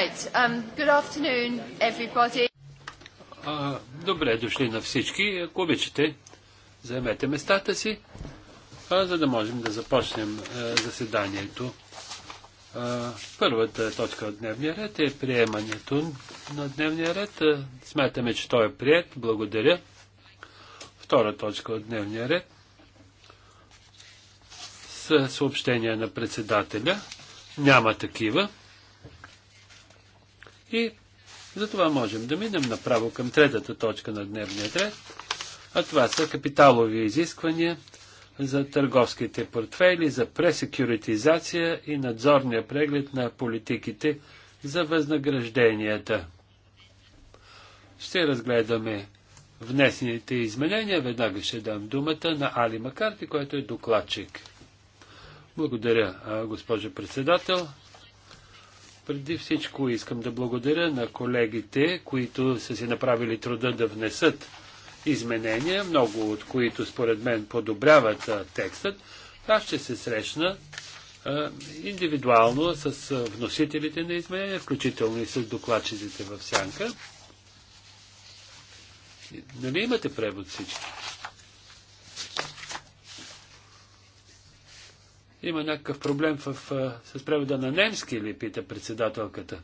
Right. Um, good afternoon, everybody. добре дошли на всички. Ако обичате, заемете местата си, за да можем да започнем заседанието. първата точка от дневния ред е приемането на дневния ред. А, смятаме, че той е прият. Благодаря. Втора точка от дневния ред с съобщения на председателя. Няма такива. И затова можем да минем направо към третата точка на дневния ред, а това са капиталови изисквания за търговските портфели, за пресекюритизация и надзорния преглед на политиките за възнагражденията. Ще разгледаме внесените изменения. Веднага ще дам думата на Али Макарти, който е докладчик. Благодаря, госпожо председател. Преди всичко искам да благодаря на колегите, които са си направили труда да внесат изменения, много от които според мен подобряват а, текстът. Аз ще се срещна а, индивидуално с а, вносителите на изменения, включително и с докладчиците в сянка. Нали имате превод всички? Има някакъв проблем в, с превода на немски ли, пита председателката.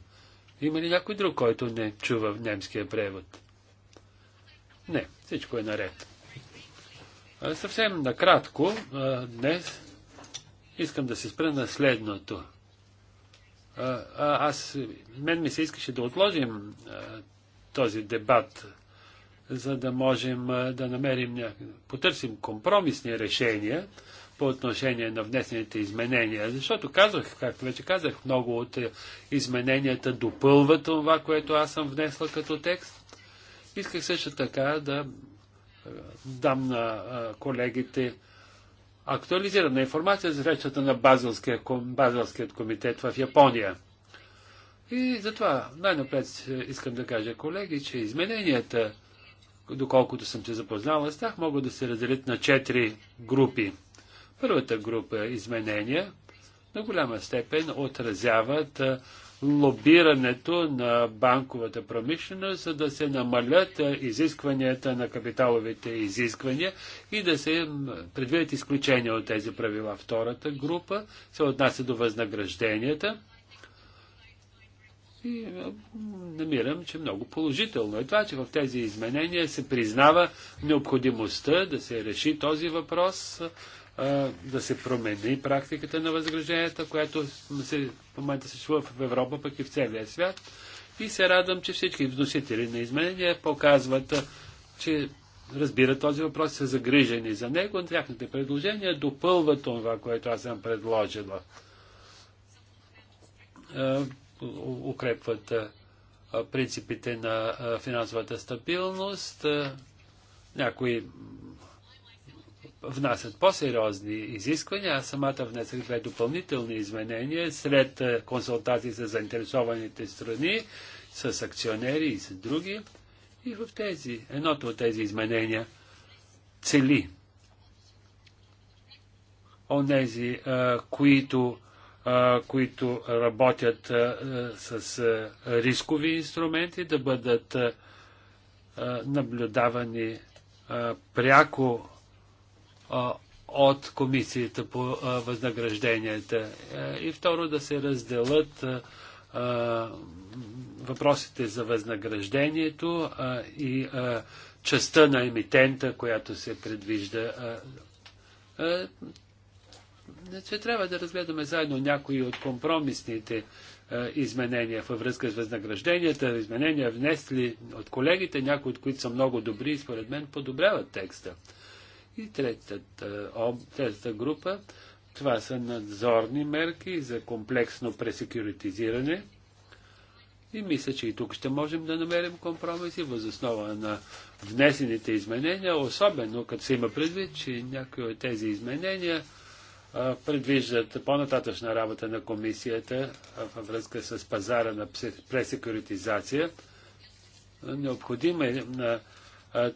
Има ли някой друг, който не чува в немския превод? Не, всичко е наред. А, съвсем накратко, а, днес искам да се спра на следното. А, аз, мен ми се искаше да отложим а, този дебат, за да можем а, да намерим, ня... потърсим компромисни решения, по отношение на внесените изменения. Защото казах, както вече казах, много от е, измененията допълват това, което аз съм внесла като текст. Исках също така да е, дам на е, колегите актуализирана информация за срещата на Базелския, Базелският комитет в Япония. И затова най-напред искам да кажа, колеги, че измененията, доколкото съм се запознала с тях, могат да се разделят на четири групи. Първата група изменения на голяма степен отразяват лобирането на банковата промишленост, за да се намалят изискванията на капиталовите изисквания и да се предвидят изключения от тези правила. Втората група се отнася до възнагражденията. И намирам, че много положително е това, че в тези изменения се признава необходимостта да се реши този въпрос да се промени практиката на възраженията, която се, в момента се чува в Европа, пък и в целия свят. И се радвам, че всички вносители на изменения показват, че разбират този въпрос, са загрижени за него, тяхните предложения допълват това, което аз съм предложила. Укрепват принципите на финансовата стабилност, някои внасят по-сериозни изисквания. Аз самата внесах две допълнителни изменения след е, консултации с заинтересованите страни, с акционери и с други. И в тези, едното от тези изменения цели онези, е, които, е, които работят с рискови инструменти, да бъдат наблюдавани пряко от комисията по възнагражденията. И второ, да се разделят въпросите за възнаграждението и частта на емитента, която се предвижда. Значи, трябва да разгледаме заедно някои от компромисните изменения във връзка с възнагражденията, изменения внесли от колегите, някои от които са много добри и според мен подобряват текста. И третата, е, об, третата група, това са надзорни мерки за комплексно пресекюритизиране. И мисля, че и тук ще можем да намерим компромиси въз основа на внесените изменения, особено като се има предвид, че някои от тези изменения а, предвиждат по-нататъчна работа на комисията а, във връзка с пазара на пресекюритизация. Необходима е на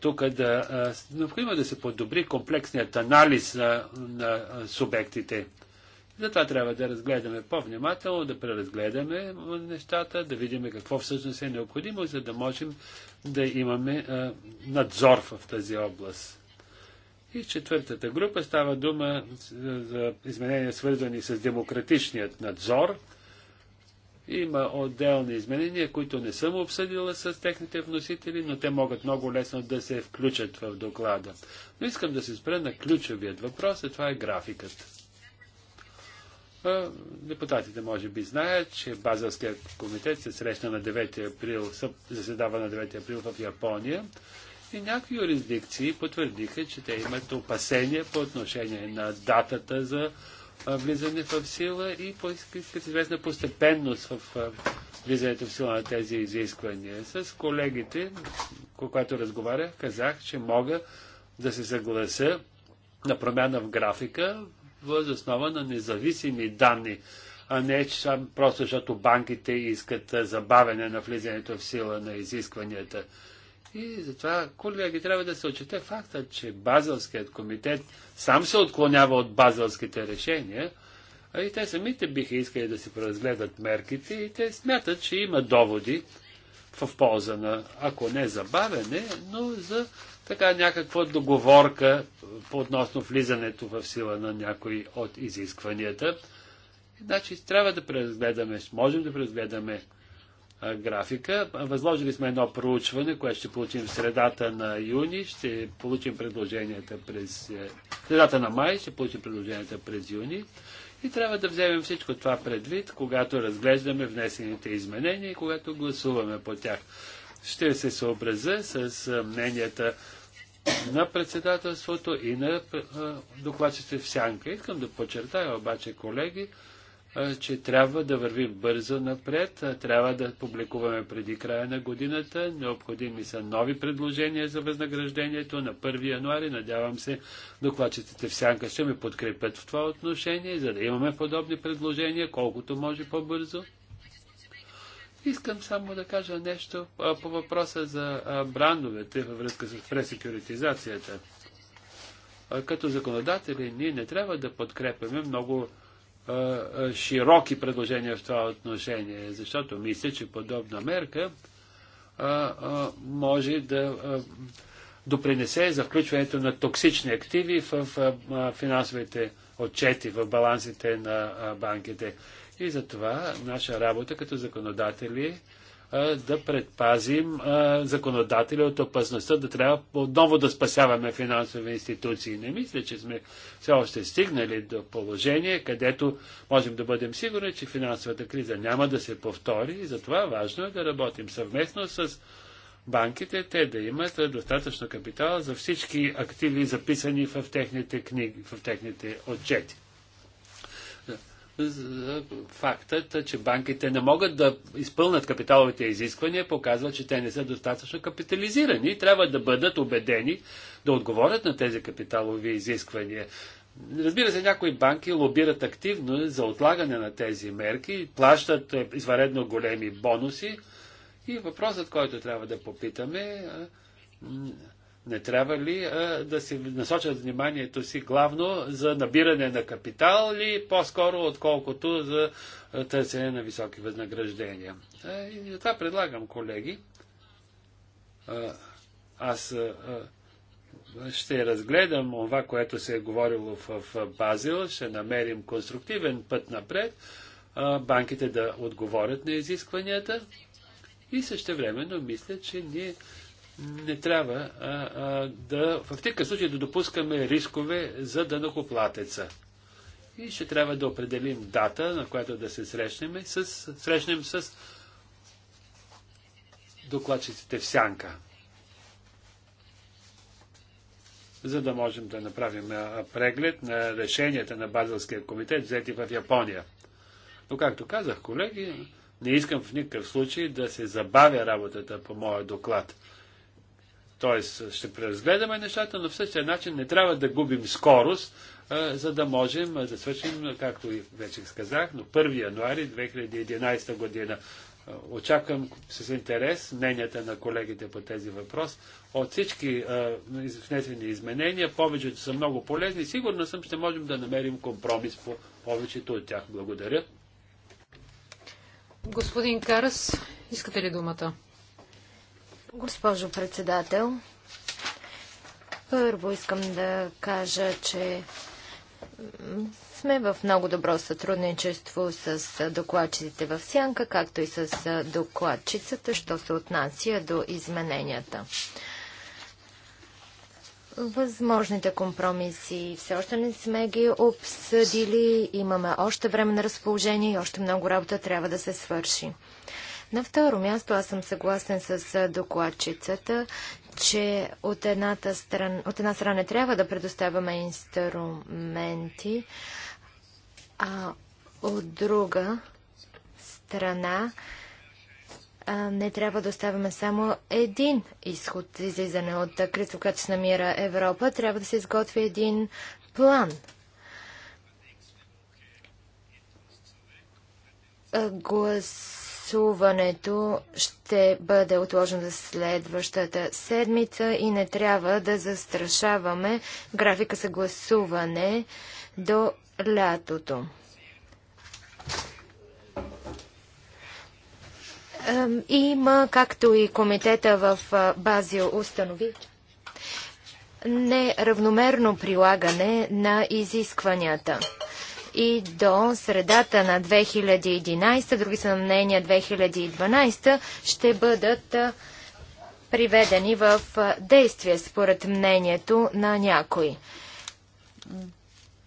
тук да... Необходимо е да се подобри комплексният анализ на, на субектите. Затова трябва да разгледаме по-внимателно, да преразгледаме нещата, да видим какво всъщност е необходимо, за да можем да имаме надзор в тази област. И четвъртата група става дума за изменения, свързани с демократичният надзор – има отделни изменения, които не съм обсъдила с техните вносители, но те могат много лесно да се включат в доклада. Но искам да се спра на ключовият въпрос, и това е графикът. Депутатите може би знаят, че Базелският комитет се срещна на 9 април, заседава на 9 април в Япония и някои юрисдикции потвърдиха, че те имат опасения по отношение на датата за влизане в сила и поиска известна постепенност в влизането в сила на тези изисквания. С колегите, когато разговарях, казах, че мога да се съглася на промяна в графика въз основа на независими данни, а не просто защото банките искат забавяне на влизането в сила на изискванията. И затова, ги трябва да се отчете факта, че Базелският комитет сам се отклонява от базелските решения, а и те самите биха искали да си преразгледат мерките и те смятат, че има доводи в полза на, ако не забавене, но за така някаква договорка по относно влизането в сила на някои от изискванията. Значи трябва да преразгледаме, можем да преразгледаме графика. Възложили сме едно проучване, което ще получим в средата на юни, ще получим предложенията през... Е, средата на май, ще получим предложенията през юни. И трябва да вземем всичко това предвид, когато разглеждаме внесените изменения и когато гласуваме по тях. Ще се съобразя с е, мненията на председателството и на е, докладчите в сянка. Искам да подчертая обаче, колеги, че трябва да вървим бързо напред, трябва да публикуваме преди края на годината, необходими са нови предложения за възнаграждението на 1 януари. Надявам се, докладчетите в Сянка ще ме подкрепят в това отношение, за да имаме подобни предложения, колкото може по-бързо. Искам само да кажа нещо по въпроса за брандовете във връзка с пресекюритизацията. Като законодатели ние не трябва да подкрепяме много широки предложения в това отношение, защото мисля, че подобна мерка може да допринесе за включването на токсични активи в финансовите отчети, в балансите на банките. И за това наша работа като законодатели да предпазим законодателя от опасността да трябва отново да спасяваме финансови институции. Не мисля, че сме все още стигнали до положение, където можем да бъдем сигурни, че финансовата криза няма да се повтори и затова важно е да работим съвместно с банките, те да имат достатъчно капитал за всички активи, записани в техните книги, в техните отчети за фактът, че банките не могат да изпълнат капиталовите изисквания, показва, че те не са достатъчно капитализирани и трябва да бъдат убедени да отговорят на тези капиталови изисквания. Разбира се, някои банки лобират активно за отлагане на тези мерки, плащат е, изваредно големи бонуси и въпросът, който трябва да попитаме, е, не трябва ли а, да се насочат вниманието си главно за набиране на капитал или по-скоро отколкото за търсене на високи възнаграждения? А, и това предлагам, колеги. А, аз а, ще разгледам това, което се е говорило в, в Базил, ще намерим конструктивен път напред, а, банките да отговорят на изискванията и също времено мисля, че ние не трябва а, а, да, в такъв случай да допускаме рискове за дънокоплатеца. И ще трябва да определим дата, на която да се срещнем с, срещнем с докладчиците в сянка. За да можем да направим преглед на решенията на Базелския комитет, взети в Япония. Но, както казах, колеги, не искам в никакъв случай да се забавя работата по моя доклад Тоест, ще преразгледаме нещата, но в същия е начин не трябва да губим скорост, за да можем да свършим, както вече казах, но 1 януари 2011 година. Очаквам с интерес мненията на колегите по тези въпрос. От всички внесени изменения, повечето са много полезни. Сигурно съм, ще можем да намерим компромис по повечето от тях. Благодаря. Господин Карас, искате ли думата? Госпожо председател, първо искам да кажа, че сме в много добро сътрудничество с докладчиците в Сянка, както и с докладчицата, що се отнася до измененията. Възможните компромиси все още не сме ги обсъдили, имаме още време на разположение и още много работа трябва да се свърши. На второ място аз съм съгласен с докладчицата, че от, едната стран, от една страна не трябва да предоставяме инструменти, а от друга страна не трябва да оставяме само един изход излизане от криза, в която се намира Европа. Трябва да се изготви един план. глас Гласуването ще бъде отложено за следващата седмица и не трябва да застрашаваме графика за гласуване до лятото. Има, както и комитета в Базио установи, неравномерно прилагане на изискванията и до средата на 2011, други са на мнение 2012, ще бъдат приведени в действие според мнението на някой.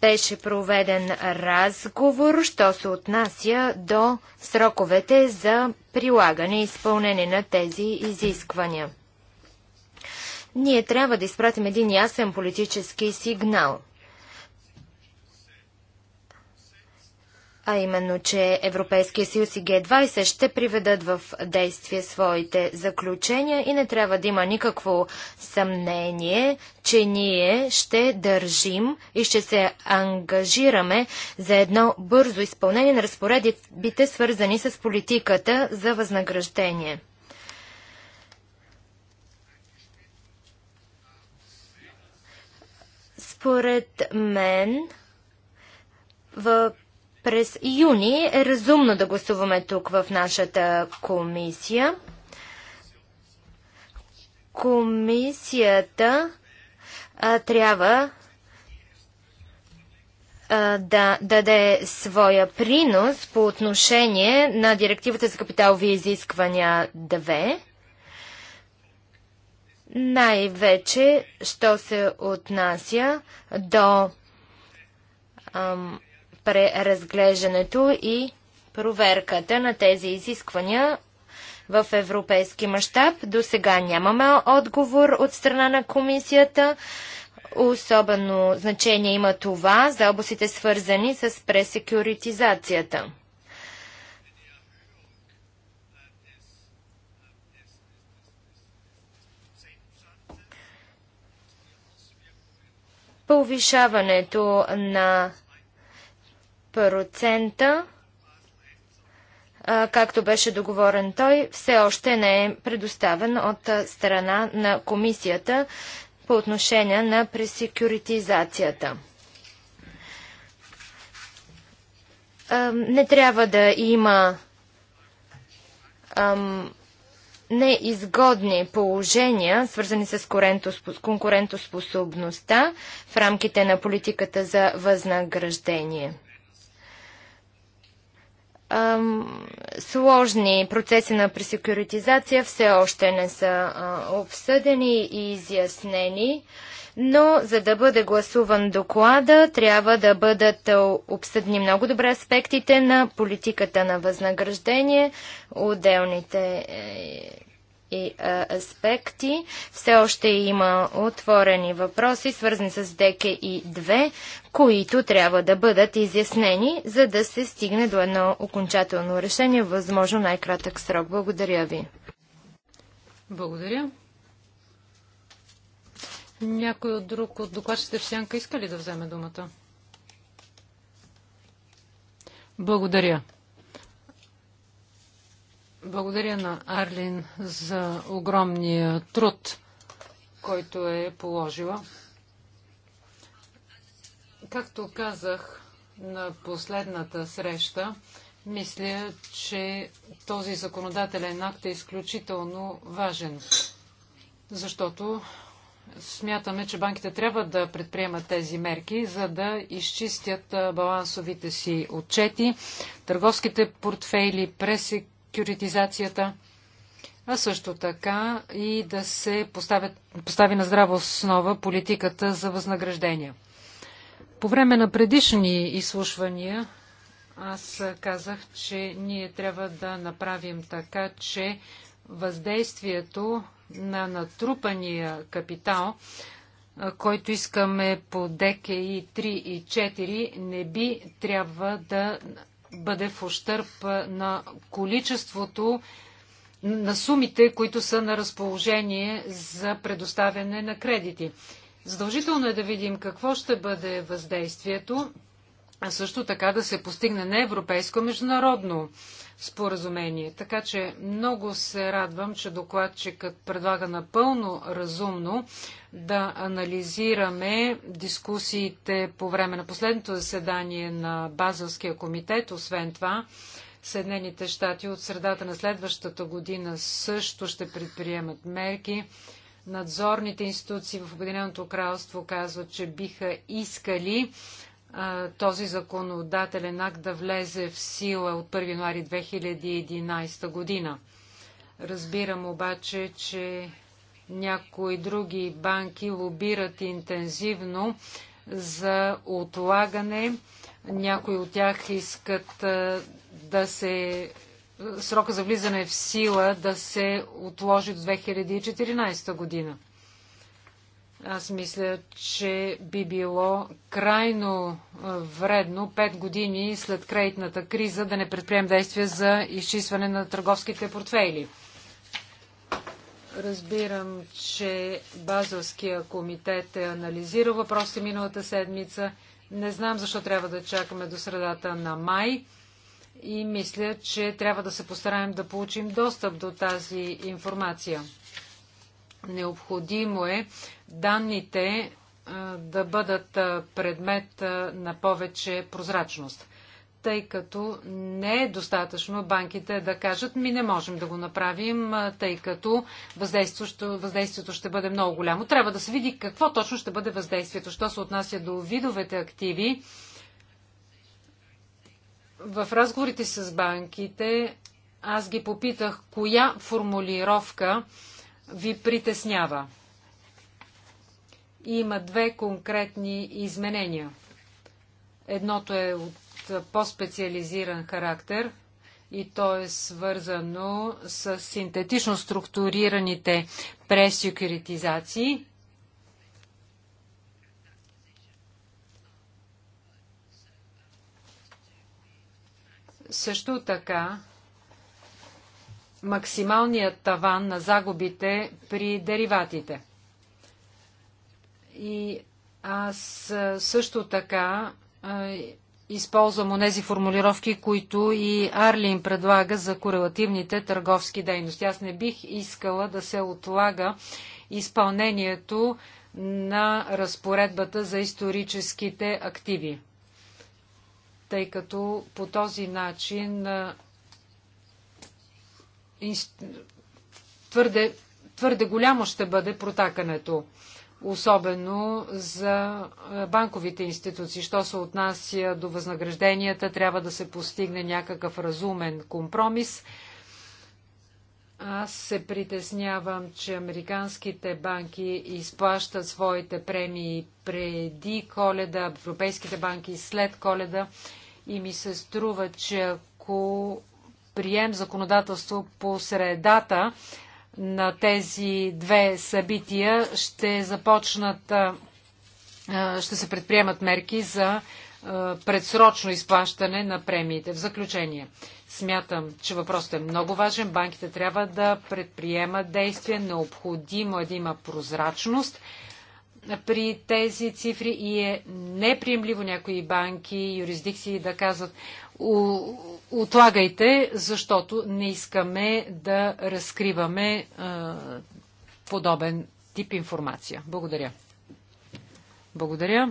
Беше проведен разговор, що се отнася до сроковете за прилагане и изпълнение на тези изисквания. Ние трябва да изпратим един ясен политически сигнал – а именно, че Европейския съюз и Г-20 ще приведат в действие своите заключения и не трябва да има никакво съмнение, че ние ще държим и ще се ангажираме за едно бързо изпълнение на разпоредбите, свързани с политиката за възнаграждение. Според мен, в през юни е разумно да гласуваме тук в нашата комисия. Комисията а, трябва да даде своя принос по отношение на директивата за капиталови изисквания 2, най-вече, що се отнася до ам, преразглеждането и проверката на тези изисквания в европейски мащаб. До сега нямаме отговор от страна на комисията. Особено значение има това за областите свързани с пресекюритизацията. Повишаването на процента, както беше договорен той, все още не е предоставен от страна на комисията по отношение на пресекюритизацията. Не трябва да има ам, неизгодни положения, свързани с конкурентоспособността в рамките на политиката за възнаграждение. Ам, сложни процеси на пресекюритизация все още не са а, обсъдени и изяснени, но за да бъде гласуван доклада, трябва да бъдат обсъдни много добре аспектите на политиката на възнаграждение, отделните е, и а, аспекти. Все още има отворени въпроси, свързани с ДК и 2, които трябва да бъдат изяснени, за да се стигне до едно окончателно решение, възможно най-кратък срок. Благодаря ви. Благодаря. Някой от друг от докладчите в сянка иска ли да вземе думата? Благодаря. Благодаря на Арлин за огромния труд, който е положила. Както казах на последната среща, мисля, че този законодателен акт е изключително важен, защото смятаме, че банките трябва да предприемат тези мерки, за да изчистят балансовите си отчети, търговските портфейли, пресек секюритизацията, а също така и да се поставят, постави на здрава основа политиката за възнаграждения. По време на предишни изслушвания аз казах, че ние трябва да направим така, че въздействието на натрупания капитал, който искаме по ДКИ 3 и 4, не би трябва да бъде в ущърп на количеството на сумите, които са на разположение за предоставяне на кредити. Задължително е да видим какво ще бъде въздействието, а също така да се постигне не европейско, а международно споразумение. Така че много се радвам, че докладчикът предлага напълно разумно да анализираме дискусиите по време на последното заседание на Базълския комитет. Освен това, Съединените щати от средата на следващата година също ще предприемат мерки. Надзорните институции в Обединеното кралство казват, че биха искали този законодателен акт да влезе в сила от 1 януари 2011 година. Разбирам обаче, че някои други банки лобират интензивно за отлагане. Някои от тях искат да се срока за влизане в сила да се отложи до 2014 година. Аз мисля, че би било крайно вредно 5 години след кредитната криза да не предприем действия за изчистване на търговските портфейли. Разбирам, че Базовския комитет е анализирал въпросите миналата седмица. Не знам защо трябва да чакаме до средата на май и мисля, че трябва да се постараем да получим достъп до тази информация. Необходимо е данните да бъдат предмет на повече прозрачност, тъй като не е достатъчно банките да кажат ми не можем да го направим, тъй като въздействието, въздействието ще бъде много голямо. Трябва да се види какво точно ще бъде въздействието. Що се отнася до видовете активи, в разговорите с банките аз ги попитах коя формулировка ви притеснява. Има две конкретни изменения. Едното е от по-специализиран характер и то е свързано с синтетично структурираните пресекюритизации. Също така максималният таван на загубите при дериватите. И аз също така използвам онези формулировки, които и Арлин предлага за корелативните търговски дейности. Аз не бих искала да се отлага изпълнението на разпоредбата за историческите активи, тъй като по този начин твърде, твърде голямо ще бъде протакането, особено за е, банковите институции. Що се отнася до възнагражденията, трябва да се постигне някакъв разумен компромис. Аз се притеснявам, че американските банки изплащат своите премии преди коледа, европейските банки след коледа и ми се струва, че ако Прием законодателство по средата на тези две събития, ще започнат, ще се предприемат мерки за предсрочно изплащане на премиите. В заключение, смятам, че въпросът е много важен. Банките трябва да предприемат действия. Необходимо е да има прозрачност при тези цифри и е неприемливо някои банки, юрисдикции да казват, отлагайте, защото не искаме да разкриваме а, е, подобен тип информация. Благодаря. Благодаря.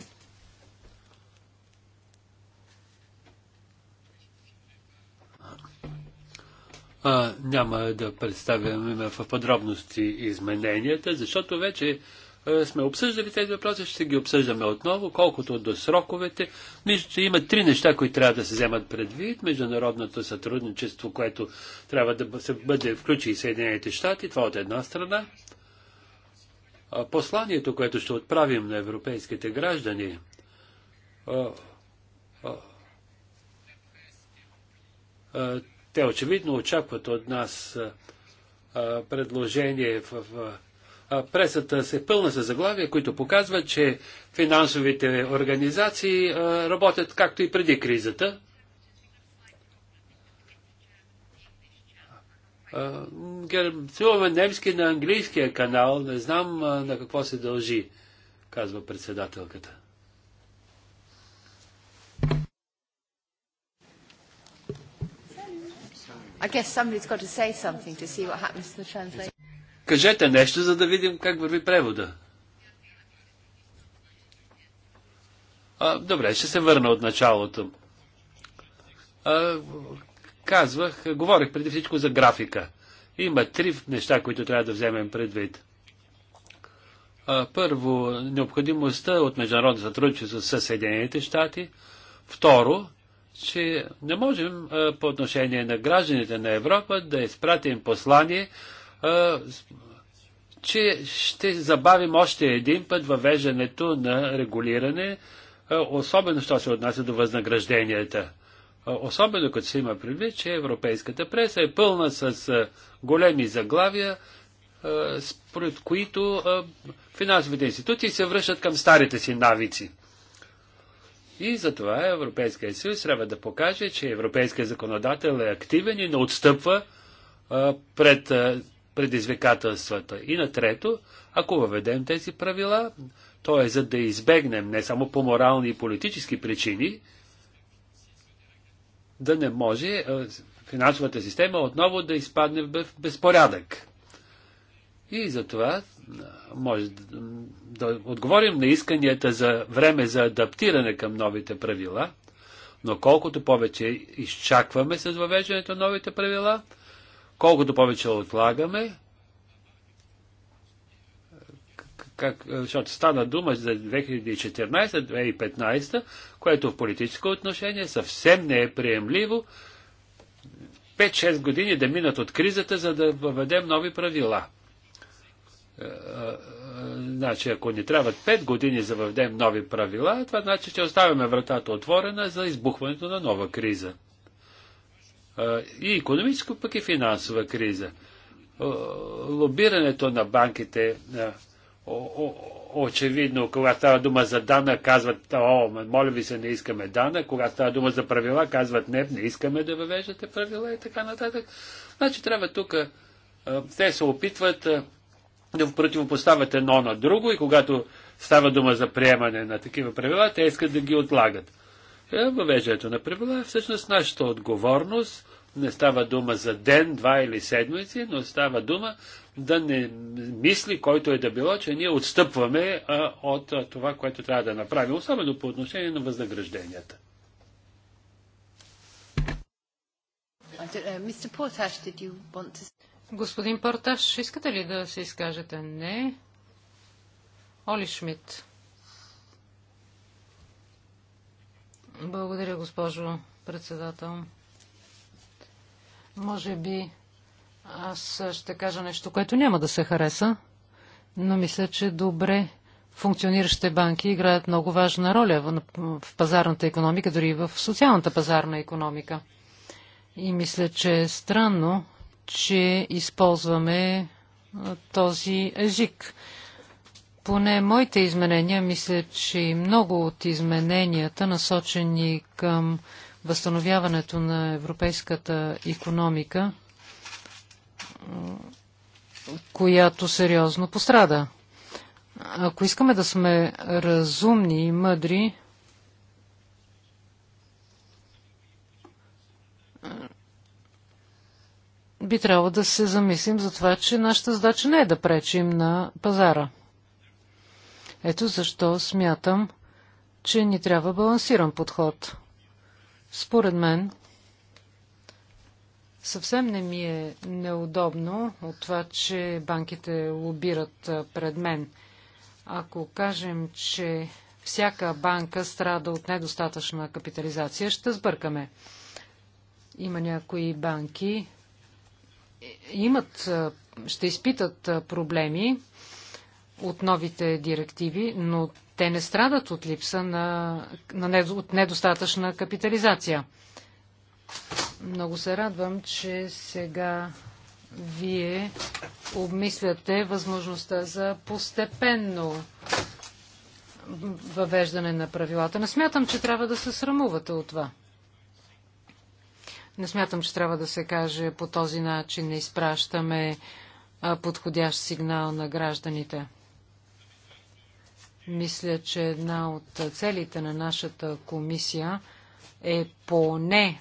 А, няма да представяме в подробности измененията, защото вече е, сме обсъждали тези въпроси, ще ги обсъждаме отново, колкото до сроковете. Мисля, че има три неща, които трябва да се вземат предвид. Международното сътрудничество, което трябва да се бъде включи и Съединените щати, това от една страна. Посланието, което ще отправим на европейските граждани, те очевидно очакват от нас предложение в пресата се пълна с заглавия, които показват, че финансовите организации работят както и преди кризата. Чуваме немски на английския канал, не знам на какво се дължи, казва председателката. I guess somebody's got to say something to see what happens to the translation. Кажете нещо, за да видим как върви превода. А, добре, ще се върна от началото. А, казвах, говорих преди всичко за графика. Има три неща, които трябва да вземем предвид. А, първо, необходимостта от международно сътрудничество с Съединените щати. Второ, че не можем а, по отношение на гражданите на Европа да изпратим послание, че ще забавим още един път въвеждането на регулиране, особено що се отнася до възнагражденията. Особено като се има предвид, че европейската преса е пълна с големи заглавия, според които финансовите институции се връщат към старите си навици. И затова Европейския съюз трябва да покаже, че европейският законодател е активен и не отстъпва пред предизвикателствата. И на трето, ако въведем тези правила, то е за да избегнем не само по морални и политически причини, да не може е, финансовата система отново да изпадне в безпорядък. И затова е, може да, да отговорим на исканията за време за адаптиране към новите правила, но колкото повече изчакваме с въвеждането на новите правила, Колкото повече отлагаме, как, е, защото стана дума за 2014-2015, което в политическо отношение съвсем не е приемливо 5-6 години да минат от кризата, за да въведем нови правила. Е, е, значи, ако ни трябват 5 години за въведем нови правила, това значи, че оставяме вратата отворена за избухването на нова криза и економическа, пък и финансова криза. Лобирането на банките очевидно, когато става дума за дана, казват, о, моля ви се, не искаме дана, когато става дума за правила, казват, не, не искаме да въвеждате правила и така нататък. Значи трябва тук, те се опитват да противопоставят едно на друго и когато става дума за приемане на такива правила, те искат да ги отлагат. Е, въвеждането на правила е всъщност нашата отговорност. Не става дума за ден, два или седмици, но става дума да не мисли който е да било, че ние отстъпваме а, от а, това, което трябва да направим, особено по отношение на възнагражденията. Господин Порташ, искате ли да се изкажете? Не. Оли Шмидт. Благодаря, госпожо председател. Може би аз ще кажа нещо, което няма да се хареса, но мисля, че добре функциониращите банки играят много важна роля в пазарната економика, дори и в социалната пазарна економика. И мисля, че е странно, че използваме този език. Поне моите изменения, мисля, че и много от измененията, насочени към възстановяването на европейската економика, която сериозно пострада. Ако искаме да сме разумни и мъдри, би трябвало да се замислим за това, че нашата задача не е да пречим на пазара. Ето защо смятам, че ни трябва балансиран подход. Според мен, съвсем не ми е неудобно от това, че банките лобират пред мен. Ако кажем, че всяка банка страда от недостатъчна капитализация, ще сбъркаме. Има някои банки, е, имат, ще изпитат проблеми, от новите директиви, но те не страдат от липса на, на не, от недостатъчна капитализация. Много се радвам, че сега вие обмисляте възможността за постепенно въвеждане на правилата. Не смятам, че трябва да се срамувате от това. Не смятам, че трябва да се каже по този начин не изпращаме подходящ сигнал на гражданите. Мисля, че една от целите на нашата комисия е поне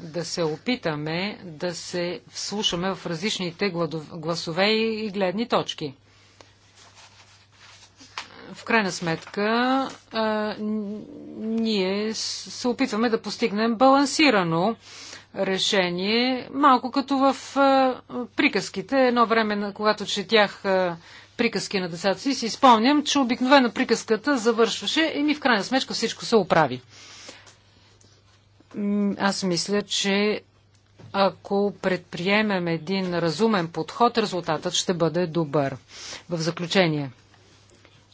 да се опитаме да се вслушаме в различните гласове и гледни точки. В крайна сметка, а, ние се опитваме да постигнем балансирано решение, малко като в а, приказките. Едно време, когато четях а, приказки на децата си, си спомням, че обикновено приказката завършваше и ми в крайна сметка всичко се оправи. Аз мисля, че ако предприемем един разумен подход, резултатът ще бъде добър. В заключение,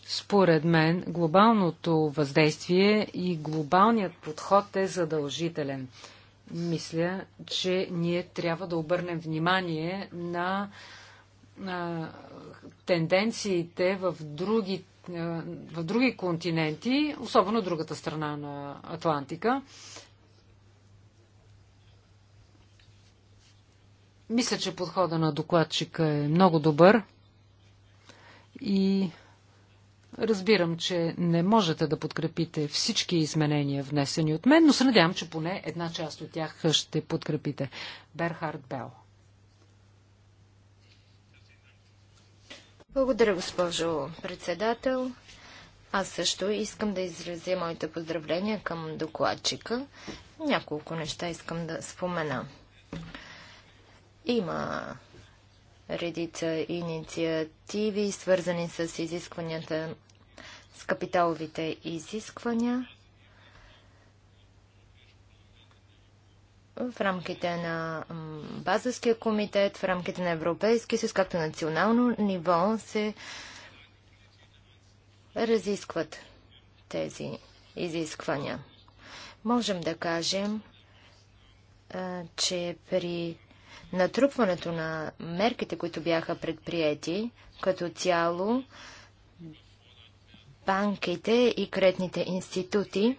според мен, глобалното въздействие и глобалният подход е задължителен. Мисля, че ние трябва да обърнем внимание на, на тенденциите в други, е, в други континенти, особено другата страна на Атлантика. Мисля, че подхода на докладчика е много добър и разбирам, че не можете да подкрепите всички изменения, внесени от мен, но се надявам, че поне една част от тях ще подкрепите. Берхард Бел. Благодаря, госпожо председател. Аз също искам да изразя моите поздравления към докладчика. Няколко неща искам да спомена. Има редица инициативи, свързани с изискванията, с капиталовите изисквания. в рамките на Базовския комитет, в рамките на Европейския съюз, както национално ниво се разискват тези изисквания. Можем да кажем, че при натрупването на мерките, които бяха предприяти, като цяло банките и кредитните институти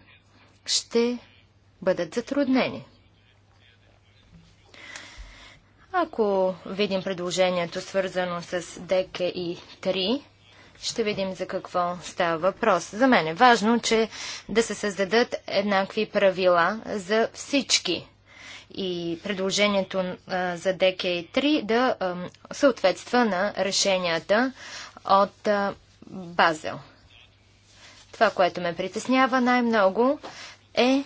ще бъдат затруднени. Ако видим предложението свързано с ДК и 3, ще видим за какво става въпрос. За мен е важно, че да се създадат еднакви правила за всички и предложението за ДК3 да съответства на решенията от Базел. Това, което ме притеснява най-много е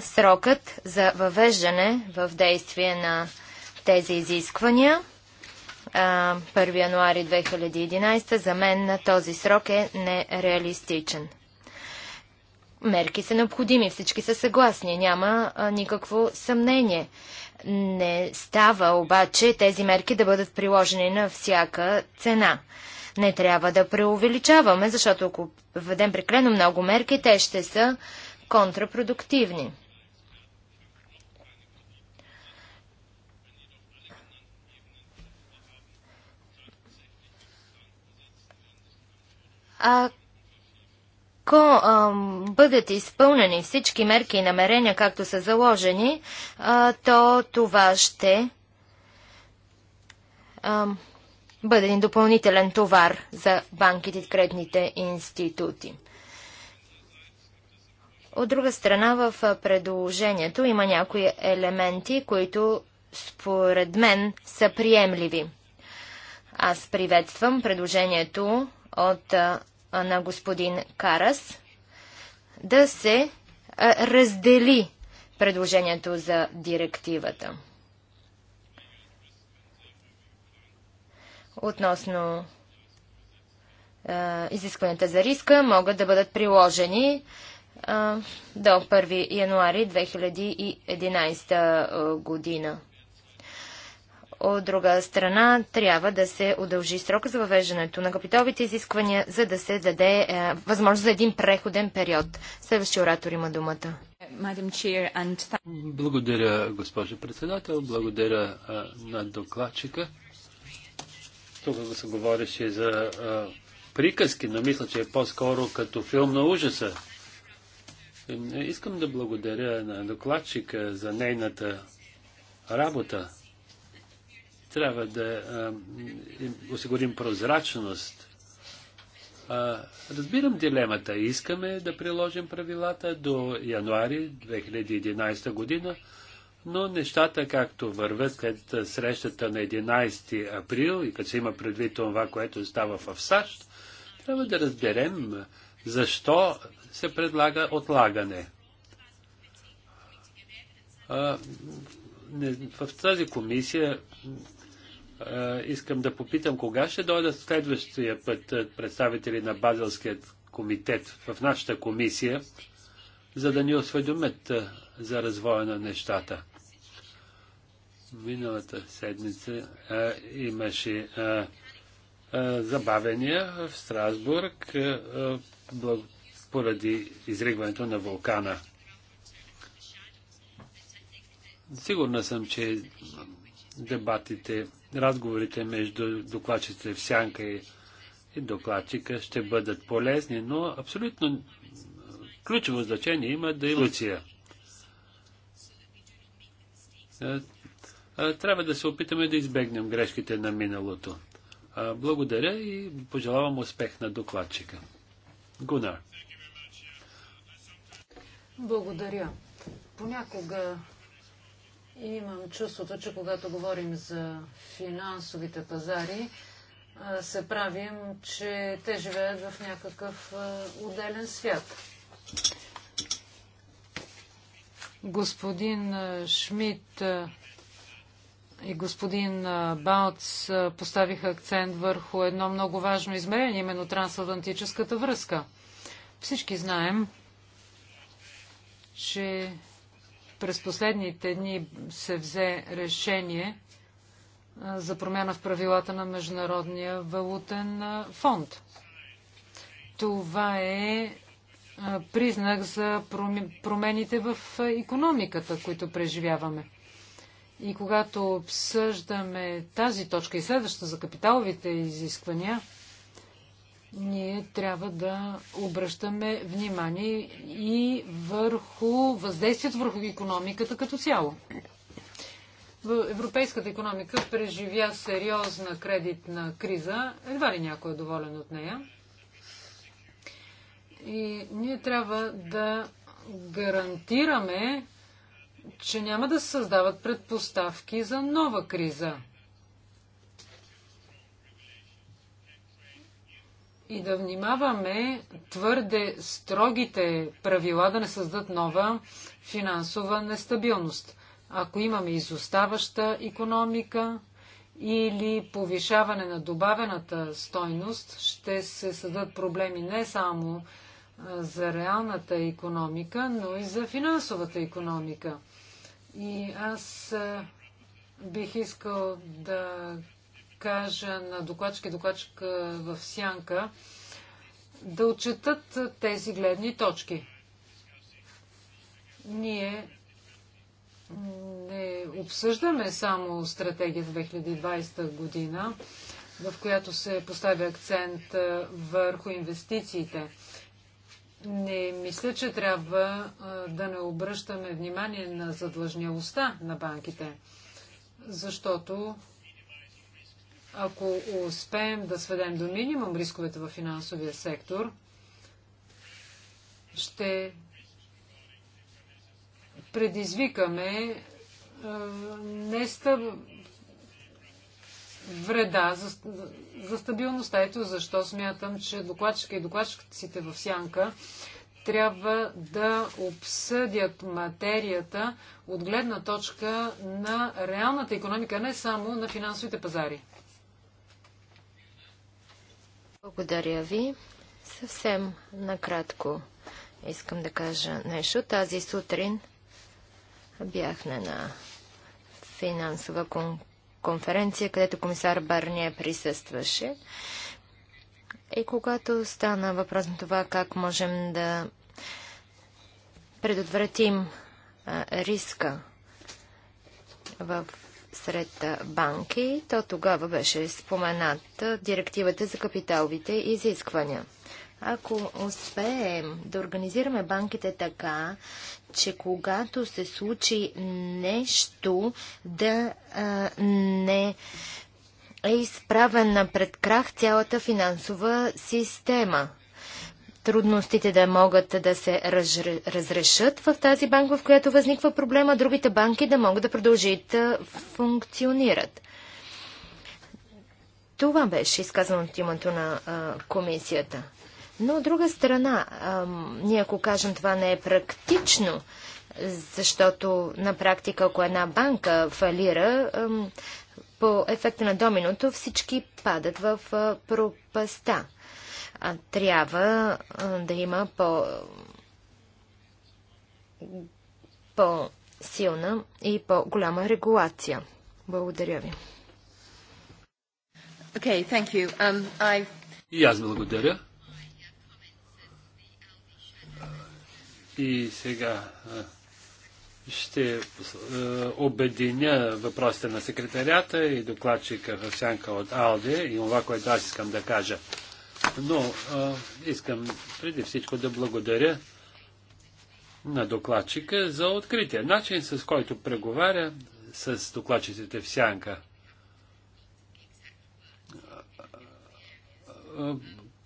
срокът за въвеждане в действие на тези изисквания. 1 януари 2011 за мен на този срок е нереалистичен. Мерки са необходими, всички са съгласни, няма никакво съмнение. Не става обаче тези мерки да бъдат приложени на всяка цена. Не трябва да преувеличаваме, защото ако введем прекалено много мерки, те ще са контрапродуктивни. Ако бъдат изпълнени всички мерки и намерения, както са заложени, а, то това ще бъде един допълнителен товар за банките и кредитните институти. От друга страна, в предложението има някои елементи, които според мен са приемливи. Аз приветствам предложението от на господин Карас да се раздели предложението за директивата. Относно изискванията за риска могат да бъдат приложени до 1 януари 2011 година. От друга страна, трябва да се удължи срока за въвеждането на капиталовите изисквания, за да се даде е, възможност за един преходен период. Следващия оратор има думата. Благодаря, госпожо председател. Благодаря а, на докладчика. Тук се говореше за а, приказки, но мисля, че е по-скоро като филм на ужаса. Искам да благодаря на докладчика за нейната работа. Трябва да осигурим прозрачност. Разбирам дилемата. Искаме да приложим правилата до януари 2011 година, но нещата, както вървят след срещата на 11 април и като се има предвид това, което става в САЩ, трябва да разберем защо се предлага отлагане. А, не, в тази комисия е, искам да попитам кога ще дойдат следващия път е, представители на Базелският комитет в нашата комисия, за да ни осведомят е, за развоя на нещата. Миналата седмица а, имаше а, а, забавения в Страсбург а, а, поради изригването на вулкана. Сигурна съм, че дебатите разговорите между докладчите в Сянка и, и докладчика ще бъдат полезни, но абсолютно ключово значение има да и Луция. Е, е, трябва да се опитаме да избегнем грешките на миналото. Е, благодаря и пожелавам успех на докладчика. Гунар. Благодаря. Понякога Имам чувството, че когато говорим за финансовите пазари, се правим, че те живеят в някакъв отделен свят. Господин Шмидт и господин Баутс поставиха акцент върху едно много важно измерение, именно трансатлантическата връзка. Всички знаем, че през последните дни се взе решение за промяна в правилата на Международния валутен фонд. Това е признак за промените в економиката, които преживяваме. И когато обсъждаме тази точка и следваща за капиталовите изисквания, ние трябва да обръщаме внимание и върху въздействието върху економиката като цяло. Европейската економика преживя сериозна кредитна криза. Едва ли някой е доволен от нея. И ние трябва да гарантираме, че няма да се създават предпоставки за нова криза – и да внимаваме твърде строгите правила да не създадат нова финансова нестабилност. Ако имаме изоставаща економика или повишаване на добавената стойност, ще се създадат проблеми не само за реалната економика, но и за финансовата економика. И аз бих искал да кажа на докладчик и докладчика в Сянка да отчетат тези гледни точки. Ние не обсъждаме само стратегията 2020 година, в която се поставя акцент върху инвестициите. Не мисля, че трябва да не обръщаме внимание на задлъжнялостта на банките, защото ако успеем да сведем до минимум рисковете в финансовия сектор, ще предизвикаме е, неста вреда за, за стабилността. Ето защо смятам, че докладчика и докладчиците в Сянка трябва да обсъдят материята от гледна точка на реалната економика, не само на финансовите пазари. Благодаря ви. Съвсем накратко искам да кажа нещо. Тази сутрин бях на една финансова кон- конференция, където комисар Барния присъстваше. И когато стана въпрос на това как можем да предотвратим а, риска в сред банки, то тогава беше спомената директивата за капиталовите изисквания. Ако успеем да организираме банките така, че когато се случи нещо, да а, не е изправена пред крах цялата финансова система трудностите да могат да се разрешат в тази банка, в която възниква проблема, другите банки да могат да продължат да функционират. Това беше изказано от името на комисията. Но от друга страна, ние ако кажем това не е практично, защото на практика, ако една банка фалира, по ефекта на доминото всички падат в пропаста а, трябва а, да има по, по-силна и по-голяма регулация. Благодаря ви. Okay, thank you. Um, I... И аз благодаря. И сега ще обединя въпросите на секретарията и докладчика в сянка от Алде и това, което аз искам да кажа. Но а, искам преди всичко да благодаря на докладчика за открития начин, с който преговаря с докладчиците в Сянка.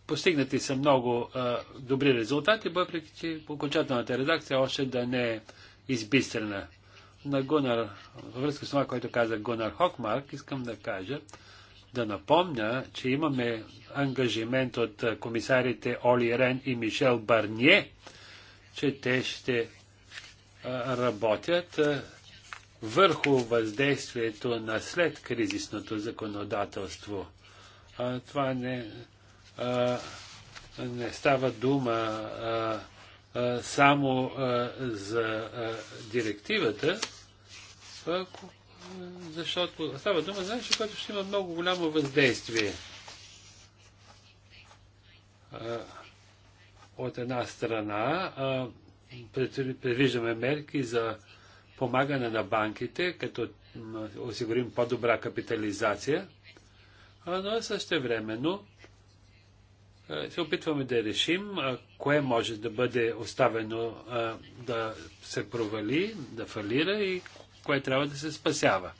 Постигнати са много а, добри резултати, въпреки че окончателната редакция още да не е избистрена. На Гунар, във връзка с това, което каза Гунар Хокмарк, искам да кажа, да напомня, че имаме ангажимент от комисарите Оли Рен и Мишел Барние, че те ще работят върху въздействието на след кризисното законодателство. Това не, не става дума само за директивата, защото става дума за нещо, което ще има много голямо въздействие. От една страна предвиждаме мерки за помагане на банките, като осигурим по-добра капитализация, но също времено се опитваме да решим кое може да бъде оставено да се провали, да фалира и кое трябва да се спасява.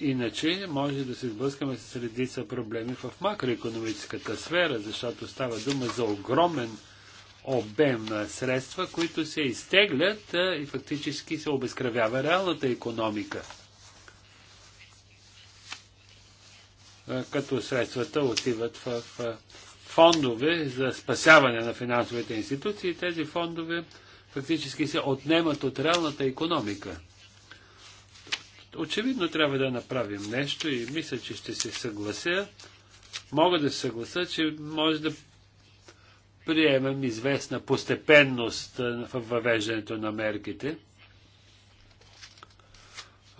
иначе може да се сблъскаме с редица проблеми в макроекономическата сфера, защото става дума за огромен обем на средства, които се изтеглят и фактически се обезкръвява реалната економика. като средствата отиват в фондове за спасяване на финансовите институции. Тези фондове фактически се отнемат от реалната економика. Очевидно трябва да направим нещо и мисля, че ще се съглася. Мога да се съглася, че може да приемем известна постепенност в въвеждането на мерките –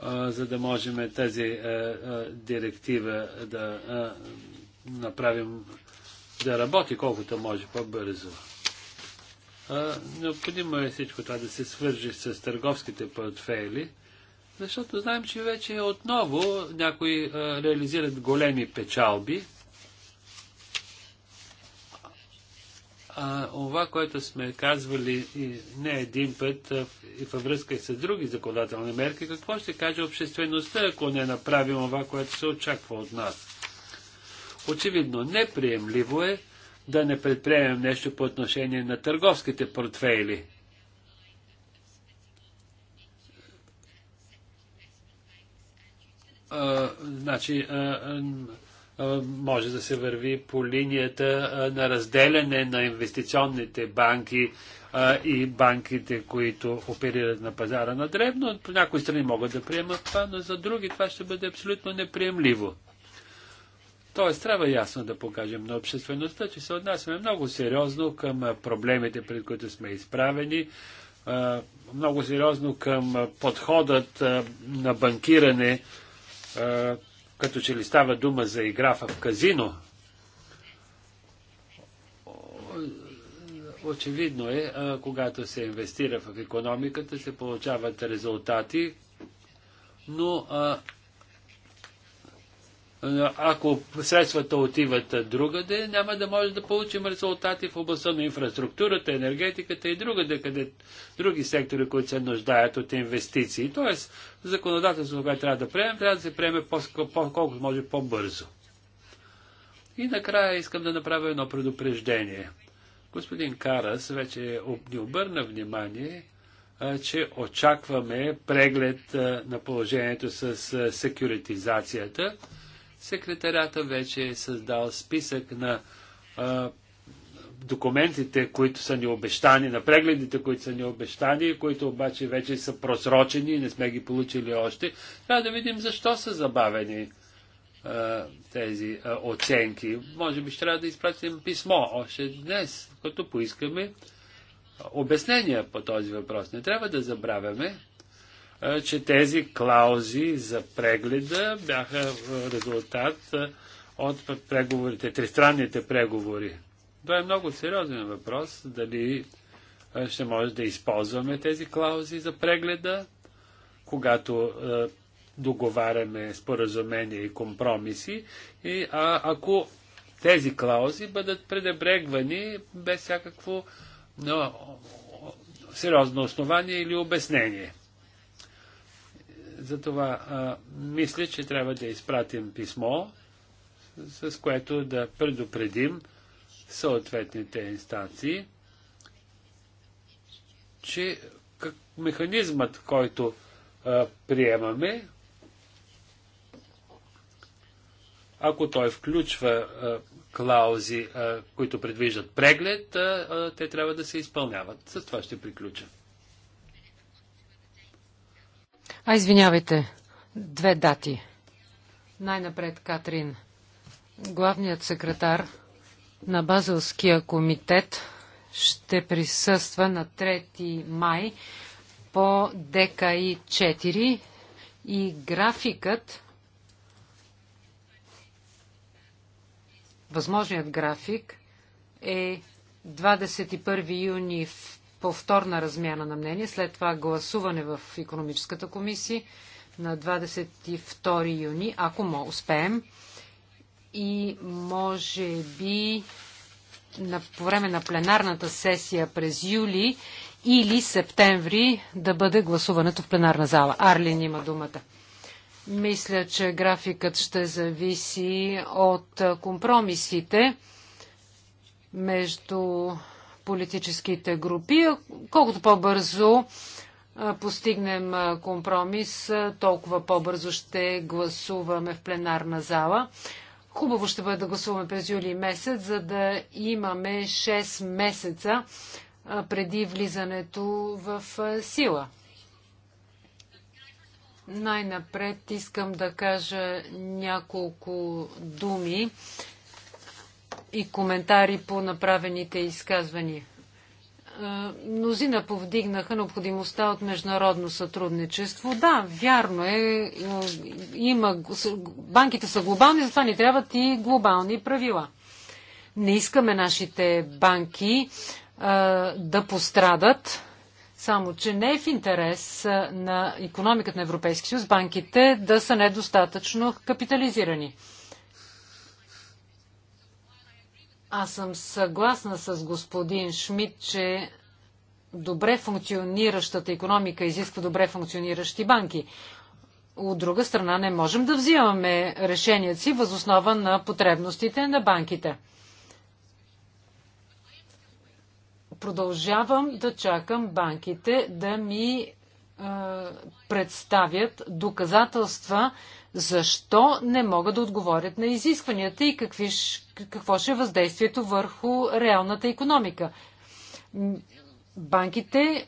за да можем тази директива да направим да работи колкото може по-бързо. Необходимо е всичко това да се свържи с търговските портфели, защото знаем, че вече отново някои реализират големи печалби А, това, което сме казвали и не един път а, и във връзка и с други законодателни мерки, какво ще каже обществеността, ако не направим това, което се очаква от нас? Очевидно, неприемливо е да не предприемем нещо по отношение на търговските портфейли. А, значи, а, може да се върви по линията на разделяне на инвестиционните банки и банките, които оперират на пазара на дребно. По някои страни могат да приемат това, но за други това ще бъде абсолютно неприемливо. Тоест, трябва ясно да покажем на обществеността, че се отнасяме много сериозно към проблемите, пред които сме изправени, много сериозно към подходът на банкиране, като че ли става дума за игра в казино, очевидно е, когато се инвестира в економиката, се получават резултати, но ако средствата отиват другаде, няма да може да получим резултати в областта на инфраструктурата, енергетиката и другаде, къде други сектори, които се нуждаят от инвестиции. Тоест, законодателството, което трябва да приемем, трябва да се приеме по-колко може по-бързо. И накрая искам да направя едно предупреждение. Господин Карас вече ни обърна внимание, че очакваме преглед на положението с секюритизацията Секретарята вече е създал списък на а, документите, които са ни обещани, на прегледите, които са ни обещани, които обаче вече са просрочени и не сме ги получили още. Трябва да видим защо са забавени а, тези а, оценки. Може би ще трябва да изпратим писмо още днес, като поискаме обяснения по този въпрос. Не трябва да забравяме, че тези клаузи за прегледа бяха резултат от преговорите, тристранните преговори. Това е много сериозен въпрос, дали ще може да използваме тези клаузи за прегледа, когато договаряме споразумения и компромиси, и, а, ако тези клаузи бъдат предебрегвани без всякакво но, сериозно основание или обяснение. Затова а, мисля, че трябва да изпратим писмо, с, с което да предупредим съответните инстанции, че как, механизмът, който а, приемаме, ако той включва а, клаузи, а, които предвиждат преглед, а, а, те трябва да се изпълняват. С това ще приключа. А, извинявайте, две дати. Най-напред, Катрин, главният секретар на Базелския комитет ще присъства на 3 май по ДКИ 4 и графикът, възможният график е 21 юни в повторна размяна на мнение, след това гласуване в економическата комисия на 22 юни, ако му успеем. И може би на, по време на пленарната сесия през юли или септември да бъде гласуването в пленарна зала. Арлин има думата. Мисля, че графикът ще зависи от компромисите между политическите групи. Колкото по-бързо постигнем компромис, толкова по-бързо ще гласуваме в пленарна зала. Хубаво ще бъде да гласуваме през юли месец, за да имаме 6 месеца преди влизането в сила. Най-напред искам да кажа няколко думи и коментари по направените изказвания. Мнозина повдигнаха необходимостта от международно сътрудничество. Да, вярно е. Има, банките са глобални, затова ни трябват и глобални правила. Не искаме нашите банки а, да пострадат, само че не е в интерес на економиката на Европейския съюз банките да са недостатъчно капитализирани. Аз съм съгласна с господин Шмидт, че добре функциониращата економика изисква добре функциониращи банки. От друга страна не можем да взимаме решенията си възоснова на потребностите на банките. Продължавам да чакам банките да ми представят доказателства защо не могат да отговорят на изискванията и какви, какво ще е въздействието върху реалната економика. Банките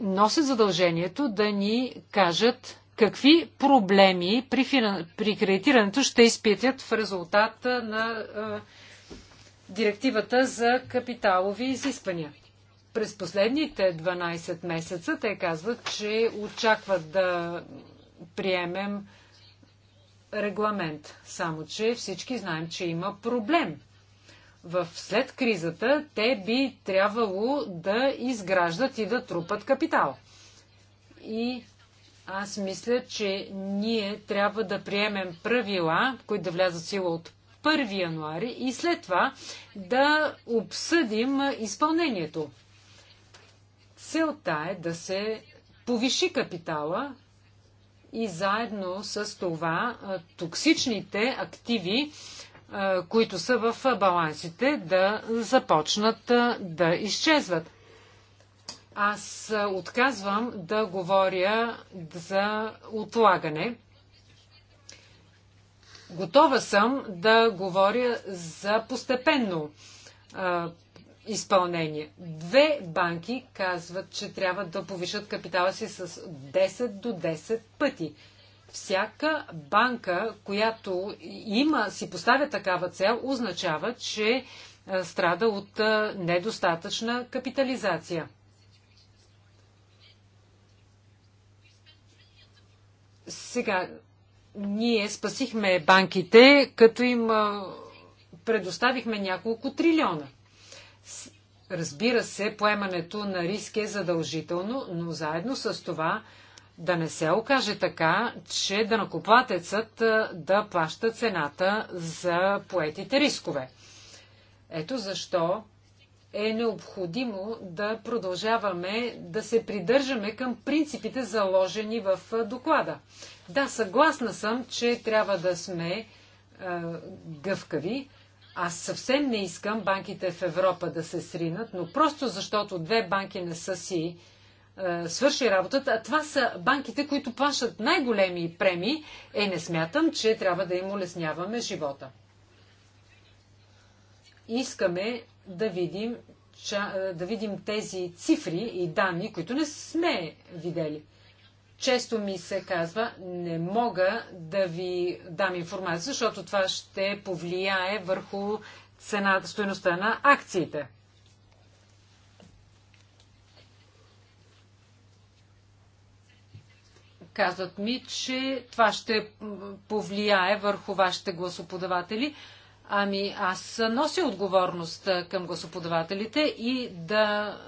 носят задължението да ни кажат какви проблеми при, финан... при кредитирането ще изпитят в резултат на директивата за капиталови изисквания. През последните 12 месеца те казват, че очакват да приемем регламент. Само, че всички знаем, че има проблем. В след кризата те би трябвало да изграждат и да трупат капитал. И аз мисля, че ние трябва да приемем правила, които да влязат в сила от 1 януари и след това да обсъдим изпълнението. Целта е да се повиши капитала и заедно с това токсичните активи, които са в балансите, да започнат да изчезват. Аз отказвам да говоря за отлагане. Готова съм да говоря за постепенно изпълнение. Две банки казват, че трябва да повишат капитала си с 10 до 10 пъти. Всяка банка, която има, си поставя такава цел, означава, че страда от недостатъчна капитализация. Сега, ние спасихме банките, като им предоставихме няколко трилиона. Разбира се, поемането на риск е задължително, но заедно с това да не се окаже така, че накоплатецът да плаща цената за поетите рискове. Ето защо е необходимо да продължаваме да се придържаме към принципите заложени в доклада. Да, съгласна съм, че трябва да сме гъвкави, аз съвсем не искам банките в Европа да се сринат, но просто защото две банки не са си е, свърши работата, а това са банките, които плащат най-големи премии, е не смятам, че трябва да им улесняваме живота. Искаме да видим, е, да видим тези цифри и данни, които не сме видели. Често ми се казва, не мога да ви дам информация, защото това ще повлияе върху цената, стоеността на акциите. Казват ми, че това ще повлияе върху вашите гласоподаватели. Ами аз нося отговорност към гласоподавателите и, да,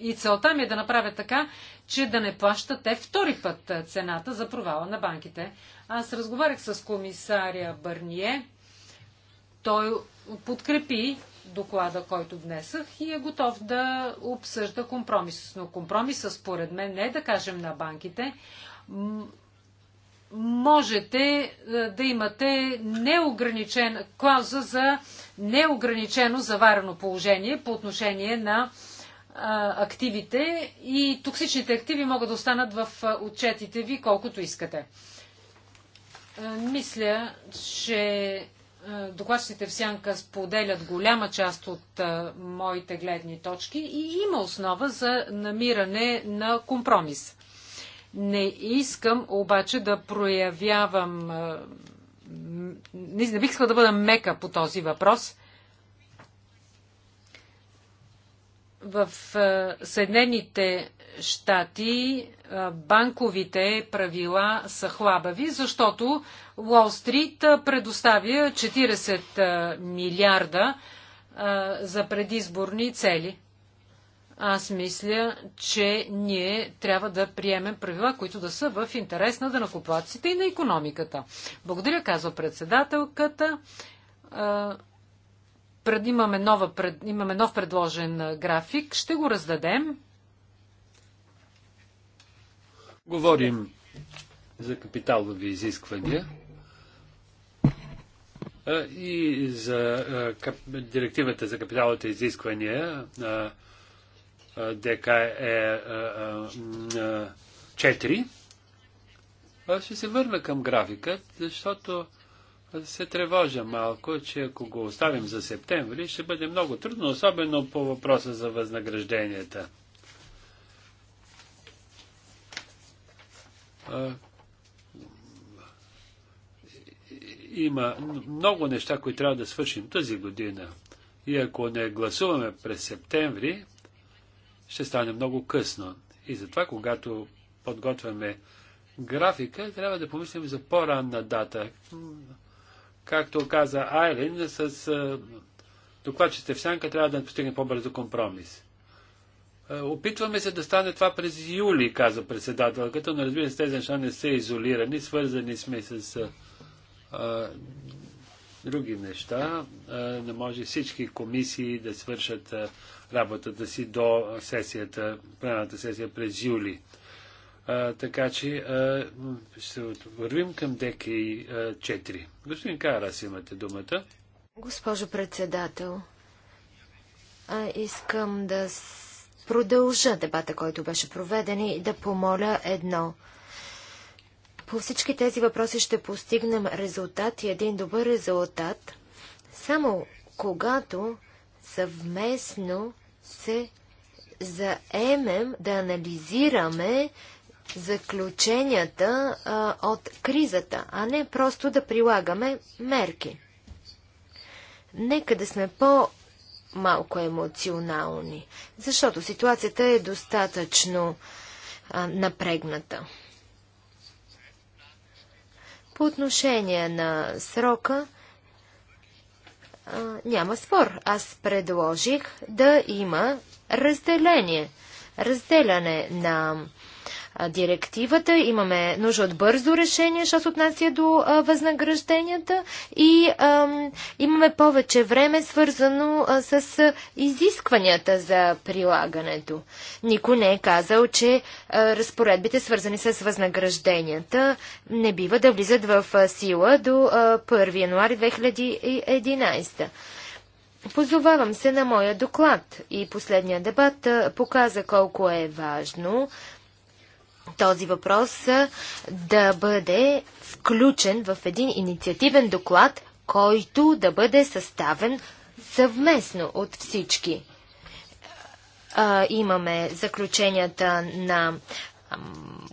и целта ми е да направя така, че да не плащате втори път е, цената за провала на банките. Аз разговарях с комисаря Бърние. Той подкрепи доклада, който внесах и е готов да обсъжда компромис. Но компромисът, според мен не е да кажем на банките, можете е, да имате неограничен клауза за неограничено заварено положение по отношение на активите и токсичните активи могат да останат в отчетите ви колкото искате. Мисля, че докладчиците в Сянка споделят голяма част от моите гледни точки и има основа за намиране на компромис. Не искам обаче да проявявам. Не бих искала да бъда мека по този въпрос. В Съединените щати банковите правила са хлабави, защото Уолл Стрит предоставя 40 милиарда за предизборни цели. Аз мисля, че ние трябва да приемем правила, които да са в интерес на дънакоплатците и на економиката. Благодаря, казва председателката пред, имаме, нова, пред, имаме нов предложен график. Ще го раздадем. Говорим за капиталови изисквания и за директивата за капиталовите изисквания ДК е 4. Ще се върна към графикът, защото се тревожа малко, че ако го оставим за септември, ще бъде много трудно, особено по въпроса за възнагражденията. Има много неща, които трябва да свършим тази година. И ако не гласуваме през септември, ще стане много късно. И затова, когато подготвяме графика, трябва да помислим за по-ранна дата Както каза Айлин, с докладчите в сянка трябва да постигне по-бързо компромис. Опитваме се да стане това през юли, каза председателката, но разбира се, тези неща не са изолирани, свързани сме с а, други неща. А, не може всички комисии да свършат а, работата си до сесията, пленната сесия през юли. А, така че а, ще вървим към деки 4. Господин Карас, имате думата. Госпожо председател, а, искам да продължа дебата, който беше проведен и да помоля едно. По всички тези въпроси ще постигнем резултат и един добър резултат, само когато съвместно се заемем да анализираме заключенията а, от кризата, а не просто да прилагаме мерки. Нека да сме по-малко емоционални, защото ситуацията е достатъчно а, напрегната. По отношение на срока, а, няма спор. Аз предложих да има разделение. Разделяне на а, директивата, имаме нужда от бързо решение, що се отнася до възнагражденията и имаме повече време свързано с изискванията за прилагането. Никой не е казал, че разпоредбите свързани с възнагражденията не бива да влизат в сила до 1 януари 2011. Позовавам се на моя доклад и последния дебат показа колко е важно този въпрос да бъде включен в един инициативен доклад, който да бъде съставен съвместно от всички. А, имаме заключенията на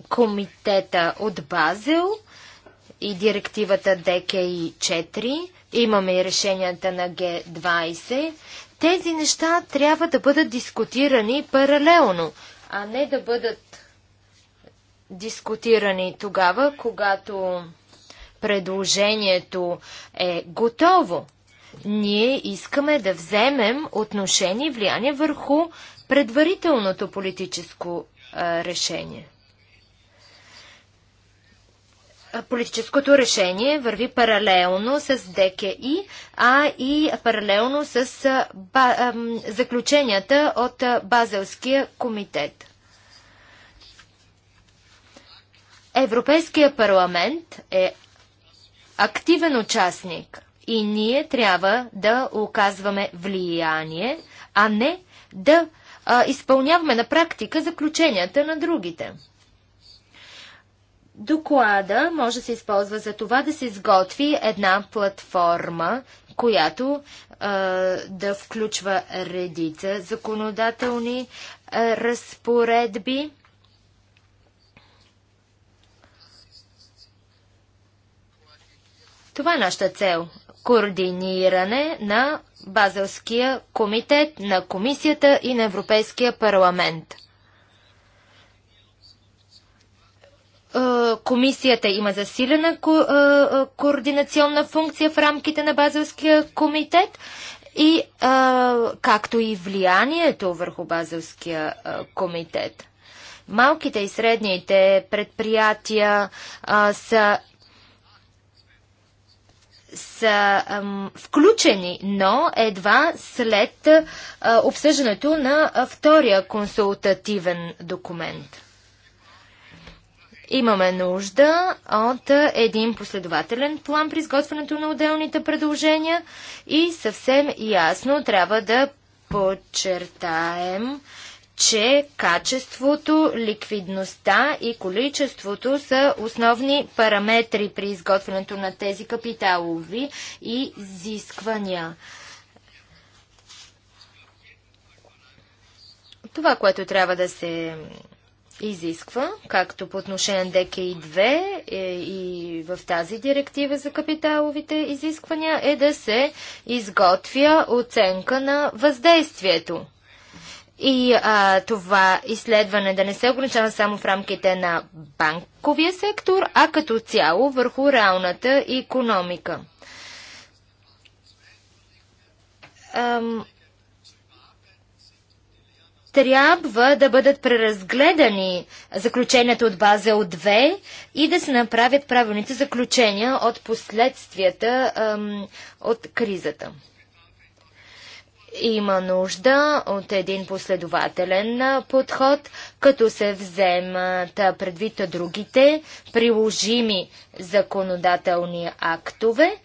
комитета от Базел и директивата ДКИ-4. Имаме и решенията на Г-20. Тези неща трябва да бъдат дискутирани паралелно, а не да бъдат дискутирани тогава, когато предложението е готово. Ние искаме да вземем отношение и влияние върху предварителното политическо а, решение. Политическото решение върви паралелно с ДКИ, а и паралелно с заключенията от Базелския комитет. Европейския парламент е активен участник и ние трябва да оказваме влияние, а не да а, изпълняваме на практика заключенията на другите. Доклада може да се използва за това да се изготви една платформа, която а, да включва редица законодателни а, разпоредби Това е нашата цел. Координиране на Базелския комитет, на комисията и на Европейския парламент. Е, комисията има засилена ко- е, е, координационна функция в рамките на Базелския комитет и а, както и влиянието върху Базелския а, комитет. Малките и средните предприятия а, са са ам, включени, но едва след а, обсъждането на а, втория консултативен документ. Имаме нужда от а, един последователен план при изготвянето на отделните предложения и съвсем ясно трябва да подчертаем, че качеството, ликвидността и количеството са основни параметри при изготвянето на тези капиталови изисквания. Това, което трябва да се изисква, както по отношение на ДКИ-2 е и в тази директива за капиталовите изисквания, е да се изготвя оценка на въздействието и а, това изследване да не се ограничава само в рамките на банковия сектор, а като цяло върху реалната економика. Ам, трябва да бъдат преразгледани заключенията от база от 2 и да се направят правилните заключения от последствията ам, от кризата има нужда от един последователен подход, като се вземат предвид другите приложими законодателни актове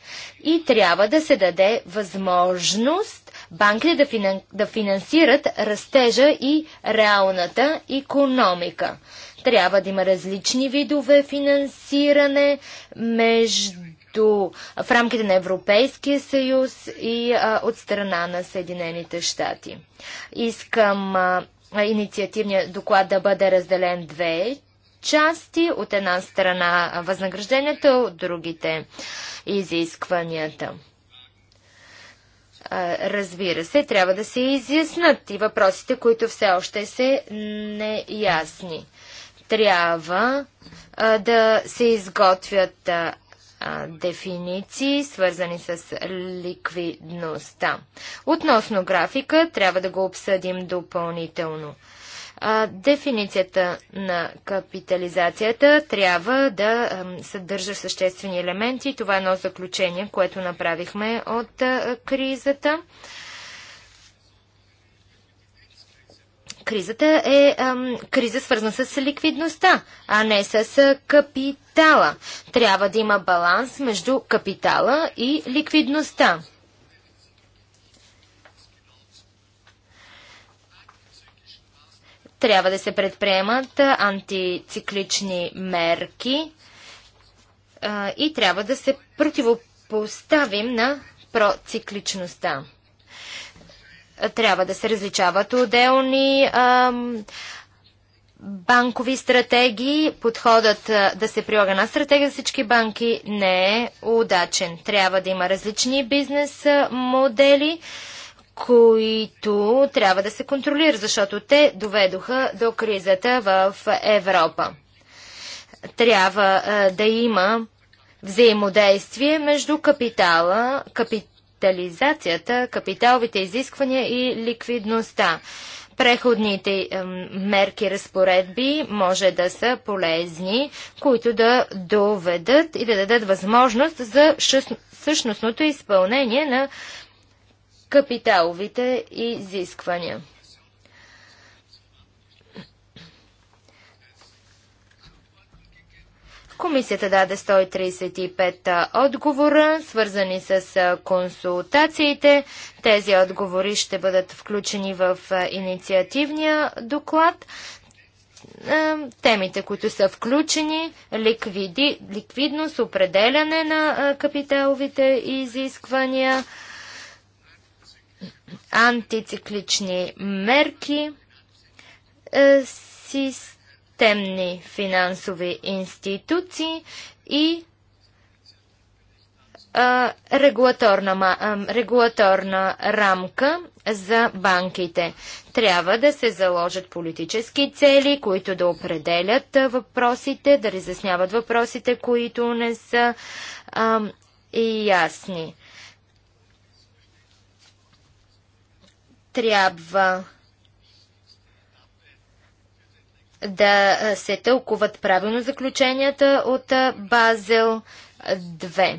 и трябва да се даде възможност банките да, финан... да финансират растежа и реалната економика. Трябва да има различни видове финансиране между както в рамките на Европейския съюз и а, от страна на Съединените щати. Искам а, инициативния доклад да бъде разделен две части. От една страна възнагражденията, от другите изискванията. разбира се, трябва да се изяснат и въпросите, които все още са неясни трябва а, да се изготвят а, дефиниции, свързани с ликвидността. Относно графика, трябва да го обсъдим допълнително. А, дефиницията на капитализацията трябва да а, съдържа съществени елементи. Това е едно заключение, което направихме от а, кризата. А, кризата е ам, криза свързана с ликвидността, а не с капитала. Трябва да има баланс между капитала и ликвидността. Трябва да се предприемат антициклични мерки а, и трябва да се противопоставим на процикличността трябва да се различават отделни ам, банкови стратегии. Подходът а, да се прилага на стратегия за всички банки не е удачен. Трябва да има различни бизнес модели, които трябва да се контролират, защото те доведоха до кризата в Европа. Трябва а, да има взаимодействие между капитала, капитала капитализацията, капиталовите изисквания и ликвидността. Преходните мерки, разпоредби може да са полезни, които да доведат и да дадат възможност за същностното изпълнение на капиталовите изисквания. Комисията даде 135 отговора, свързани с консултациите. Тези отговори ще бъдат включени в инициативния доклад. Темите, които са включени, ликвиди, ликвидност, определяне на капиталовите изисквания, антициклични мерки, система темни финансови институции и регулаторна, регулаторна рамка за банките. Трябва да се заложат политически цели, които да определят въпросите, да разясняват въпросите, които не са а, ясни. Трябва да се тълкуват правилно заключенията от Базел 2.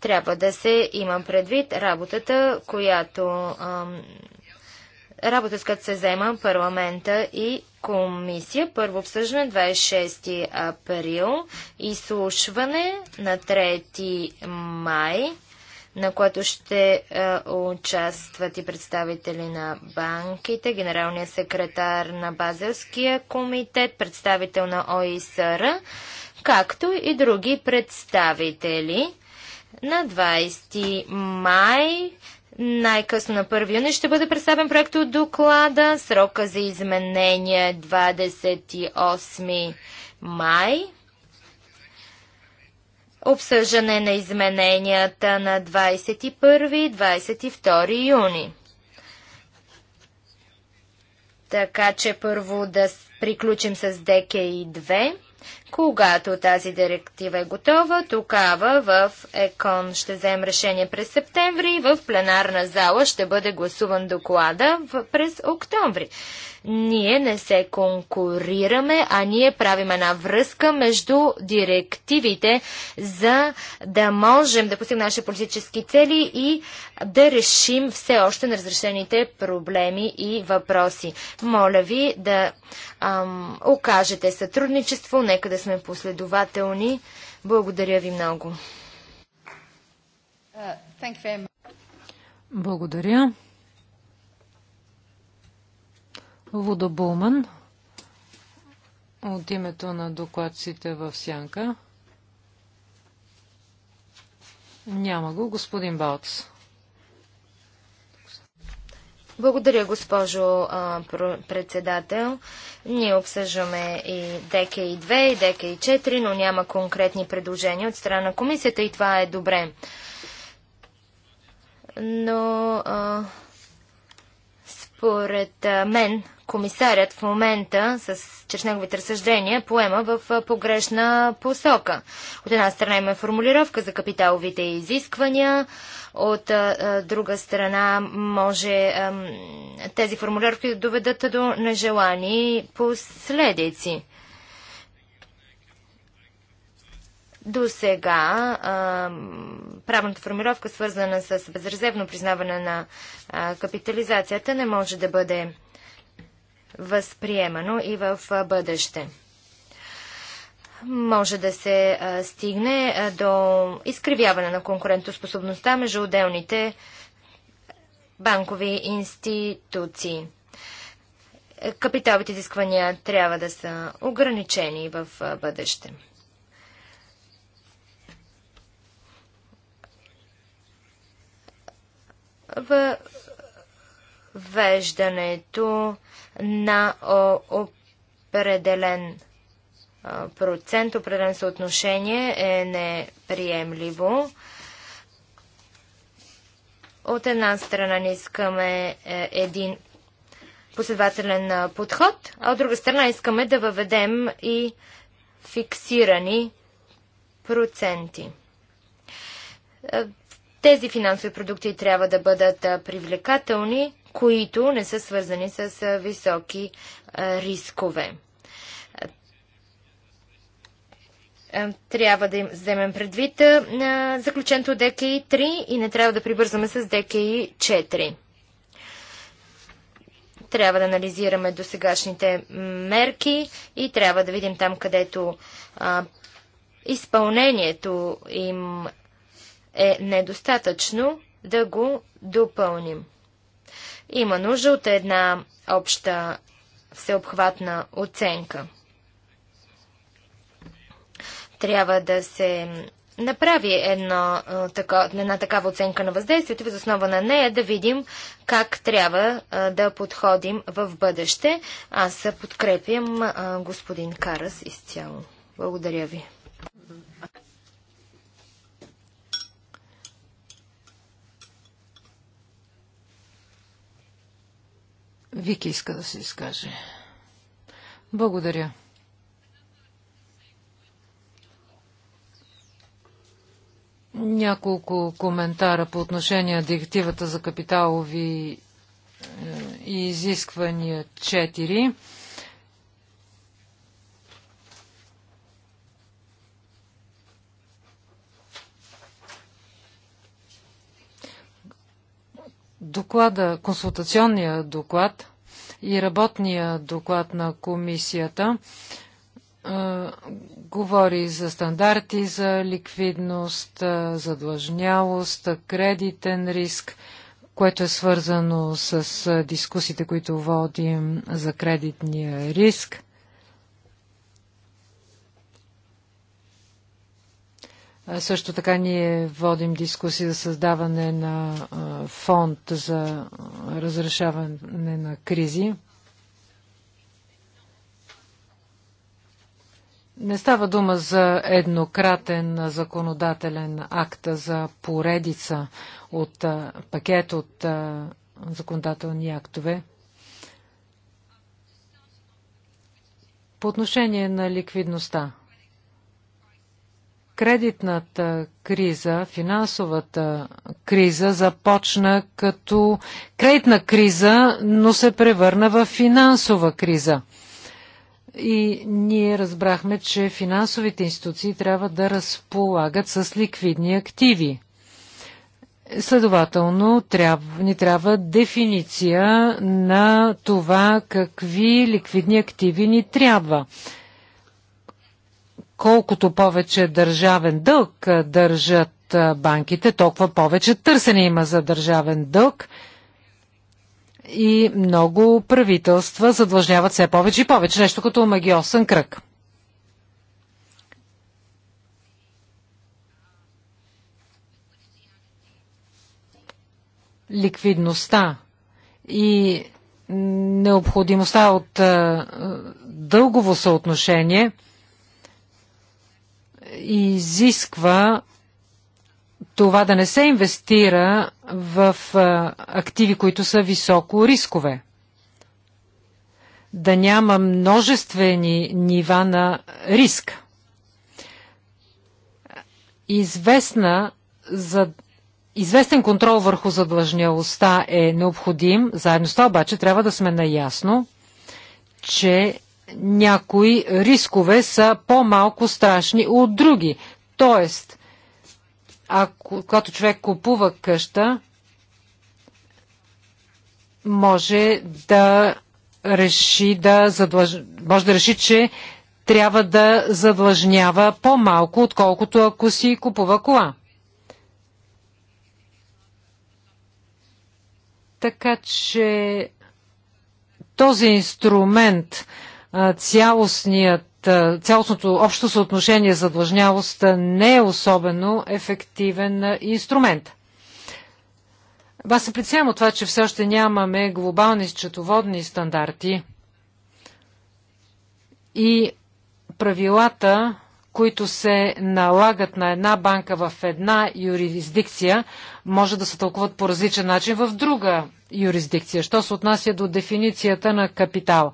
Трябва да се има предвид работата, която работа, с която се взема парламента и комисия. Първо обсъждане 26 април, изслушване на 3 май на което ще е, участват и представители на банките, генералния секретар на Базелския комитет, представител на ОИСР, както и други представители. На 20 май най-късно на 1 юни ще бъде представен проект от доклада. Срока за изменение 28 е май. Обсъждане на измененията на 21-22 юни. Така че първо да приключим с ДКИ 2. Когато тази директива е готова, тогава в ЕКОН ще вземем решение през септември и в пленарна зала ще бъде гласуван доклада през октомври. Ние не се конкурираме, а ние правим една връзка между директивите, за да можем да постигнем нашите политически цели и да решим все още неразрешените проблеми и въпроси. Моля ви да ам, окажете сътрудничество, нека да сме последователни. Благодаря ви много. Uh, Благодаря. Вуда Булман от името на докладците в Сянка. Няма го. Господин Балц. Благодаря, госпожо а, председател. Ние обсъждаме и ДК-2 и ДК-4, но няма конкретни предложения от страна на комисията и това е добре. Но а, според мен комисарят в момента, с чрез неговите разсъждения, поема в погрешна посока. От една страна има формулировка за капиталовите изисквания, от а, друга страна може а, тези формулировки да доведат до нежелани последици. До сега правната формировка, свързана с безрезервно признаване на а, капитализацията, не може да бъде възприемано и в бъдеще. Може да се стигне до изкривяване на конкурентоспособността между отделните банкови институции. Капиталните изисквания трябва да са ограничени в бъдеще. В въвеждането на определен процент, определен съотношение е неприемливо. От една страна не искаме е, един последователен подход, а от друга страна искаме да въведем и фиксирани проценти. Е, тези финансови продукти трябва да бъдат привлекателни които не са свързани с високи рискове. Трябва да вземем предвид на заключението ДКИ 3 и не трябва да прибързаме с ДКИ 4 трябва да анализираме досегашните мерки и трябва да видим там, където изпълнението им е недостатъчно, да го допълним. Има нужда от една обща всеобхватна оценка. Трябва да се направи едно, тако, една такава оценка на въздействието, въз основа на нея да видим как трябва да подходим в бъдеще. Аз подкрепям господин Карас изцяло. Благодаря ви. Вики иска да се изкаже. Благодаря. Няколко коментара по отношение на директивата за капиталови е, изисквания 4. доклада, консултационния доклад и работния доклад на комисията говори за стандарти за ликвидност, задлъжнялост, кредитен риск, което е свързано с дискусиите, които водим за кредитния риск. Също така ние водим дискусия за създаване на фонд за разрешаване на кризи. Не става дума за еднократен законодателен акт за поредица от пакет от законодателни актове. По отношение на ликвидността кредитната криза, финансовата криза започна като кредитна криза, но се превърна в финансова криза. И ние разбрахме, че финансовите институции трябва да разполагат с ликвидни активи. Следователно, трябва, ни трябва дефиниция на това какви ликвидни активи ни трябва колкото повече държавен дълг държат банките, толкова повече търсене има за държавен дълг и много правителства задлъжняват все повече и повече, нещо като магиосен кръг. Ликвидността и необходимостта от дългово съотношение – изисква това да не се инвестира в активи, които са високо рискове. Да няма множествени нива на риск. Известна за Известен контрол върху задлъжнялостта е необходим. Заедно с това обаче трябва да сме наясно, че някои рискове са по-малко страшни от други. Тоест, ако, когато човек купува къща, може да реши да задлъж... може да реши, че трябва да задлъжнява по-малко, отколкото ако си купува кола. Така че този инструмент цялостното общо съотношение за длъжнявост не е особено ефективен инструмент. Аз се притеснявам от това, че все още нямаме глобални счетоводни стандарти и правилата, които се налагат на една банка в една юрисдикция, може да се тълкуват по различен начин в друга юрисдикция. Що се отнася до дефиницията на капитал?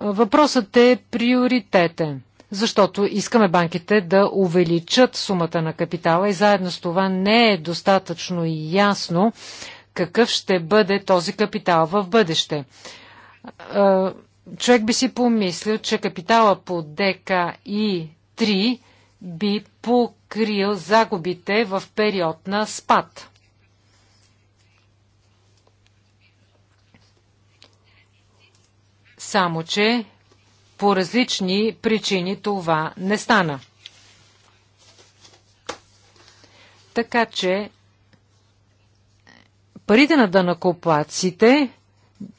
Въпросът е приоритетен, защото искаме банките да увеличат сумата на капитала и заедно с това не е достатъчно ясно какъв ще бъде този капитал в бъдеще. Човек би си помислил, че капитала по ДК и 3 би покрил загубите в период на спад. Само, че по различни причини това не стана. Така че парите на дънакоплаците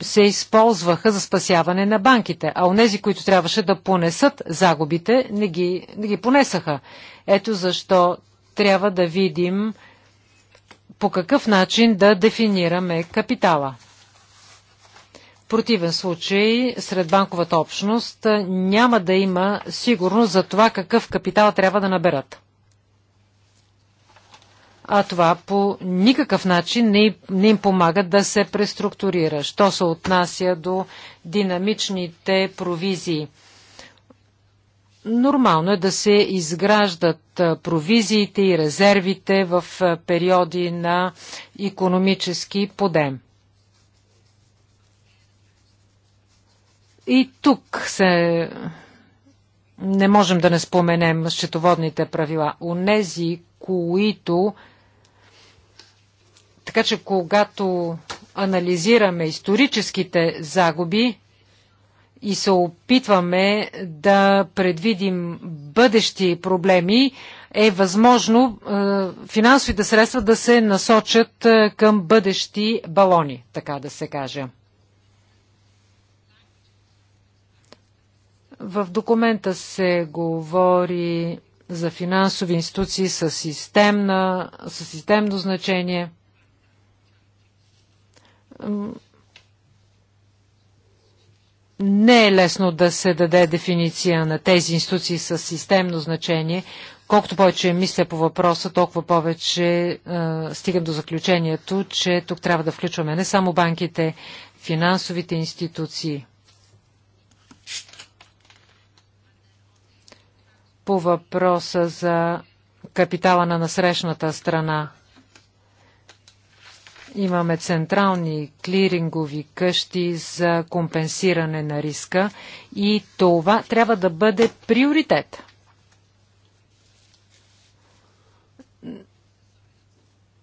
се използваха за спасяване на банките, а онези, които трябваше да понесат загубите, не ги, не ги понесаха. Ето защо трябва да видим по какъв начин да дефинираме капитала противен случай сред банковата общност няма да има сигурност за това какъв капитал трябва да наберат. А това по никакъв начин не, не им помага да се преструктурира. Що се отнася до динамичните провизии? Нормално е да се изграждат провизиите и резервите в периоди на економически подем. И тук се не можем да не споменем счетоводните правила. Онези, които така че когато анализираме историческите загуби и се опитваме да предвидим бъдещи проблеми, е възможно е, финансовите средства да се насочат е, към бъдещи балони, така да се каже. В документа се говори за финансови институции с, системна, с системно значение. Не е лесно да се даде дефиниция на тези институции с системно значение. Колкото повече мисля по въпроса, толкова повече е, стигам до заключението, че тук трябва да включваме не само банките, финансовите институции – по въпроса за капитала на насрещната страна. Имаме централни клирингови къщи за компенсиране на риска и това трябва да бъде приоритет.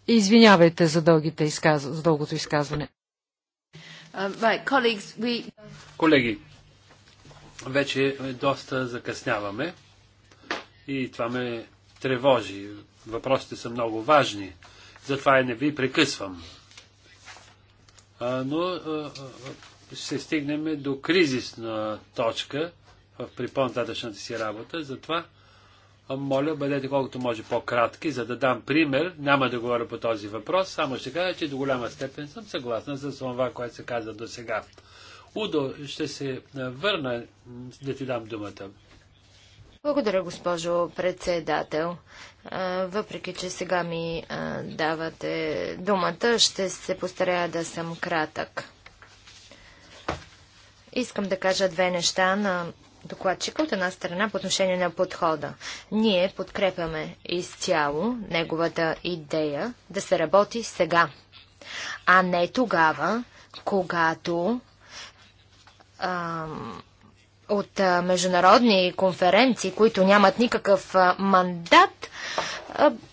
Извинявайте за, дългите изказ... за дългото изказване. Uh, Колеги, вече доста закъсняваме. И това ме тревожи. Въпросите са много важни. Затова и не ви прекъсвам. А, но а, ще стигнем до кризисна точка в при по си работа. Затова моля, бъдете колкото може по-кратки, за да дам пример. Няма да говоря по този въпрос, само ще кажа, че до голяма степен съм съгласна с това, което се каза до сега. Удо, ще се върна да ти дам думата. Благодаря, госпожо председател. Въпреки, че сега ми давате думата, ще се постарая да съм кратък. Искам да кажа две неща на докладчика от една страна по отношение на подхода. Ние подкрепяме изцяло неговата идея да се работи сега, а не тогава, когато ам, от международни конференции, които нямат никакъв мандат,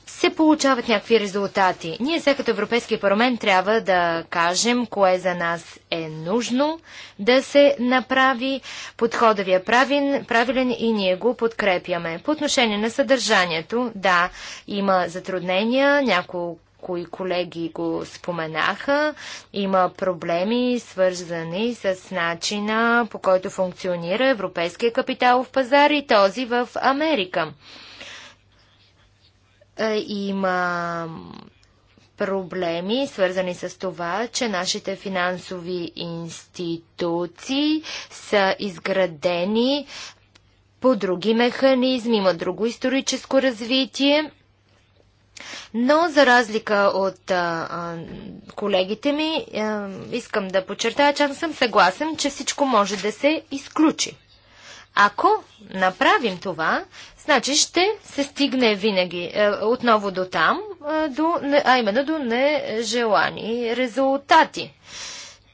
се получават някакви резултати. Ние сега като Европейски парламент трябва да кажем кое за нас е нужно да се направи. Подходът ви е правилен, правилен и ние го подкрепяме. По отношение на съдържанието, да, има затруднения, няколко някои колеги го споменаха. Има проблеми, свързани с начина по който функционира европейския в пазар и този в Америка. Е, има проблеми, свързани с това, че нашите финансови институции са изградени по други механизми, има друго историческо развитие но за разлика от а, а, колегите ми, а, искам да подчертая, че аз съм съгласен, че всичко може да се изключи. Ако направим това, значи ще се стигне винаги а, е, отново до там, а, е, до, а именно до нежелани резултати.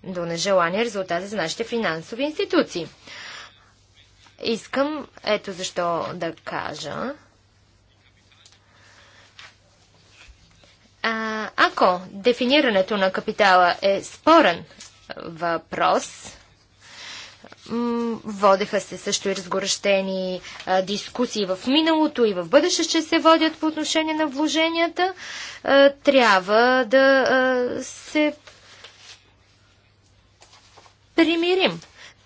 До нежелани резултати за нашите финансови институции. Искам ето защо да кажа, А, ако дефинирането на капитала е спорен въпрос, водеха се също и разгорещени а, дискусии в миналото и в бъдеще че се водят по отношение на вложенията, а, трябва да а, се примирим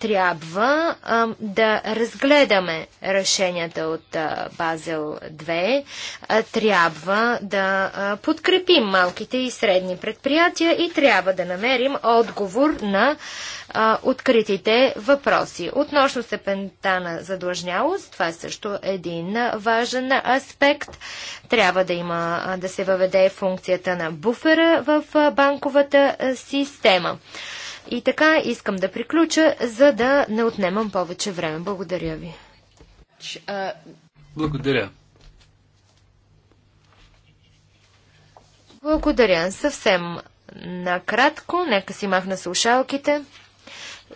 трябва а, да разгледаме решенията от а, Базел 2. А, трябва да а, подкрепим малките и средни предприятия и трябва да намерим отговор на а, откритите въпроси. Относно степента на задлъжнялост, това е също един важен аспект. Трябва да има а, да се въведе функцията на буфера в а, банковата а, система. И така искам да приключа, за да не отнемам повече време. Благодаря ви. Благодаря. Благодаря. Съвсем накратко, нека си махна слушалките.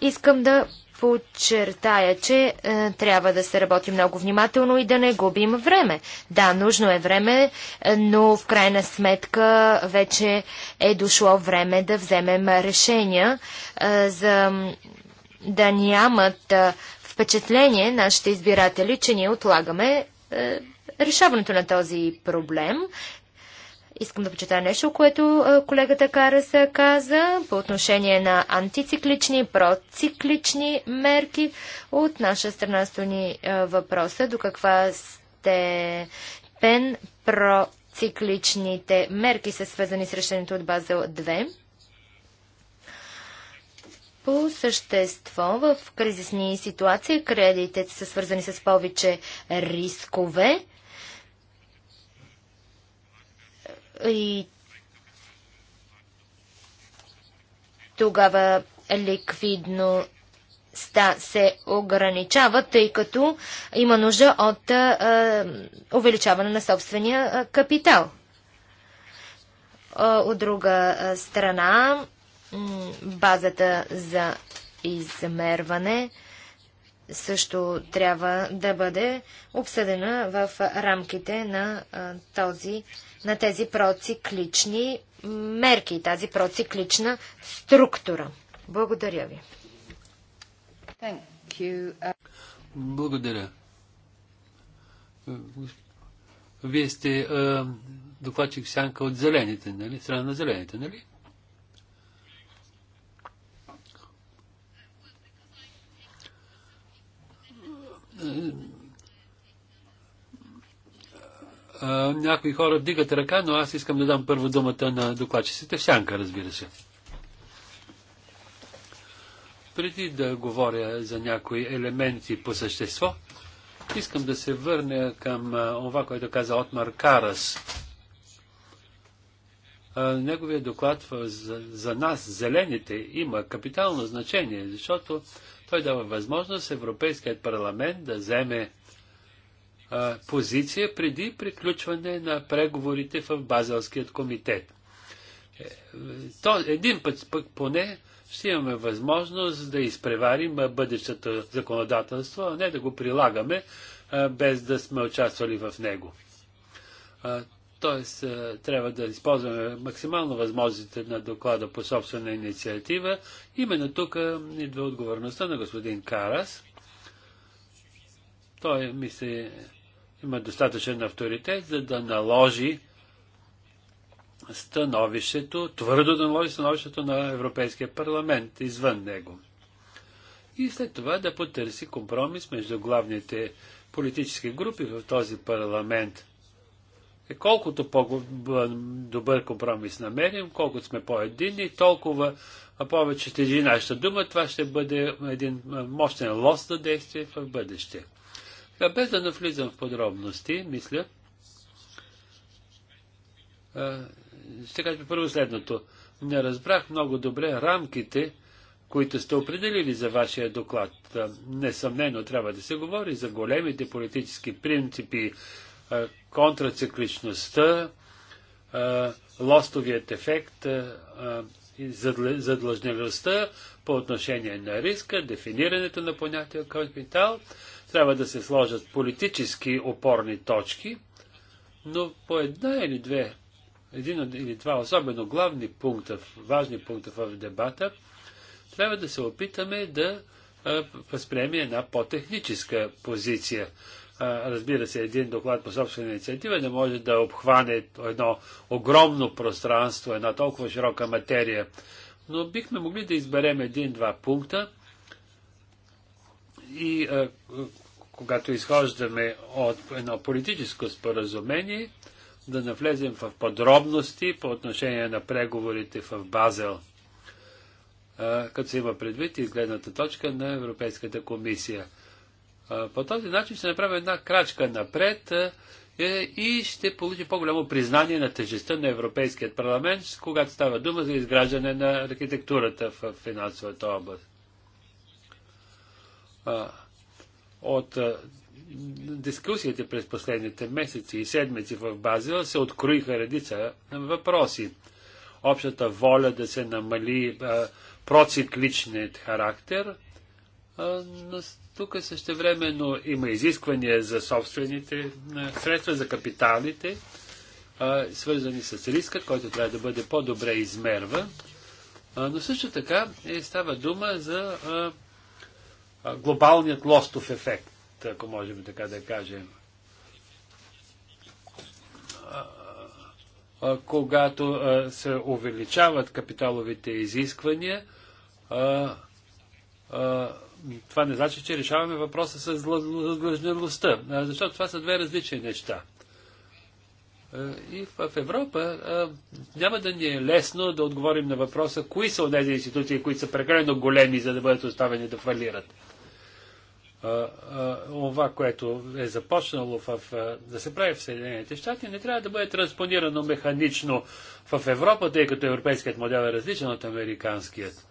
Искам да подчертая, че е, трябва да се работи много внимателно и да не губим време. Да, нужно е време, е, но в крайна сметка вече е дошло време да вземем решения е, за да нямат е, впечатление нашите избиратели, че ние отлагаме е, решаването на този проблем. Искам да почитая нещо, което колегата Караса каза по отношение на антициклични, проциклични мерки. От наша страна стони въпроса до каква степен процикличните мерки са свързани с решението от Базел 2. По същество, в кризисни ситуации кредитите са свързани с повече рискове И тогава ликвидно се ограничава, тъй като има нужда от а, увеличаване на собствения капитал. от друга страна, базата за измерване също трябва да бъде обсъдена в рамките на този на тези проциклични мерки и тази проциклична структура. Благодаря ви. Благодаря. Вие сте а, докладчик Сянка от зелените, нали? Страна на зелените, нали? А, някои хора вдигат ръка, но аз искам да дам първо думата на докладчиците сянка, разбира се. Преди да говоря за някои елементи по същество, искам да се върна към това, което каза Отмар Карас. Неговият доклад за, за нас, зелените, има капитално значение, защото той дава възможност Европейският парламент да вземе позиция преди приключване на преговорите в Базелският комитет. Е, то, един път пък поне ще имаме възможност да изпреварим бъдещето законодателство, а не да го прилагаме без да сме участвали в него. Тоест, трябва да използваме максимално възможностите на доклада по собствена инициатива. Именно тук идва отговорността на господин Карас. Той се има достатъчен авторитет, за да наложи становището, твърдо да наложи становището на Европейския парламент извън него. И след това да потърси компромис между главните политически групи в този парламент. И е, колкото по-добър компромис намерим, колкото сме по едини толкова повече ще нашата дума, това ще бъде един мощен лост на действие в бъдеще. Без да навлизам в подробности, мисля, ще кажа първо следното. Не разбрах много добре рамките, които сте определили за вашия доклад. Несъмнено трябва да се говори за големите политически принципи, контрацикличността, лостовият ефект, задлъжнелостта по отношение на риска, дефинирането на понятия капитал, трябва да се сложат политически опорни точки, но по една или две, един или два особено главни пункта, важни пункта в дебата, трябва да се опитаме да възприеме една по-техническа позиция. Разбира се, един доклад по собствена инициатива не може да обхване едно огромно пространство, една толкова широка материя, но бихме могли да изберем един-два пункта, и а, е, когато изхождаме от едно политическо споразумение, да навлезем в подробности по отношение на преговорите в Базел, а, е, като се има предвид изгледната точка на Европейската комисия. А, е, по този начин ще направим една крачка напред и ще получи по-голямо признание на тежестта на Европейският парламент, когато става дума за изграждане на архитектурата в финансовата област от дискусиите през последните месеци и седмици в Базила се откроиха редица въпроси. Общата воля да се намали процикличният характер, но тук същевременно има изисквания за собствените средства, за капиталите, свързани с риска, който трябва да бъде по-добре измерван. Но също така е, става дума за глобалният лостов ефект, ако можем така да кажем. Когато се увеличават капиталовите изисквания, това не значи, че решаваме въпроса с задлъжнелостта, защото това са две различни неща. И в Европа няма да ни е лесно да отговорим на въпроса, кои са от тези институции, които са прекалено големи, за да бъдат оставени да фалират това, което е започнало в, да се прави в Съединените щати, не трябва да бъде транспонирано механично в Европа, тъй като европейският модел е различен от американският.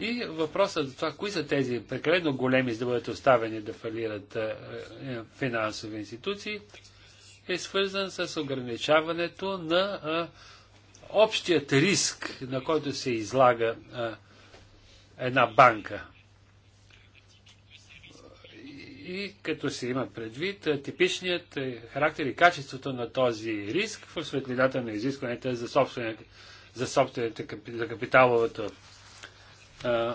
И въпросът за това, кои са тези прекалено големи, за да бъдат оставени да фалират е, финансови институции, е свързан с ограничаването на а, общият риск, на който се излага а, една банка. И като се има предвид е, типичният е, характер и качеството на този риск в светлината на изискванията за, собствената. за собствените за капиталовата е,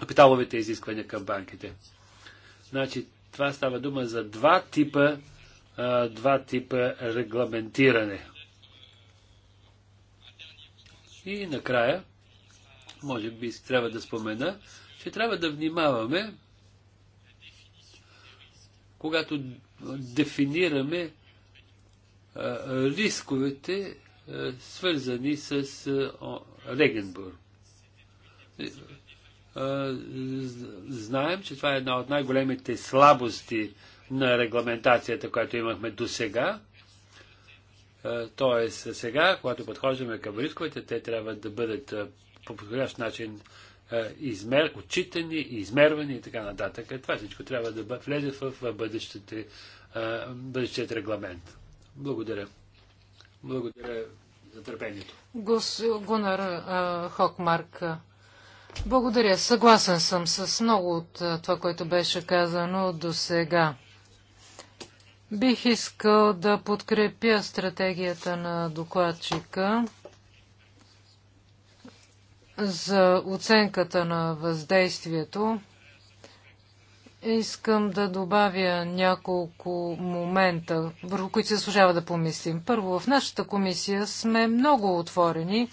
капиталовите изисквания към банките. Значи, това става дума за два типа, два типа регламентиране. И накрая, може би трябва да спомена, че трябва да внимаваме когато дефинираме рисковете, свързани с Регенбург. Е, знаем, че това е една от най-големите слабости на регламентацията, която имахме до сега. Тоест, сега, когато подхождаме към рисковете, те трябва да бъдат по подходящ начин измер, отчитани, измервани и така нататък. Това всичко трябва да влезе в бъдещите, бъдещият регламент. Благодаря. Благодаря за търпението. Гос Гунар Хокмарк, благодаря. Съгласен съм с много от това, което беше казано до сега. Бих искал да подкрепя стратегията на докладчика за оценката на въздействието, искам да добавя няколко момента, върху които се служава да помислим. Първо, в нашата комисия сме много отворени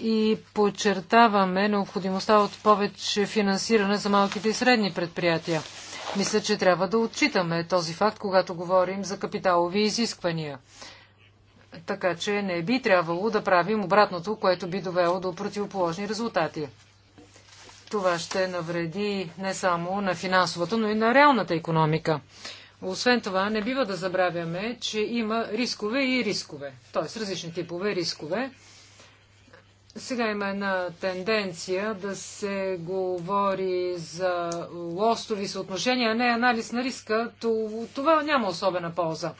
и подчертаваме необходимостта от повече финансиране за малките и средни предприятия. Мисля, че трябва да отчитаме този факт, когато говорим за капиталови изисквания. Така че не би трябвало да правим обратното, което би довело до противоположни резултати. Това ще навреди не само на финансовата, но и на реалната економика. Освен това, не бива да забравяме, че има рискове и рискове, т.е. различни типове рискове. Сега има една тенденция да се говори за лостови съотношения, а не анализ на риска. Това няма особена полза.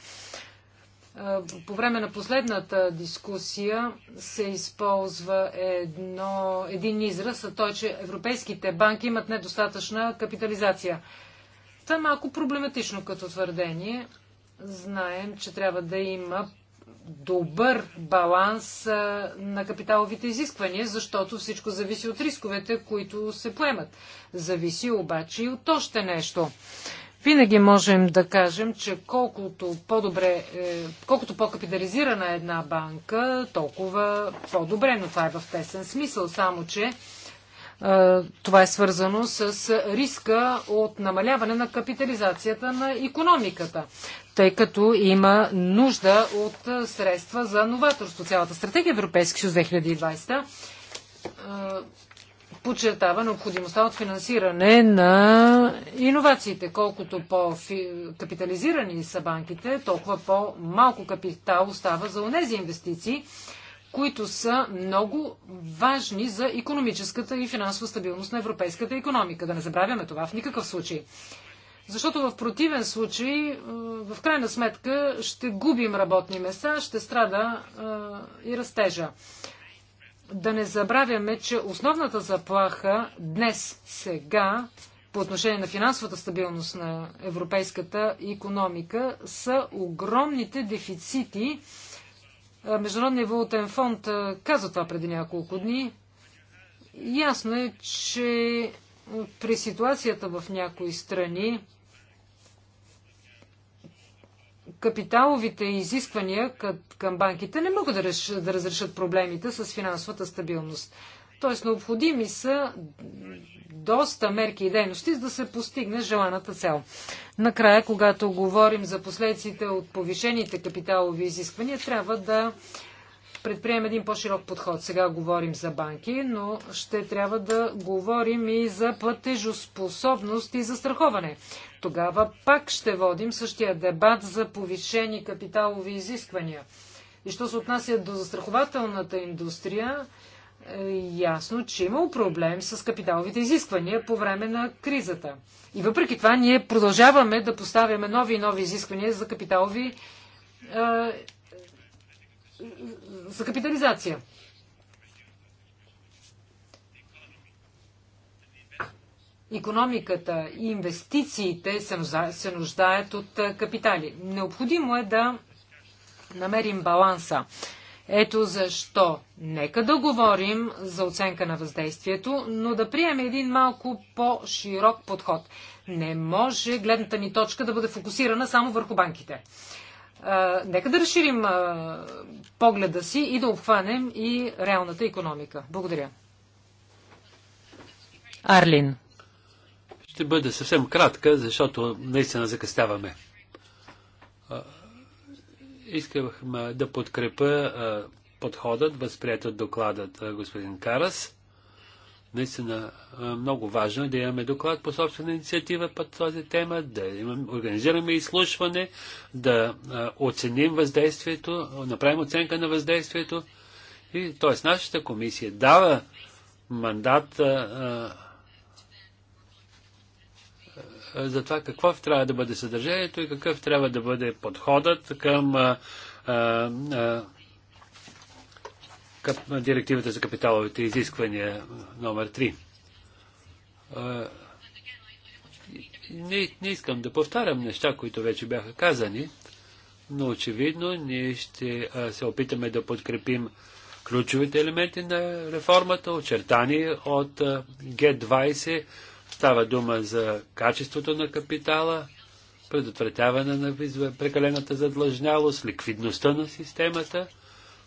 По време на последната дискусия се използва едно, един израз, а той, е, че европейските банки имат недостатъчна капитализация. Това е малко проблематично като твърдение. Знаем, че трябва да има добър баланс на капиталовите изисквания, защото всичко зависи от рисковете, които се поемат. Зависи обаче и от още нещо. Винаги можем да кажем, че колкото по-добре, е, колкото по-капитализирана е една банка, толкова по-добре, но това е в тесен смисъл, само че е, това е свързано с риска от намаляване на капитализацията на економиката, тъй като има нужда от е, средства за новаторство. Цялата стратегия Европейски съюз 2020 подчертава необходимостта от финансиране на иновациите. Колкото по-капитализирани са банките, толкова по-малко капитал остава за онези инвестиции, които са много важни за економическата и финансова стабилност на европейската економика. Да не забравяме това в никакъв случай. Защото в противен случай, е, в крайна сметка, ще губим работни места, ще страда е, и растежа да не забравяме, че основната заплаха днес, сега, по отношение на финансовата стабилност на европейската економика, са огромните дефицити. Международният валутен фонд каза това преди няколко дни. Ясно е, че при ситуацията в някои страни капиталовите изисквания към банките не могат да, разрешат проблемите с финансовата стабилност. Тоест, необходими са доста мерки и дейности, за да се постигне желаната цел. Накрая, когато говорим за последиците от повишените капиталови изисквания, трябва да предприемем един по-широк подход. Сега говорим за банки, но ще трябва да говорим и за платежоспособност и за страховане тогава пак ще водим същия дебат за повишени капиталови изисквания. И що се отнася до застрахователната индустрия, е ясно, че имал проблем с капиталовите изисквания по време на кризата. И въпреки това ние продължаваме да поставяме нови и нови изисквания за капиталови е, за капитализация. економиката и инвестициите се нуждаят от капитали. Необходимо е да намерим баланса. Ето защо. Нека да говорим за оценка на въздействието, но да приемем един малко по-широк подход. Не може гледната ни точка да бъде фокусирана само върху банките. А, нека да разширим а, погледа си и да обхванем и реалната економика. Благодаря. Арлин. Ще бъде съвсем кратка, защото наистина закъсняваме. Искахме да подкрепа подходът, възприят от докладът господин Карас. Наистина много важно е да имаме доклад по собствена инициатива по тази тема, да имаме, организираме изслушване, да оценим въздействието, направим оценка на въздействието. И, т.е. нашата комисия дава мандат а, е, за това какво трябва да бъде съдържанието и какъв трябва да бъде подходът към е, е, а, а, директивата за капиталовите изисквания номер 3. А, не, не искам да повтарям неща, които вече бяха казани, но очевидно ние ще се опитаме да подкрепим ключовите елементи на реформата, очертани от g 20 Става дума за качеството на капитала, предотвратяване на прекалената задлъжнялост, ликвидността на системата,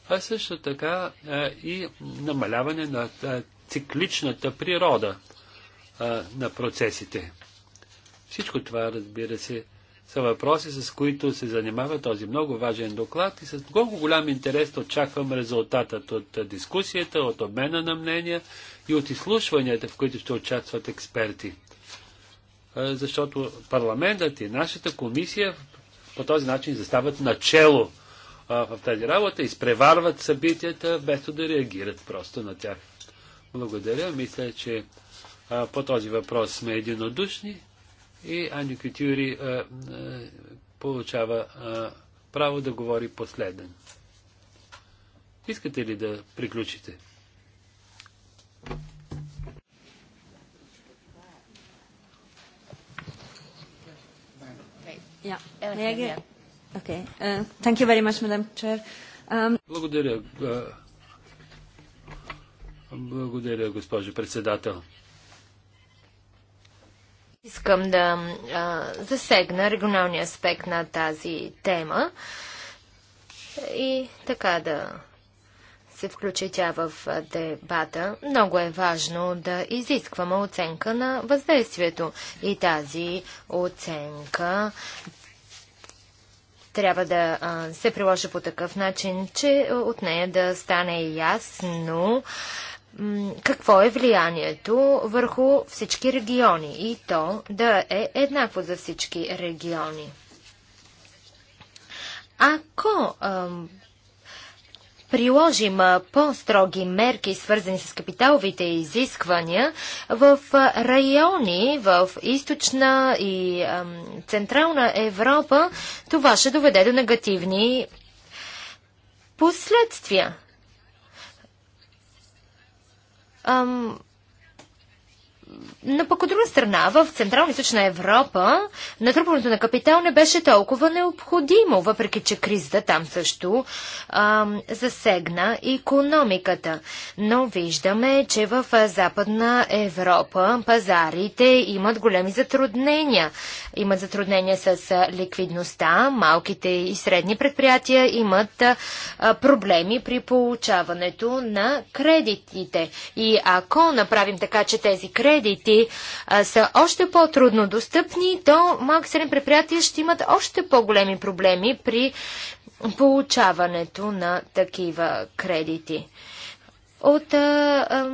а също така е, и намаляване на е, цикличната природа е, на процесите. Всичко това, разбира се, са въпроси, с които се занимава този много важен доклад и с много голям интерес очаквам резултатът от дискусията, от обмена на мнения и от изслушванията, в които ще участват експерти. Защото парламентът и нашата комисия по този начин застават начело в тази работа, изпреварват събитията, вместо да реагират просто на тях. Благодаря. Мисля, че по този въпрос сме единодушни и Аню Кютюри получава право да говори последен. Искате ли да приключите? Uh, um, благодаря. Благодаря, госпожо председател. Искам да а, засегна регионалния аспект на тази тема и така да се включи тя в дебата. Много е важно да изискваме оценка на въздействието и тази оценка трябва да се приложи по такъв начин, че от нея да стане ясно какво е влиянието върху всички региони и то да е еднакво за всички региони. Ако приложим по-строги мерки, свързани с капиталовите изисквания в райони в източна и централна Европа, това ще доведе до негативни последствия но пък от друга страна, в Централна и Източна Европа натрупването на капитал не беше толкова необходимо, въпреки че кризата там също а, засегна економиката. Но виждаме, че в Западна Европа пазарите имат големи затруднения. Имат затруднения с ликвидността, малките и средни предприятия имат а, проблеми при получаването на кредитите. И ако направим така, че тези кредити кредити а, са още по-трудно достъпни, то малки средни предприятия ще имат още по-големи проблеми при получаването на такива кредити. От а, а,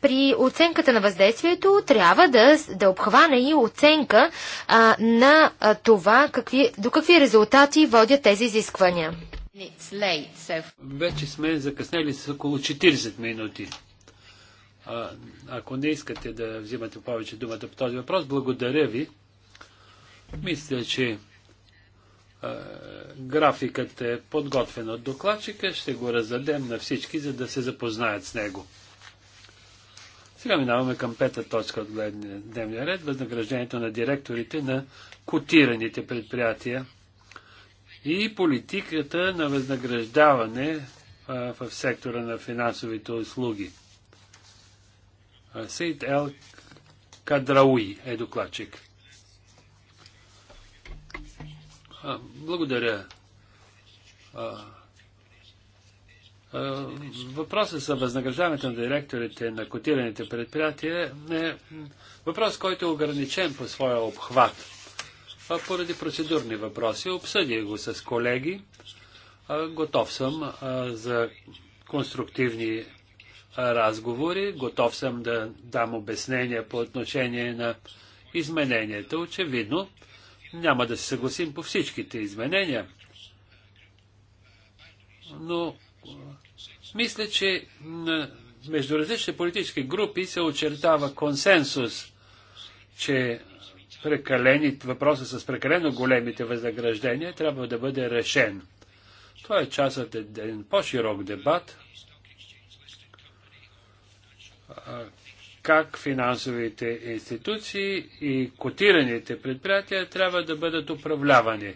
при оценката на въздействието трябва да, да обхване и оценка а, на а, това какви, до какви резултати водят тези изисквания. Late, so... Вече сме закъснели с около 40 минути ако не искате да взимате повече думата по този въпрос, благодаря ви. Мисля, че графикът е подготвен от докладчика. Ще го раздадем на всички, за да се запознаят с него. Сега минаваме към пета точка от дневния ред. Възнаграждението на директорите на котираните предприятия и политиката на възнаграждаване в сектора на финансовите услуги. Сейд Ел Кадрауи е докладчик. Благодаря. Въпросът за възнаграждаването на директорите на котираните предприятия е въпрос, който е ограничен по своя обхват. Поради процедурни въпроси обсъдих го с колеги. Готов съм за конструктивни разговори. Готов съм да дам обяснение по отношение на измененията. Очевидно, няма да се съгласим по всичките изменения. Но мисля, че между различни политически групи се очертава консенсус, че прекалени, въпроса с прекалено големите възнаграждения трябва да бъде решен. Това е част от един по-широк дебат, как финансовите институции и котираните предприятия трябва да бъдат управлявани.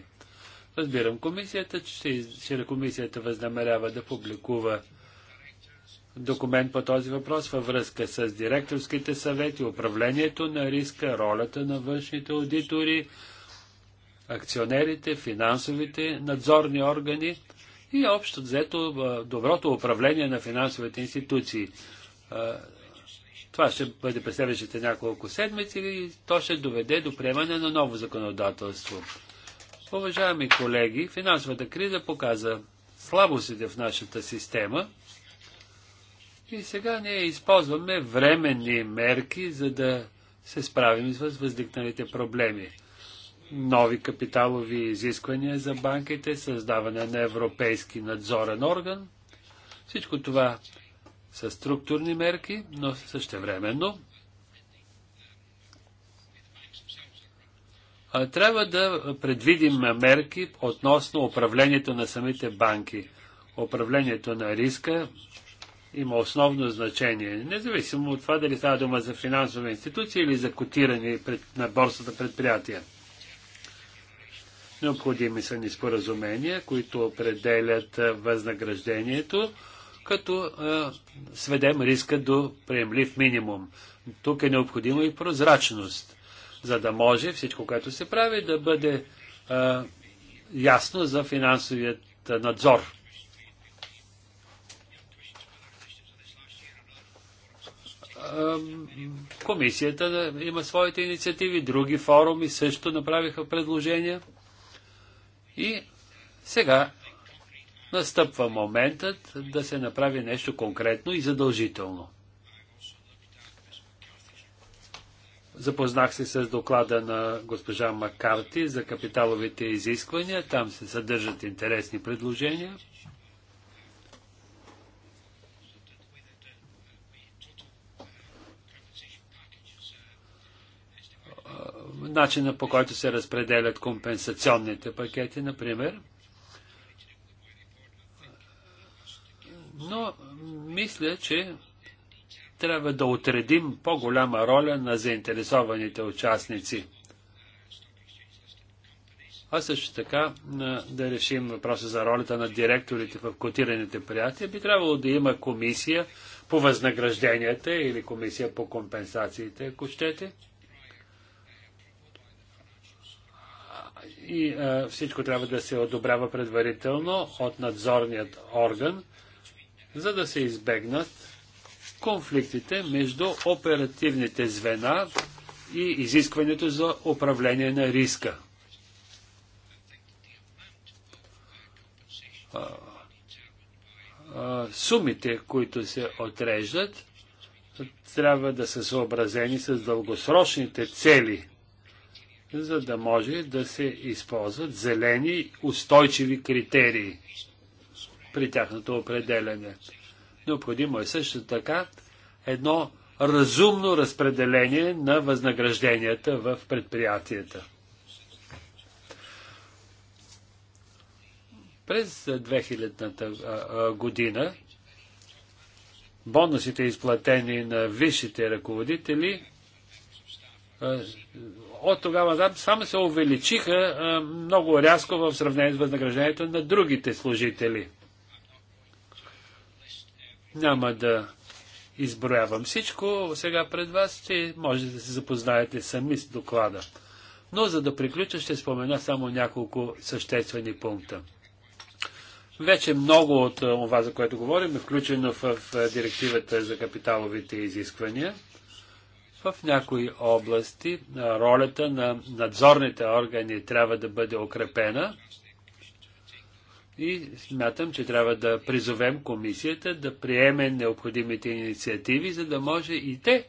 Разбирам комисията, че, че комисията възнамерява да публикува документ по този въпрос във връзка с директорските съвети, управлението на риска, ролята на външните аудитори, акционерите, финансовите надзорни органи и общо взето доброто управление на финансовите институции. Това ще бъде през следващите няколко седмици и то ще доведе до приемане на ново законодателство. Уважаеми колеги, финансовата криза показа слабостите в нашата система и сега ние използваме временни мерки, за да се справим с възникналите проблеми. Нови капиталови изисквания за банките, създаване на европейски надзорен орган. Всичко това с структурни мерки, но същевременно трябва да предвидим мерки относно управлението на самите банки. Управлението на риска има основно значение, независимо от това дали става дума за финансови институции или за котирани на борсата предприятия. Необходими са ни споразумения, които определят възнаграждението, като е, сведем риска до приемлив минимум. Тук е необходима и прозрачност, за да може всичко, което се прави, да бъде е, ясно за финансовият надзор. Е, комисията има своите инициативи, други форуми също направиха предложения. И сега настъпва моментът да се направи нещо конкретно и задължително. Запознах се с доклада на госпожа Маккарти за капиталовите изисквания. Там се съдържат интересни предложения. Начина по който се разпределят компенсационните пакети, например – но мисля, че трябва да отредим по-голяма роля на заинтересованите участници. А също така да решим въпроса за ролята на директорите в котираните приятия. Би трябвало да има комисия по възнагражденията или комисия по компенсациите, ако щете. И а, всичко трябва да се одобрява предварително от надзорният орган за да се избегнат конфликтите между оперативните звена и изискването за управление на риска. сумите, които се отреждат, трябва да са съобразени с дългосрочните цели, за да може да се използват зелени устойчиви критерии при тяхното определене. Необходимо е също така едно разумно разпределение на възнагражденията в предприятията. През 2000-та година бонусите изплатени на висшите ръководители от тогава там само се увеличиха много рязко в сравнение с възнаграждението на другите служители – няма да изброявам всичко сега пред вас, че може да се запознаете сами с доклада. Но за да приключа ще спомена само няколко съществени пункта. Вече много от това, е, за което говорим, е включено в е, директивата за капиталовите изисквания. В някои области е, ролята на надзорните органи трябва да бъде укрепена – и смятам, че трябва да призовем комисията да приеме необходимите инициативи, за да може и те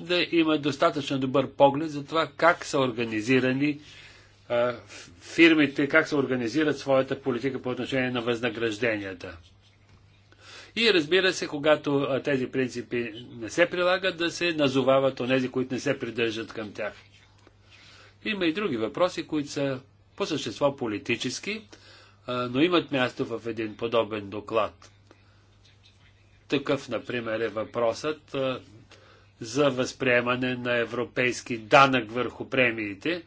да имат достатъчно добър поглед за това как са организирани а, фирмите, как се организират своята политика по отношение на възнагражденията. И разбира се, когато а, тези принципи не се прилагат, да се назовават онези, които не се придържат към тях. Има и други въпроси, които са по същество политически но имат място в един подобен доклад. Такъв, например, е въпросът за възприемане на европейски данък върху премиите.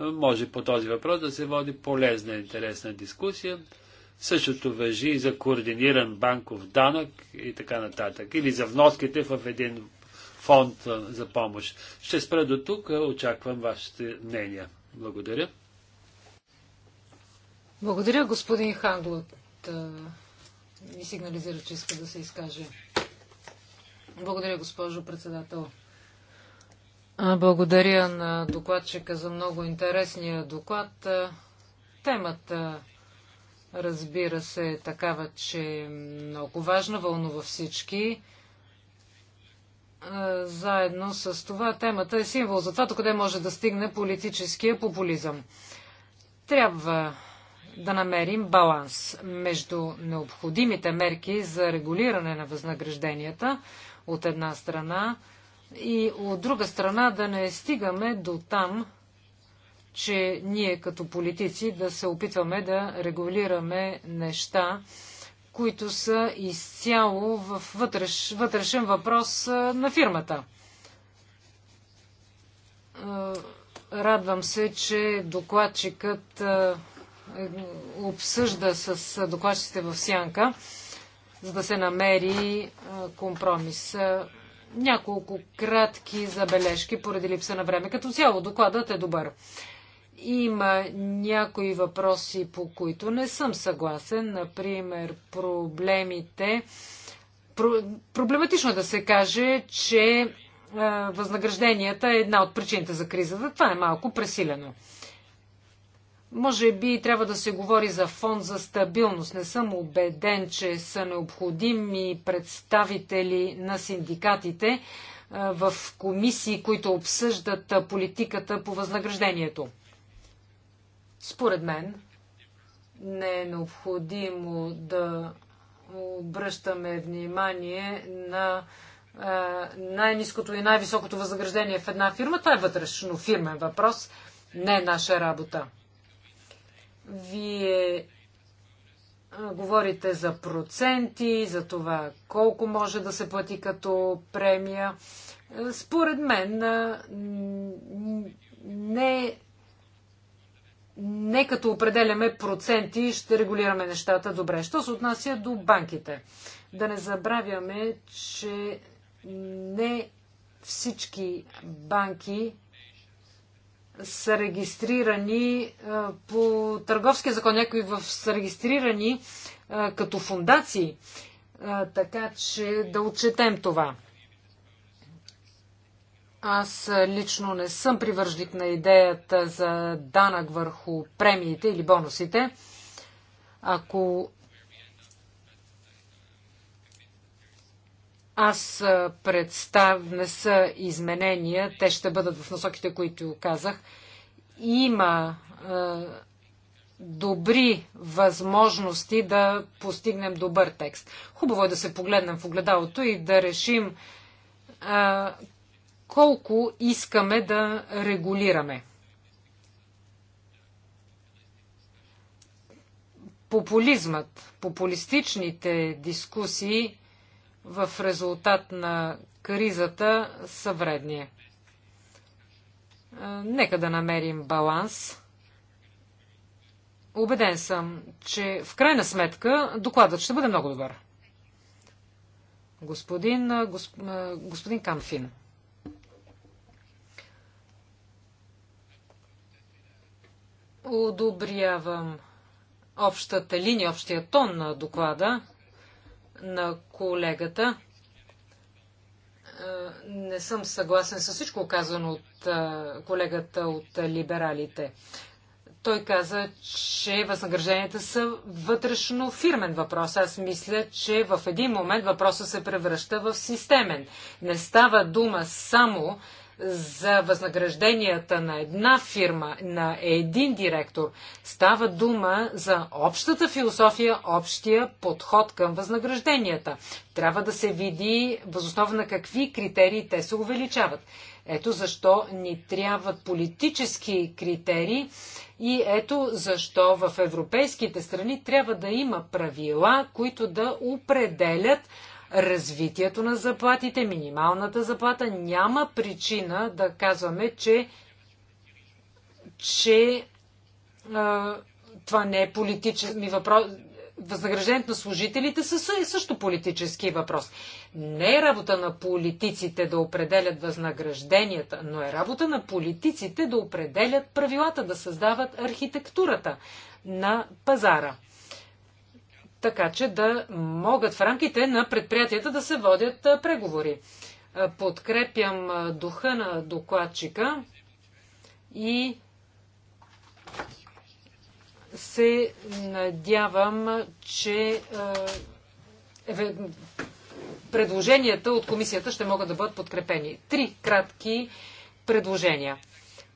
Може по този въпрос да се води полезна, и интересна дискусия. Същото въжи и за координиран банков данък и така нататък. Или за вноските в един фонд за помощ. Ще спра до тук. Очаквам вашите мнения. Благодаря. Благодаря, господин Ханглот. Ми сигнализира, че иска да се изкаже. Благодаря, госпожо председател. Благодаря на докладчика за много интересния доклад. Темата, разбира се, е такава, че е много важна, вълнува всички. Заедно с това темата е символ за това, докъде може да стигне политическия популизъм. Трябва да намерим баланс между необходимите мерки за регулиране на възнагражденията от една страна и от друга страна да не стигаме до там, че ние като политици да се опитваме да регулираме неща, които са изцяло в вътреш, вътрешен въпрос на фирмата. Радвам се, че докладчикът обсъжда с докладчиците в Сянка, за да се намери компромис. Няколко кратки забележки поради липса на време. Като цяло докладът е добър. Има някои въпроси, по които не съм съгласен. Например, проблемите. Проблематично е да се каже, че възнагражденията е една от причините за кризата. Това е малко пресилено. Може би трябва да се говори за фонд за стабилност. Не съм убеден, че са необходими представители на синдикатите в комисии, които обсъждат политиката по възнаграждението. Според мен не е необходимо да обръщаме внимание на най-низкото и най-високото възнаграждение в една фирма. Това е вътрешно фирмен въпрос, не е наша работа. Вие говорите за проценти, за това колко може да се плати като премия. Според мен не, не като определяме проценти ще регулираме нещата добре. Що се отнася до банките? Да не забравяме, че не всички банки са регистрирани е, по търговския закон, някои в, са регистрирани е, като фундации, е, така че да отчетем това. Аз лично не съм привържник на идеята за данък върху премиите или бонусите. Ако Аз представ, не са изменения, те ще бъдат в насоките, които казах. Има е, добри възможности да постигнем добър текст. Хубаво е да се погледнем в огледалото и да решим е, колко искаме да регулираме. Популизмът, популистичните дискусии в резултат на кризата са вредни. Е, нека да намерим баланс. Убеден съм, че в крайна сметка докладът ще бъде много добър. Господин, е, госп, е, господин Камфин. Одобрявам общата линия, общия тон на доклада на колегата. Е, не съм съгласен с всичко казано от е, колегата от либералите. Той каза, че възнагражденията са вътрешно фирмен въпрос. Аз мисля, че в един момент въпросът се превръща в системен. Не става дума само за възнагражденията на една фирма, на един директор. Става дума за общата философия, общия подход към възнагражденията. Трябва да се види възоснова на какви критерии те се увеличават. Ето защо ни трябват политически критерии и ето защо в европейските страни трябва да има правила, които да определят развитието на заплатите, минималната заплата. Няма причина да казваме, че, че а, това не е политически въпрос. Възнаграждението на служителите е също политически въпрос. Не е работа на политиците да определят възнагражденията, но е работа на политиците да определят правилата, да създават архитектурата на пазара така че да могат в рамките на предприятията да се водят преговори. Подкрепям духа на докладчика и се надявам, че предложенията от комисията ще могат да бъдат подкрепени. Три кратки предложения.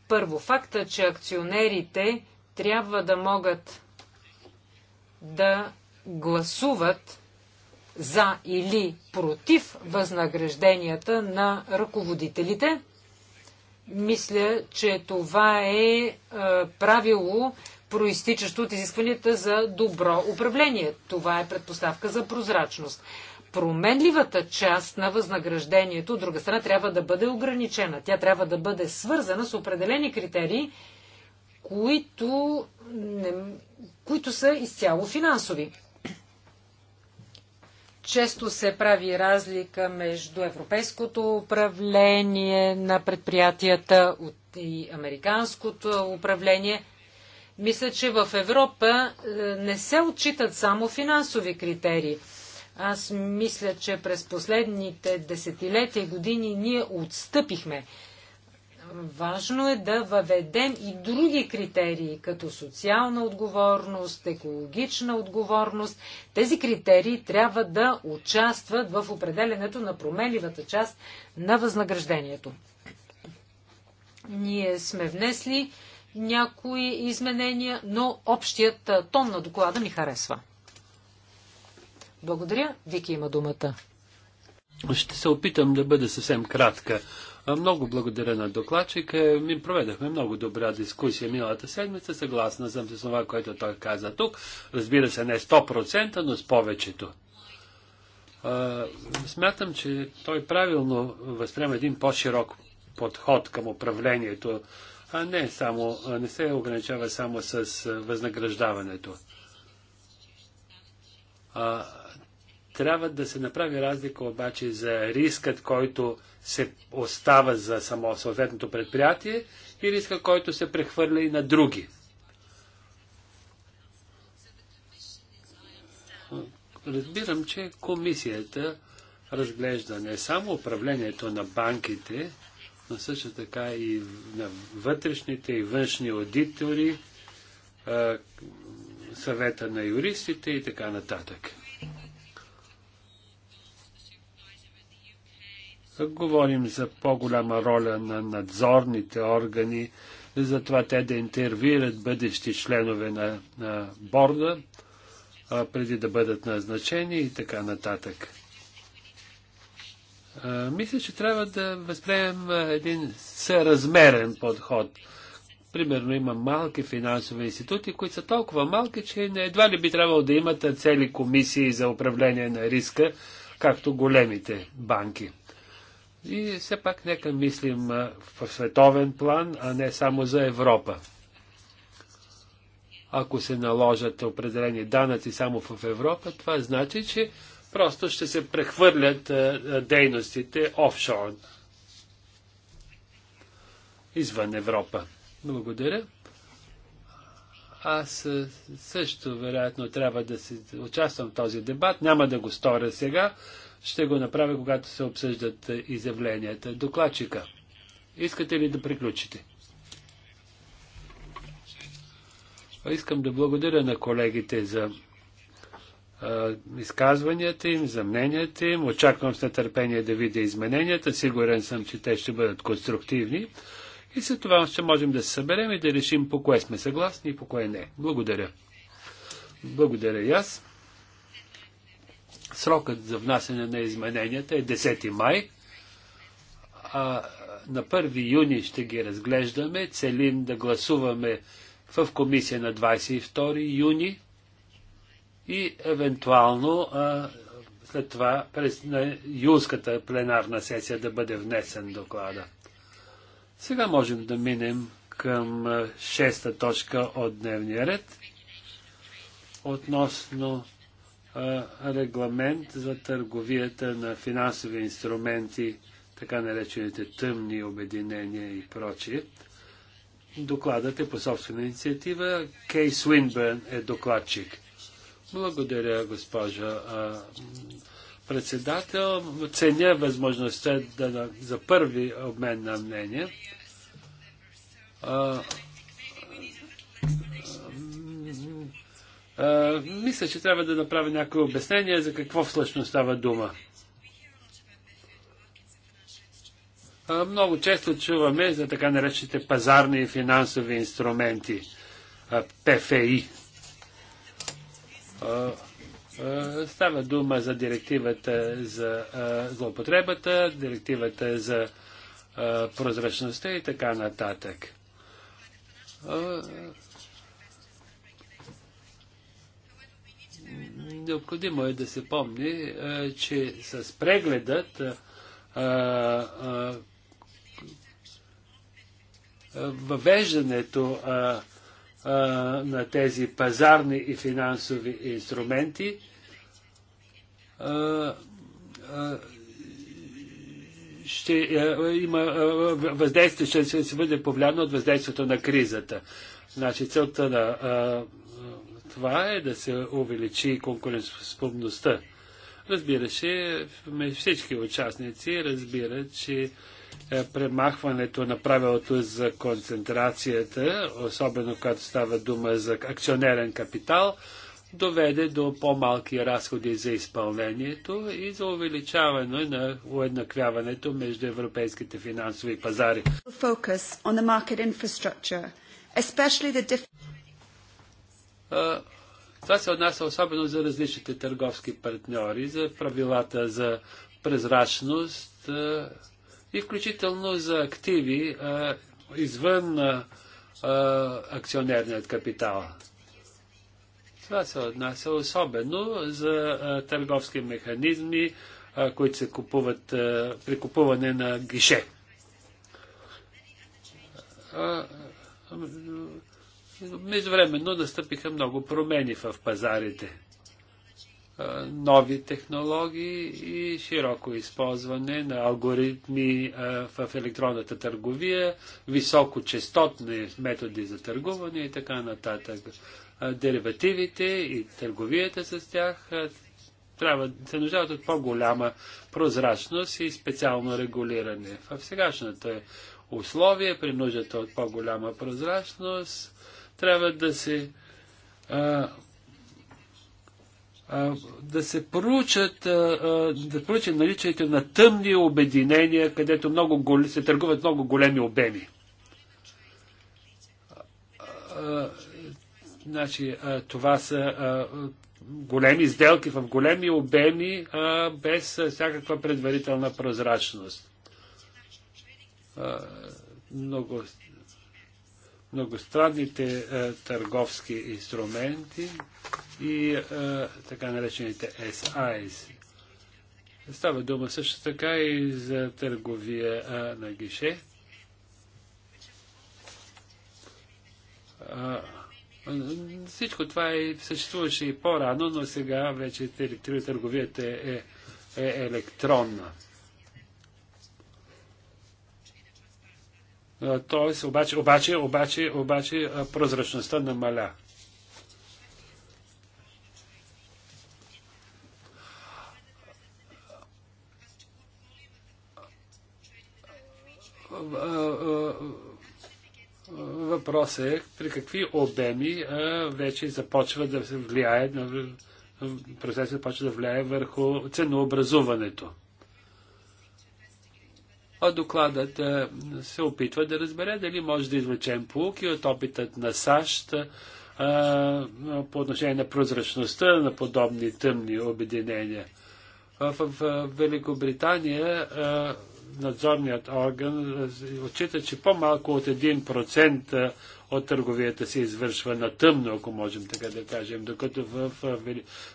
Първо, факта, че акционерите трябва да могат да гласуват за или против възнагражденията на ръководителите. Мисля, че това е, е правило, проистичащо от изискванията за добро управление. Това е предпоставка за прозрачност. Променливата част на възнаграждението, от друга страна, трябва да бъде ограничена. Тя трябва да бъде свързана с определени критерии, които, не, които са изцяло финансови. Често се прави разлика между европейското управление на предприятията и американското управление. Мисля, че в Европа е, не се отчитат само финансови критерии. Аз мисля, че през последните десетилетия години ние отстъпихме. Важно е да въведем и други критерии, като социална отговорност, екологична отговорност. Тези критерии трябва да участват в определенето на променливата част на възнаграждението. Ние сме внесли някои изменения, но общият тон на доклада ми харесва. Благодаря. Вики има думата. Ще се опитам да бъда съвсем кратка. Много благодаря на докладчика. Ми проведахме много добра дискусия миналата седмица. Съгласна съм с това, което той каза тук. Разбира се, не 100%, но с повечето. Смятам, че той правилно възприема един по-широк подход към управлението, а не, само, не се ограничава само с възнаграждаването. Трябва да се направи разлика обаче за рискът, който се остава за само съответното предприятие и риска, който се прехвърля и на други. Разбирам, че комисията разглежда не само управлението на банките, но също така и на вътрешните и външни аудитори, съвета на юристите и така нататък. Говорим за по-голяма роля на надзорните органи, за това те да интервират бъдещи членове на, на борда, а, преди да бъдат назначени и така нататък. А, мисля, че трябва да възприемем един съразмерен подход. Примерно има малки финансови институти, които са толкова малки, че едва ли би трябвало да имат цели комисии за управление на риска, както големите банки. И все пак нека мислим в световен план, а не само за Европа. Ако се наложат определени данъци само в Европа, това значи, че просто ще се прехвърлят дейностите офшор извън Европа. Благодаря. Аз също, вероятно, трябва да се участвам в този дебат. Няма да го сторя сега. Ще го направя, когато се обсъждат е, изявленията. Докладчика, искате ли да приключите? Искам да благодаря на колегите за а, е, изказванията им, за мненията им. Очаквам с нетърпение да видя измененията. Сигурен съм, че те ще бъдат конструктивни. И след това ще можем да се съберем и да решим по кое сме съгласни и по кое не. Благодаря. Благодаря и аз. Срокът за внасяне на измененията е 10 май, а на 1 юни ще ги разглеждаме. Целим да гласуваме в комисия на 22 юни и евентуално а, след това през на юлската пленарна сесия да бъде внесен доклада. Сега можем да минем към шеста точка от дневния ред относно регламент за търговията на финансови инструменти, така наречените тъмни обединения и прочие. Докладът е по собствена инициатива. Кей Свинбърн е докладчик. Благодаря, госпожа а, председател. Ценя възможността да, за първи обмен на мнение. А, мисля, че трябва да направя някои обяснения за какво всъщност става дума. много често чуваме за така наречените пазарни и финансови инструменти, ПФИ. Става дума за директивата за злоупотребата, директивата за прозрачността и така нататък. необходимо е да се помни, е, че с прегледът е, е, въвеждането на тези пазарни и финансови инструменти ще има въздействие, ще се бъде повлияно от въздействието на кризата. Значи целта на това е да се увеличи конкурентоспособността. Разбира се, всички участници разбират, че е, премахването на правилото за концентрацията, особено когато става дума за акционерен капитал, доведе до по-малки разходи за изпълнението и за увеличаване на уеднаквяването между европейските финансови пазари. Това се отнася особено за различните търговски партньори, за правилата за прозрачност и включително за активи извън акционерният капитал. Това се отнася особено за търговски механизми, които се купуват при купуване на гише Междувременно настъпиха много промени в пазарите. Нови технологии и широко използване на алгоритми в електронната търговия, високочастотни методи за търгуване и така нататък. Деривативите и търговията с тях трябва да се нуждават от по-голяма прозрачност и специално регулиране. В сегашното условие при нуждата от по-голяма прозрачност трябва да се а, а, да се проучат, а, да проучат наличието на тъмни обединения, където много голи, се търгуват много големи обеми. А, значи, а, това са а, големи сделки в големи обеми, а, без всякаква предварителна прозрачност. А, много многостранните е, търговски инструменти и е, така наречените SIs. Става дума също така и за търговия е, на гише. Всичко това е, съществуваше и по-рано, но сега вече търговията е, е електронна. Тоест, обаче, обаче, обаче, обаче прозрачността намаля. Въпрос е при какви обеми вече започва да се влияе, процесът започва да влияе върху ценообразуването а докладът е, се опитва да разбере дали може да извлечем полуки от опитът на САЩ а, е, по отношение на прозрачността на подобни тъмни обединения. В, в, в Великобритания а, е, надзорният орган отчита, че по-малко от 1% от търговията се извършва на тъмно, ако можем така да кажем, докато в, в,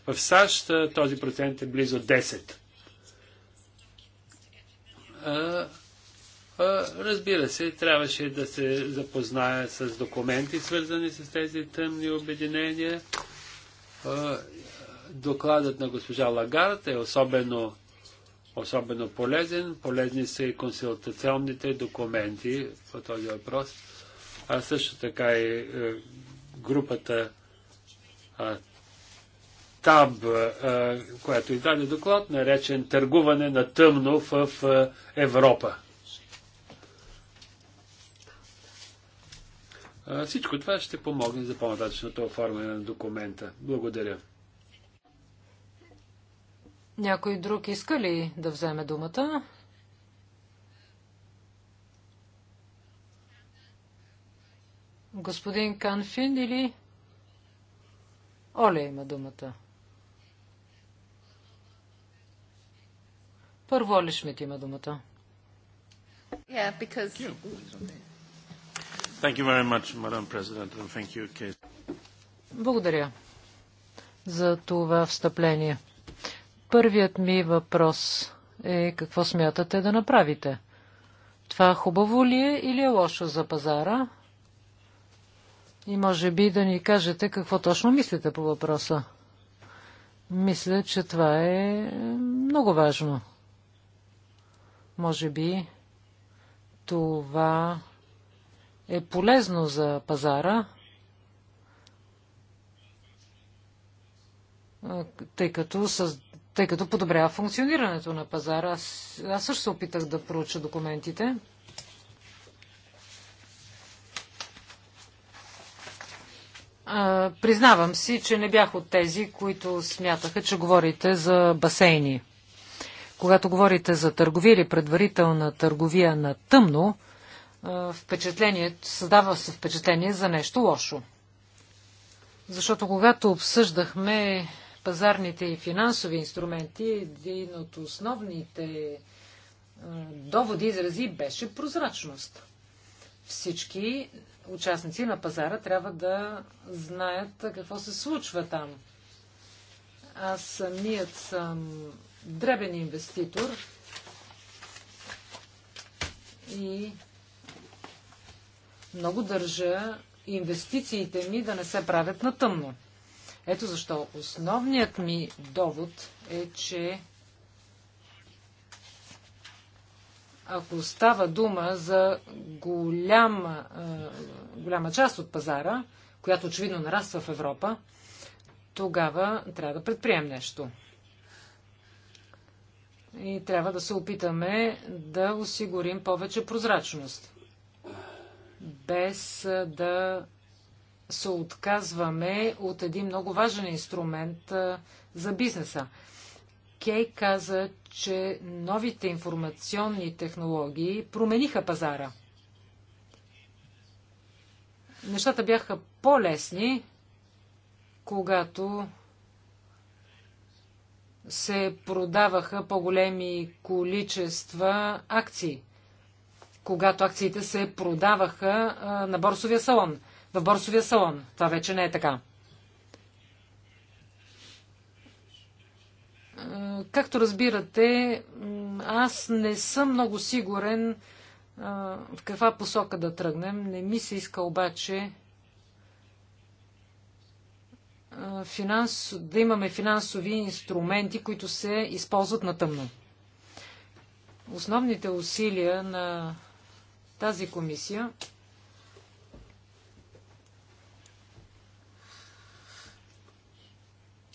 в САЩ този процент е близо 10%. Разбира се, трябваше да се запознае с документи, свързани с тези тъмни обединения. Докладът на госпожа Лагард е особено, особено полезен. Полезни са и консултационните документи по този въпрос. А също така и е, групата там, която издаде доклад, наречен Търгуване на тъмно в Европа. Всичко това ще помогне за по-нататъчното оформяне на документа. Благодаря. Някой друг иска ли да вземе думата? Господин Канфин или Оля има думата. Първо Оли Шмидт има думата. Благодаря за това встъпление. Първият ми въпрос е какво смятате да направите? Това хубаво ли е или е лошо за пазара? И може би да ни кажете какво точно мислите по въпроса. Мисля, че това е много важно. Може би това е полезно за пазара, тъй като, тъй като подобрява функционирането на пазара. Аз, аз също се опитах да проуча документите. признавам си, че не бях от тези, които смятаха, че говорите за басейни. Когато говорите за търговия или предварителна търговия на тъмно, впечатлението, създава се впечатление за нещо лошо. Защото когато обсъждахме пазарните и финансови инструменти, един от основните доводи изрази беше прозрачност. Всички участници на пазара трябва да знаят какво се случва там. Аз самият съм дребен инвеститор и много държа инвестициите ми да не се правят на тъмно. Ето защо основният ми довод е, че ако става дума за голяма, голяма част от пазара, която очевидно нараства в Европа, тогава трябва да предприем нещо. И трябва да се опитаме да осигурим повече прозрачност, без да се отказваме от един много важен инструмент за бизнеса. Кей каза, че новите информационни технологии промениха пазара. Нещата бяха по-лесни, когато се продаваха по-големи количества акции, когато акциите се продаваха на борсовия салон. В борсовия салон. Това вече не е така. Както разбирате, аз не съм много сигурен в каква посока да тръгнем. Не ми се иска обаче да имаме финансови инструменти, които се използват на тъмно. Основните усилия на тази комисия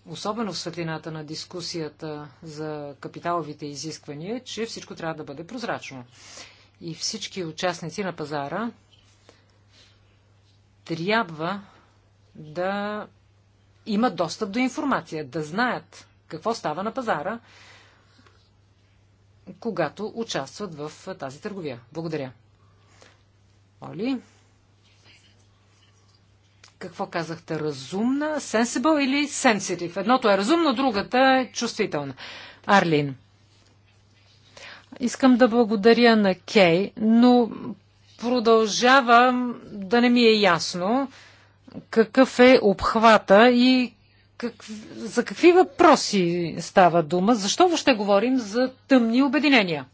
особено в светлината на дискусията за капиталовите изисквания, че всичко трябва да бъде прозрачно. И всички участници на пазара трябва да имат достъп до информация, да знаят какво става на пазара, когато участват в тази търговия. Благодаря. Оли? Какво казахте? Разумна, сенсибъл или сенситив? Едното е разумно, другата е чувствителна. Арлин. Искам да благодаря на Кей, но продължавам да не ми е ясно какъв е обхвата и как, за какви въпроси става дума? Защо въобще говорим за тъмни обединения?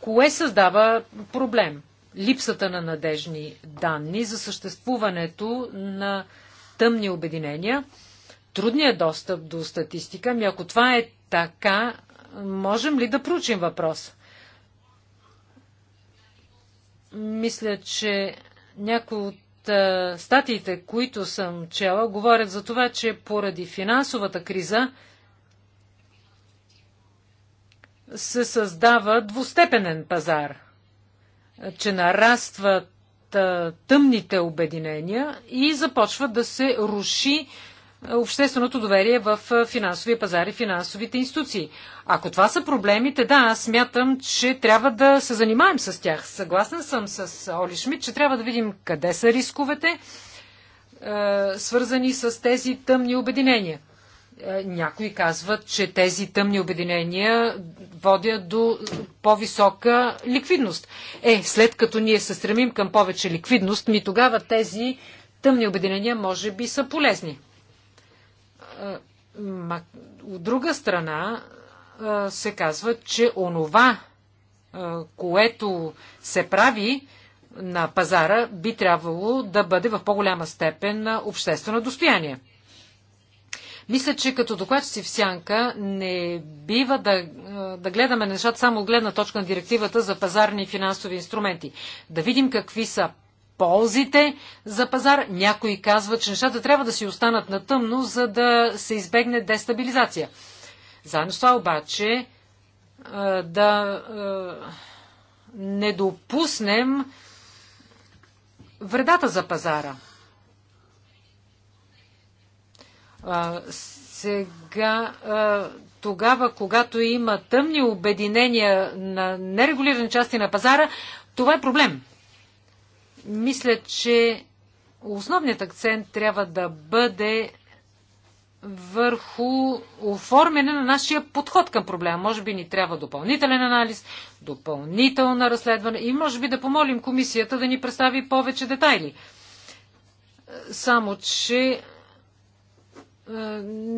Кое създава проблем? Липсата на надежни данни за съществуването на тъмни обединения, трудният достъп до статистика. Ми ако това е така, можем ли да проучим въпроса? Мисля, че някои от статиите, които съм чела, говорят за това, че поради финансовата криза се създава двустепенен пазар, че нарастват тъмните обединения и започват да се руши общественото доверие в финансовия пазар и финансовите институции. Ако това са проблемите, да, аз смятам, че трябва да се занимаем с тях. Съгласен съм с Оли Шмидт, че трябва да видим къде са рисковете, е, свързани с тези тъмни обединения. Е, някои казват, че тези тъмни обединения водят до по-висока ликвидност. Е, след като ние се стремим към повече ликвидност, ми тогава тези тъмни обединения може би са полезни. Е, от друга страна е, се казва, че онова, е, което се прави на пазара, би трябвало да бъде в по-голяма степен обществено достояние. Мисля, че като докладчици в сянка не бива да, да гледаме нещата само от гледна точка на директивата за пазарни и финансови инструменти. Да видим какви са ползите за пазар. Някои казват, че нещата трябва да си останат на тъмно, за да се избегне дестабилизация. Заедно с това обаче е, да е, не допуснем вредата за пазара. Сега, е, тогава, когато има тъмни обединения на нерегулирани части на пазара, това е проблем. Мисля, че основният акцент трябва да бъде върху оформяне на нашия подход към проблема. Може би ни трябва допълнителен анализ, допълнително разследване и може би да помолим комисията да ни представи повече детайли. Само, че е,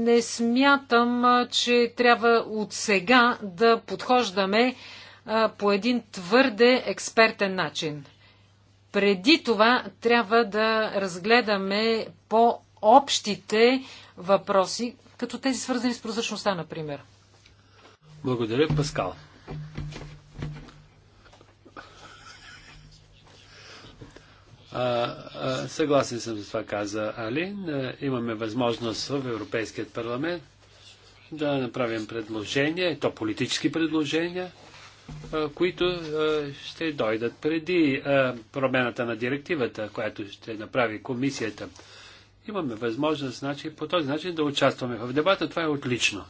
не смятам, е, че трябва от сега да подхождаме е, по един твърде експертен начин. Преди това трябва да разгледаме по-общите въпроси, като тези свързани с прозрачността, например. Благодаря, Паскал. А, а, съгласен съм с това, каза Алин. А, имаме възможност в Европейският парламент да направим предложения, то политически предложения, които ще дойдат преди промената на директивата, която ще направи комисията. Имаме възможност значи, по този начин да участваме в дебата. Това е отлично.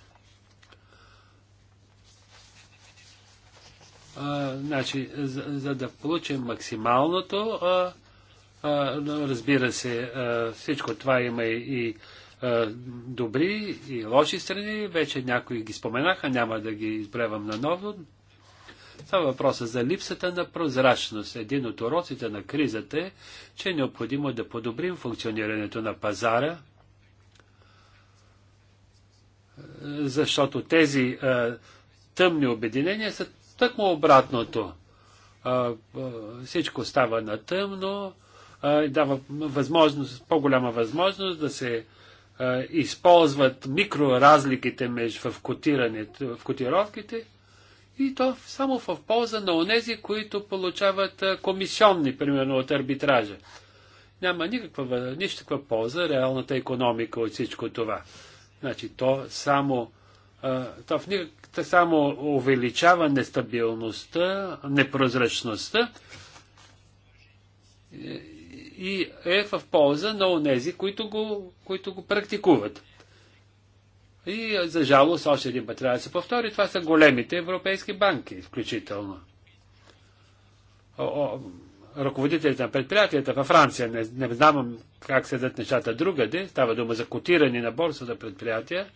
А, значи, за, за да получим максималното, а, а, разбира се, а, всичко това има и, и а, добри и лоши страни. Вече някои ги споменаха, няма да ги избревам наново е въпроса за липсата на прозрачност. Един от уроците на кризата е, че е необходимо да подобрим функционирането на пазара, защото тези а, тъмни обединения са тъкмо обратното. А, а, всичко става на тъмно, и дава възможност, по-голяма възможност да се а, използват микроразликите между в, в котировките и то само в полза на онези, които получават комисионни, примерно, от арбитража. Няма никаква, никаква полза реалната економика от всичко това. Значи то само, то в никак, то само увеличава нестабилността, непрозрачността и е в полза на онези, които го, които го практикуват. И за жалост, още един път трябва да се повтори, това са големите европейски банки, включително. О, о, ръководителите на предприятията във Франция, не, не знам как дадат нещата другаде, става дума за котирани на борсата предприятия,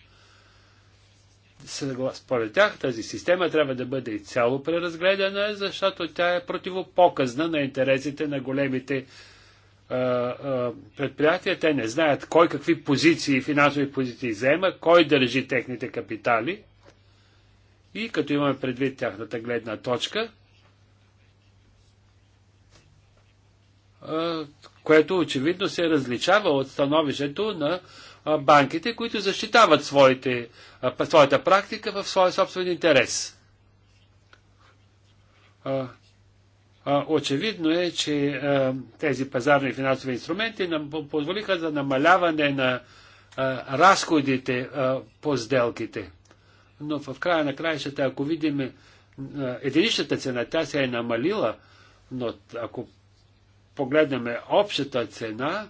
според тях тази система трябва да бъде изцяло преразгледана, защото тя е противопоказна на интересите на големите предприятия, те не знаят кой какви позиции, финансови позиции взема, кой държи техните капитали. И като имаме предвид тяхната гледна точка, което очевидно се различава от становището на банките, които защитават своите, своята практика в своя собствен интерес. Очевидно е, че тези пазарни финансови инструменти нам позволиха за намаляване на разходите по сделките. Но в края на краищата, ако видим единичната цена, тя се е намалила, но ако погледнем общата цена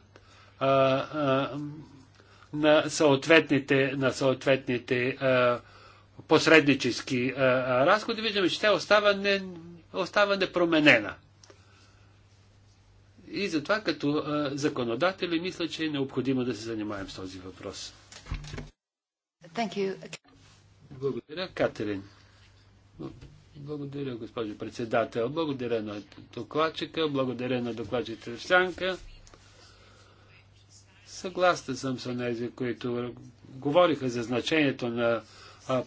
на съответните, на съответните посреднически разходи, виждаме, че тя остава не, остава непроменена. И затова като законодатели мисля, че е необходимо да се занимаем с този въпрос. Благодаря, Катерин. Благодаря, госпожо председател. Благодаря на докладчика, благодаря на докладчите Сянка. Съгласна съм с тези, които говориха за значението на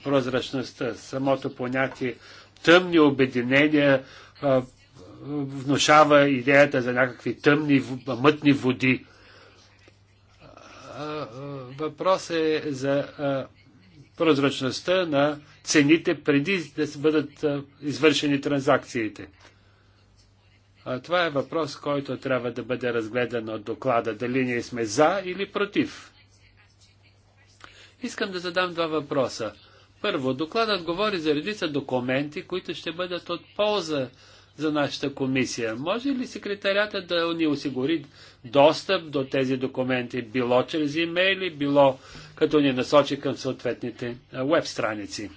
прозрачността. Самото понятие тъмни обединения внушава идеята за някакви тъмни, мътни води. Въпрос е за прозрачността на цените преди да бъдат извършени транзакциите. Това е въпрос, който трябва да бъде разгледан от доклада. Дали ние сме за или против. Искам да задам два въпроса. Първо, докладът говори за редица документи, които ще бъдат от полза за нашата комисия. Може ли секретарята да ни осигури достъп до тези документи, било чрез имейли, било като ни насочи към съответните веб страници?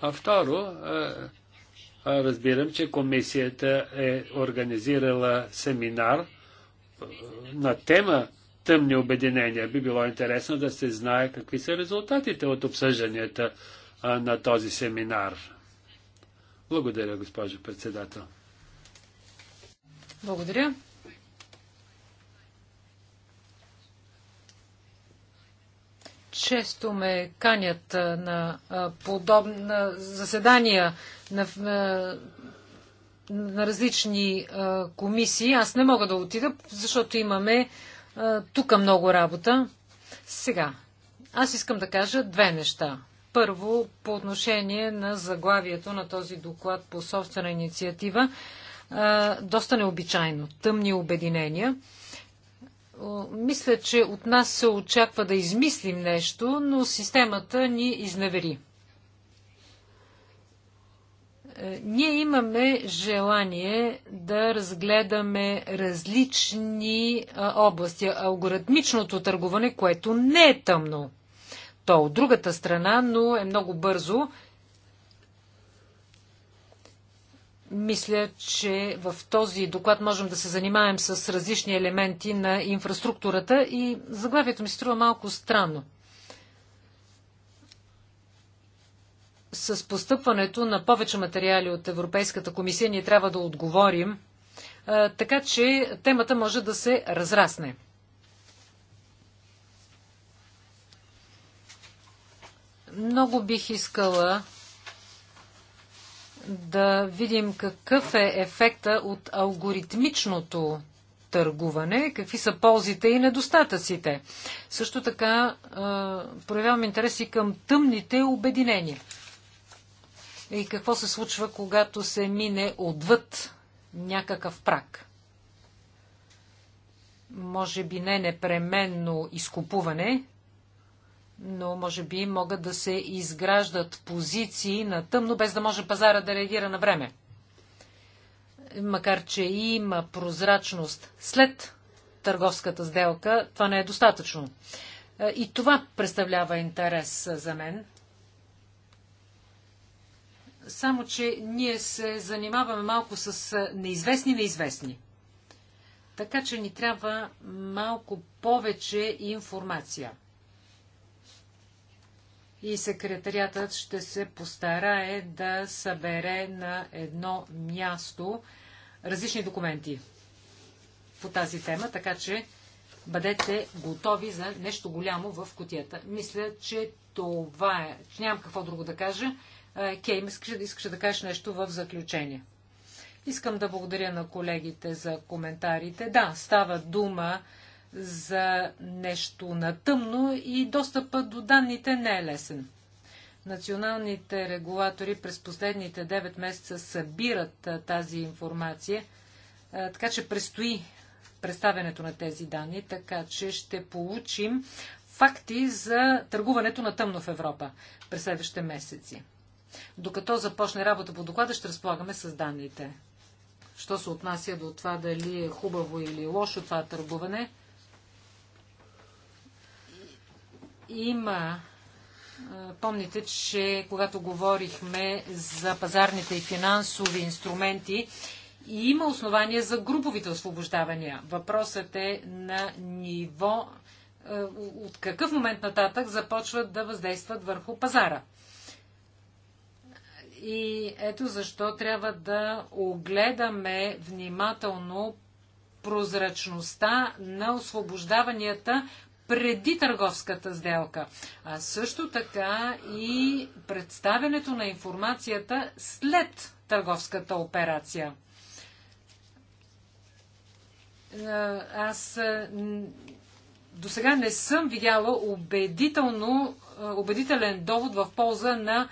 А второ, разбирам, че комисията е организирала семинар на тема тъмни обединения. Би било интересно да се знае какви са резултатите от обсъжданията на този семинар. Благодаря, госпожо председател. Благодаря. често ме канят на подобна заседания на, на, на различни комисии. Аз не мога да отида, защото имаме тук много работа. Сега, аз искам да кажа две неща. Първо, по отношение на заглавието на този доклад по собствена инициатива, доста необичайно. Тъмни обединения. Мисля, че от нас се очаква да измислим нещо, но системата ни изневери. Е, ние имаме желание да разгледаме различни области. Алгоритмичното търгуване, което не е тъмно. То от другата страна, но е много бързо. Мисля, че в този доклад можем да се занимаем с различни елементи на инфраструктурата и заглавието ми се струва малко странно. с постъпването на повече материали от Европейската комисия ние трябва да отговорим, така че темата може да се разрасне. Много бих искала да видим какъв е ефекта от алгоритмичното търгуване, какви са ползите и недостатъците. Също така проявявам интерес и към тъмните обединения и какво се случва, когато се мине отвъд някакъв прак. Може би не непременно изкупуване, но може би могат да се изграждат позиции на тъмно, без да може пазара да реагира на време. Макар, че има прозрачност след търговската сделка, това не е достатъчно. Е, и това представлява интерес за мен. Само, че ние се занимаваме малко с неизвестни неизвестни. Така, че ни трябва малко повече информация. И секретариатът ще се постарае да събере на едно място различни документи по тази тема, така че бъдете готови за нещо голямо в котията. Мисля, че това е. Нямам какво друго да кажа. Е, Кейм, искаш, искаш да кажеш нещо в заключение? Искам да благодаря на колегите за коментарите. Да, става дума за нещо на тъмно и достъпът до данните не е лесен. Националните регулатори през последните 9 месеца събират тази информация, така че предстои представянето на тези данни, така че ще получим факти за търгуването на тъмно в Европа през следващите месеци. Докато започне работа по доклада, ще разполагаме с данните. Що се отнася до това дали е хубаво или лошо това търгуване, има. Помните, че когато говорихме за пазарните и финансови инструменти, и има основания за груповите освобождавания. Въпросът е на ниво от какъв момент нататък започват да въздействат върху пазара. И ето защо трябва да огледаме внимателно прозрачността на освобождаванията преди търговската сделка, а също така и представянето на информацията след търговската операция. Аз до сега не съм видяла убедително, убедителен довод в полза на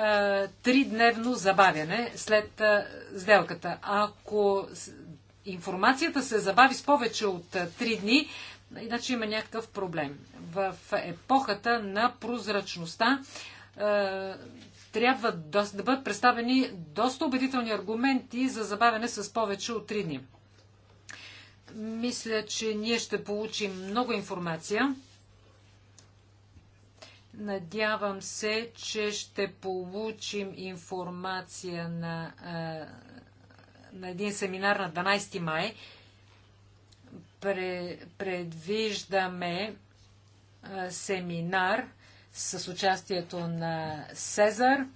е, тридневно забавяне след е, сделката. Ако информацията се забави с повече от е, три дни, иначе има някакъв проблем. В епохата на прозрачността трябва да бъдат представени доста убедителни аргументи за забавяне с повече от три дни. Мисля, че ние ще получим много информация Надявам се, че ще получим информация на, на един семинар на 12 май. Предвиждаме семинар с участието на Сезар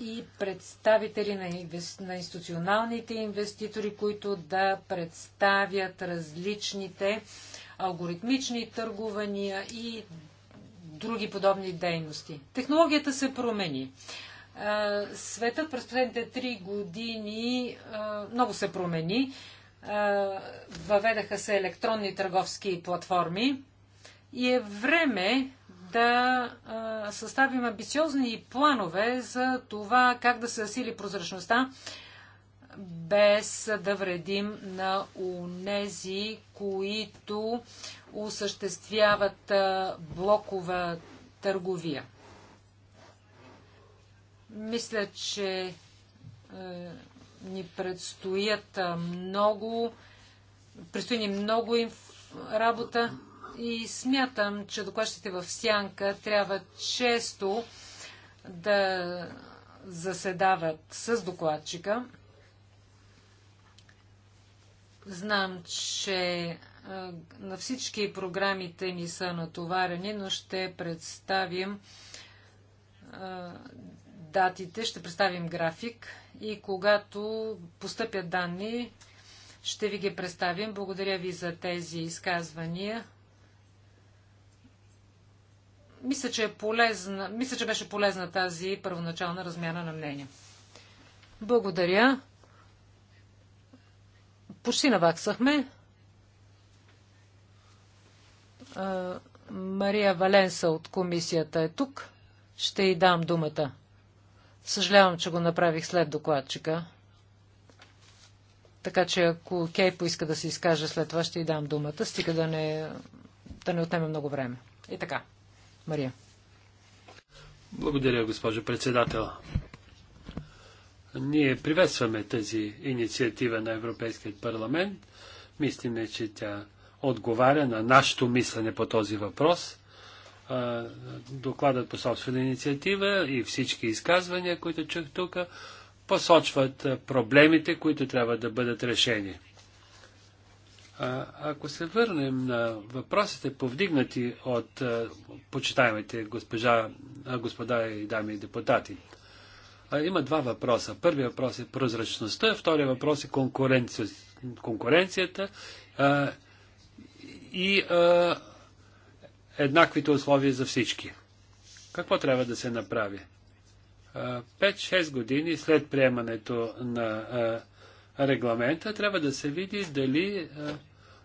и представители на, инвес... на институционалните инвеститори, които да представят различните алгоритмични търгования и други подобни дейности. Технологията се промени. Е, Светът през последните три години е, много се промени. Е, въведаха се електронни търговски платформи и е време да съставим амбициозни планове за това как да се засили прозрачността, без да вредим на унези, които осъществяват блокова търговия. Мисля, че ни предстоят много, предстои ни много инф... работа и смятам, че докладчите в Сянка трябва често да заседават с докладчика. Знам, че на всички програмите ни са натоварени, но ще представим датите, ще представим график и когато постъпят данни, ще ви ги представим. Благодаря ви за тези изказвания. Мисля, че, е полезна, мисля, че беше полезна тази първоначална размяна на мнение. Благодаря. Почти наваксахме. Мария Валенса от комисията е тук. Ще й дам думата. Съжалявам, че го направих след докладчика. Така че ако Кей поиска да се изкаже след това, ще й дам думата, стига да не, да не отнеме много време. И така, Мария. Благодаря, госпожо председател. Ние приветстваме тази инициатива на Европейския парламент. Мислиме, че тя отговаря на нашето мислене по този въпрос. Докладът по собствена инициатива и всички изказвания, които чух тук, посочват проблемите, които трябва да бъдат решени. А, ако се върнем на въпросите, повдигнати от а, почитаемите госпожа, а, господа и дами и депутати, а, има два въпроса. Първият въпрос е прозрачността, вторият въпрос е конкуренцията а, и а, еднаквите условия за всички. Какво трябва да се направи? 5-6 години след приемането на а, регламента трябва да се види дали а,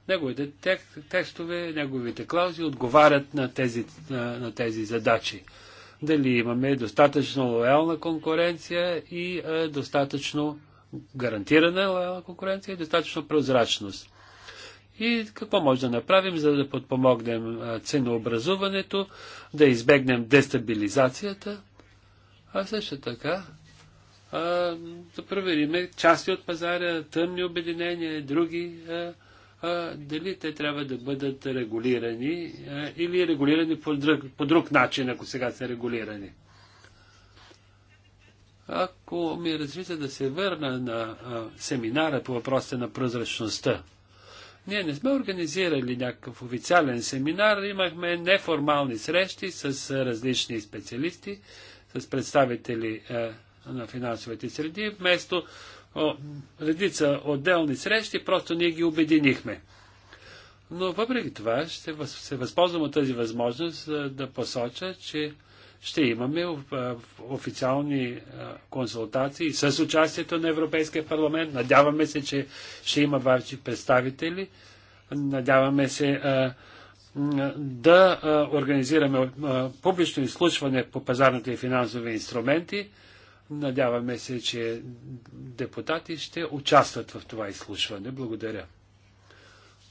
неговите тек, текстове, неговите клаузи отговарят на тези, на, на тези задачи. Дали имаме достатъчно лоялна конкуренция и а, достатъчно гарантирана лоялна конкуренция и достатъчно прозрачност и какво може да направим, за да подпомогнем ценообразуването, да избегнем дестабилизацията, а също така а, да провериме части от пазара, тъмни обединения, други, а, а, дали те трябва да бъдат регулирани а, или регулирани по друг, по друг начин, ако сега са регулирани. Ако ми разрешите да се върна на а, семинара по въпросите на прозрачността, ние не сме организирали някакъв официален семинар, имахме неформални срещи с различни специалисти, с представители на финансовите среди, вместо редица отделни срещи, просто ние ги обединихме. Но въпреки това ще се възползвам от тази възможност да посоча, че ще имаме официални консултации с участието на Европейския парламент. Надяваме се, че ще има ваши представители. Надяваме се да организираме публично изслушване по пазарните и финансови инструменти. Надяваме се, че депутати ще участват в това изслушване. Благодаря.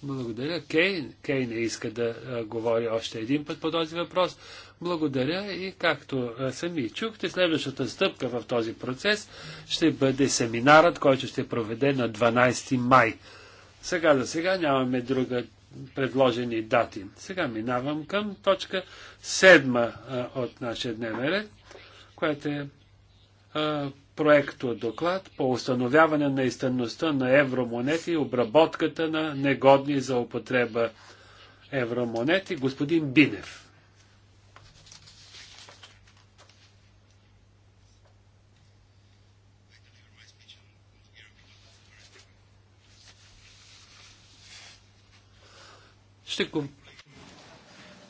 Благодаря. Кей, Кей не иска да говори още един път по този въпрос. Благодаря и както сами чухте, следващата стъпка в този процес ще бъде семинарът, който ще проведе на 12 май. Сега за сега нямаме друга предложени дати. Сега минавам към точка 7 от нашия дневен ред, което е проектът доклад по установяване на истинността на евромонети и обработката на негодни за употреба евромонети. Господин Бинев. ще...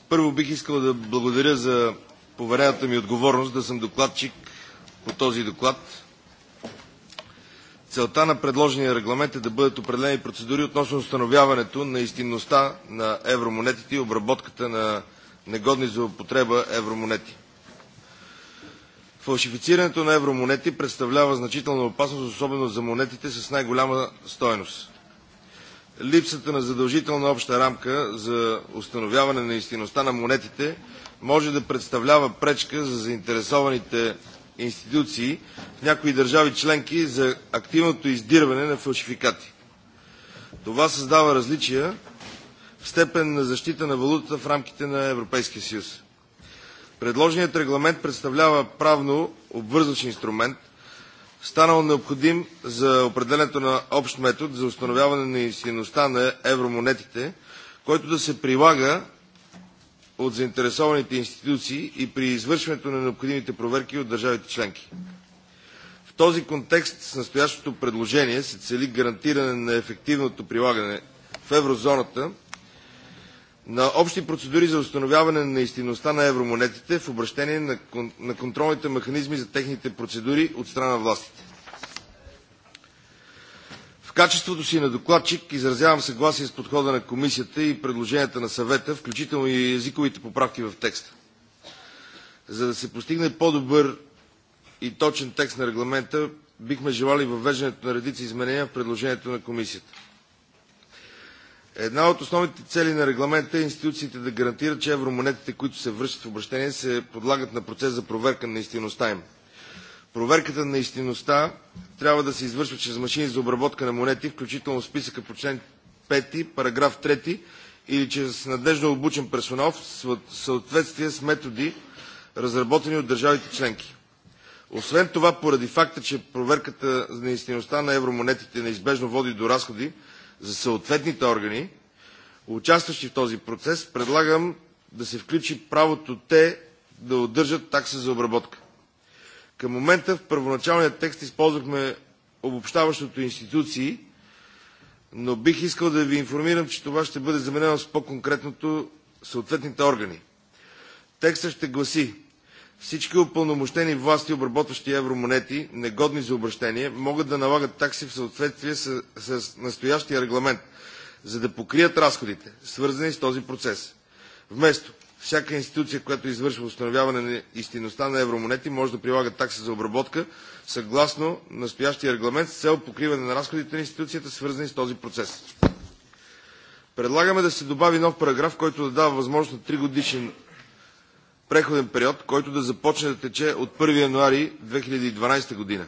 Първо бих искал да благодаря за поверената ми отговорност да съм докладчик по този доклад. Целта на предложения регламент е да бъдат определени процедури относно установяването на истинността на евромонетите и обработката на негодни за употреба евромонети. Фалшифицирането на евромонети представлява значителна опасност, особено за монетите с най-голяма стоеност липсата на задължителна обща рамка за установяване на истинността на монетите може да представлява пречка за заинтересованите институции в някои държави членки за активното издирване на фалшификати. Това създава различия в степен на защита на валутата в рамките на Европейския съюз. Предложеният регламент представлява правно обвързващ инструмент, станал необходим за определенето на общ метод за установяване на истинността на евромонетите, който да се прилага от заинтересованите институции и при извършването на необходимите проверки от държавите членки. В този контекст с настоящото предложение се цели гарантиране на ефективното прилагане в еврозоната на общи процедури за установяване на истинността на евромонетите в обращение на, кон, на контролните механизми за техните процедури от страна на властите. В качеството си на докладчик изразявам съгласие с подхода на комисията и предложенията на съвета, включително и езиковите поправки в текста. За да се постигне по-добър и точен текст на регламента, бихме желали въвеждането на редица изменения в предложението на комисията. Една от основните цели на регламента е институциите да гарантират, че евромонетите, които се връщат в обращение, се подлагат на процес за проверка на истинността им. Проверката на истинността трябва да се извършва чрез машини за обработка на монети, включително в списъка по член 5, параграф 3 или чрез надежно обучен персонал в съответствие с методи, разработени от държавите членки. Освен това, поради факта, че проверката на истинността на евромонетите неизбежно води до разходи, за съответните органи, участващи в този процес, предлагам да се включи правото те да удържат такса за обработка. Към момента в първоначалния текст използвахме обобщаващото институции, но бих искал да ви информирам, че това ще бъде заменено с по-конкретното съответните органи. Текстът ще гласи всички упълномощени власти, обработващи евромонети, негодни за обращение, могат да налагат такси в съответствие с, с настоящия регламент, за да покрият разходите, свързани с този процес. Вместо всяка институция, която извършва установяване на истинността на евромонети, може да прилага такса за обработка, съгласно настоящия регламент, с цел покриване на разходите на институцията, свързани с този процес. Предлагаме да се добави нов параграф, който да дава възможност на 3 годишен преходен период, който да започне да тече от 1 януари 2012 година,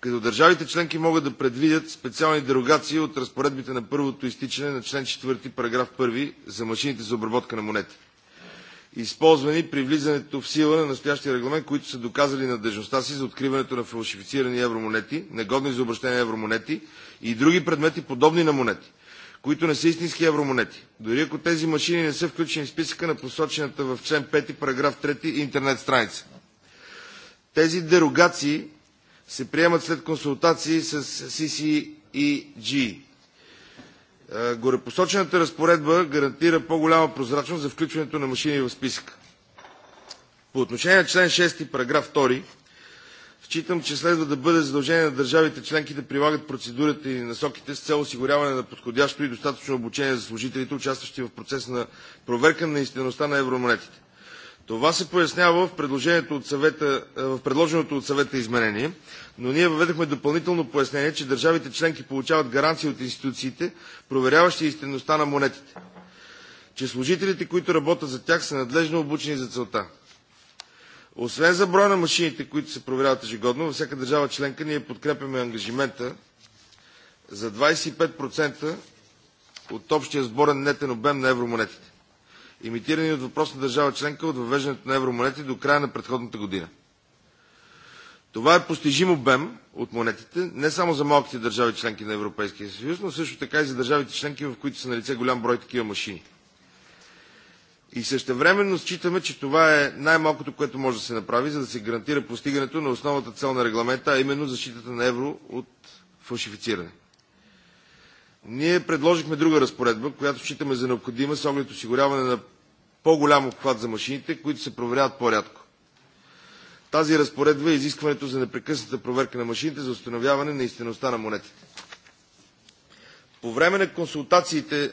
като държавите членки могат да предвидят специални дерогации от разпоредбите на първото изтичане на член 4, параграф 1 за машините за обработка на монети, използвани при влизането в сила на настоящия регламент, които са доказали надежността си за откриването на фалшифицирани евромонети, негодни за обращение евромонети и други предмети, подобни на монети – които не са истински евромонети, дори ако тези машини не са включени в списъка на посочената в член 5, параграф 3 интернет страница. Тези дерогации се приемат след консултации с CCEG. Е, горепосочената разпоредба гарантира по-голяма прозрачност за включването на машини в списъка. По отношение на член 6, параграф 2, Считам, че следва да бъде задължение на държавите членки да прилагат процедурата и насоките с цел осигуряване на подходящо и достатъчно обучение за служителите, участващи в процеса на проверка на истинността на евромонетите. Това се пояснява в, предложението от съвета, е, в предложеното от съвета изменение, но ние въведахме допълнително пояснение, че държавите членки получават гаранции от институциите, проверяващи истинността на монетите, че служителите, които работят за тях, са надлежно обучени за целта. Освен за броя на машините, които се проверяват ежегодно, във всяка държава членка ние подкрепяме ангажимента за 25% от общия сборен нетен обем на евромонетите, имитирани от въпрос на държава членка от въвеждането на евромонети до края на предходната година. Това е постижим обем от монетите не само за малките държави членки на Европейския съюз, но също така и за държавите членки, в които са налице голям брой такива машини. И същевременно считаме, че това е най-малкото, което може да се направи, за да се гарантира постигането на основната цел на регламента, а именно защитата на евро от фалшифициране. Ние предложихме друга разпоредба, която считаме за необходима с оглед осигуряване на по-голям обхват за машините, които се проверяват по-рядко. Тази разпоредба е изискването за непрекъсната проверка на машините за установяване на истинността на монетите. По време на консултациите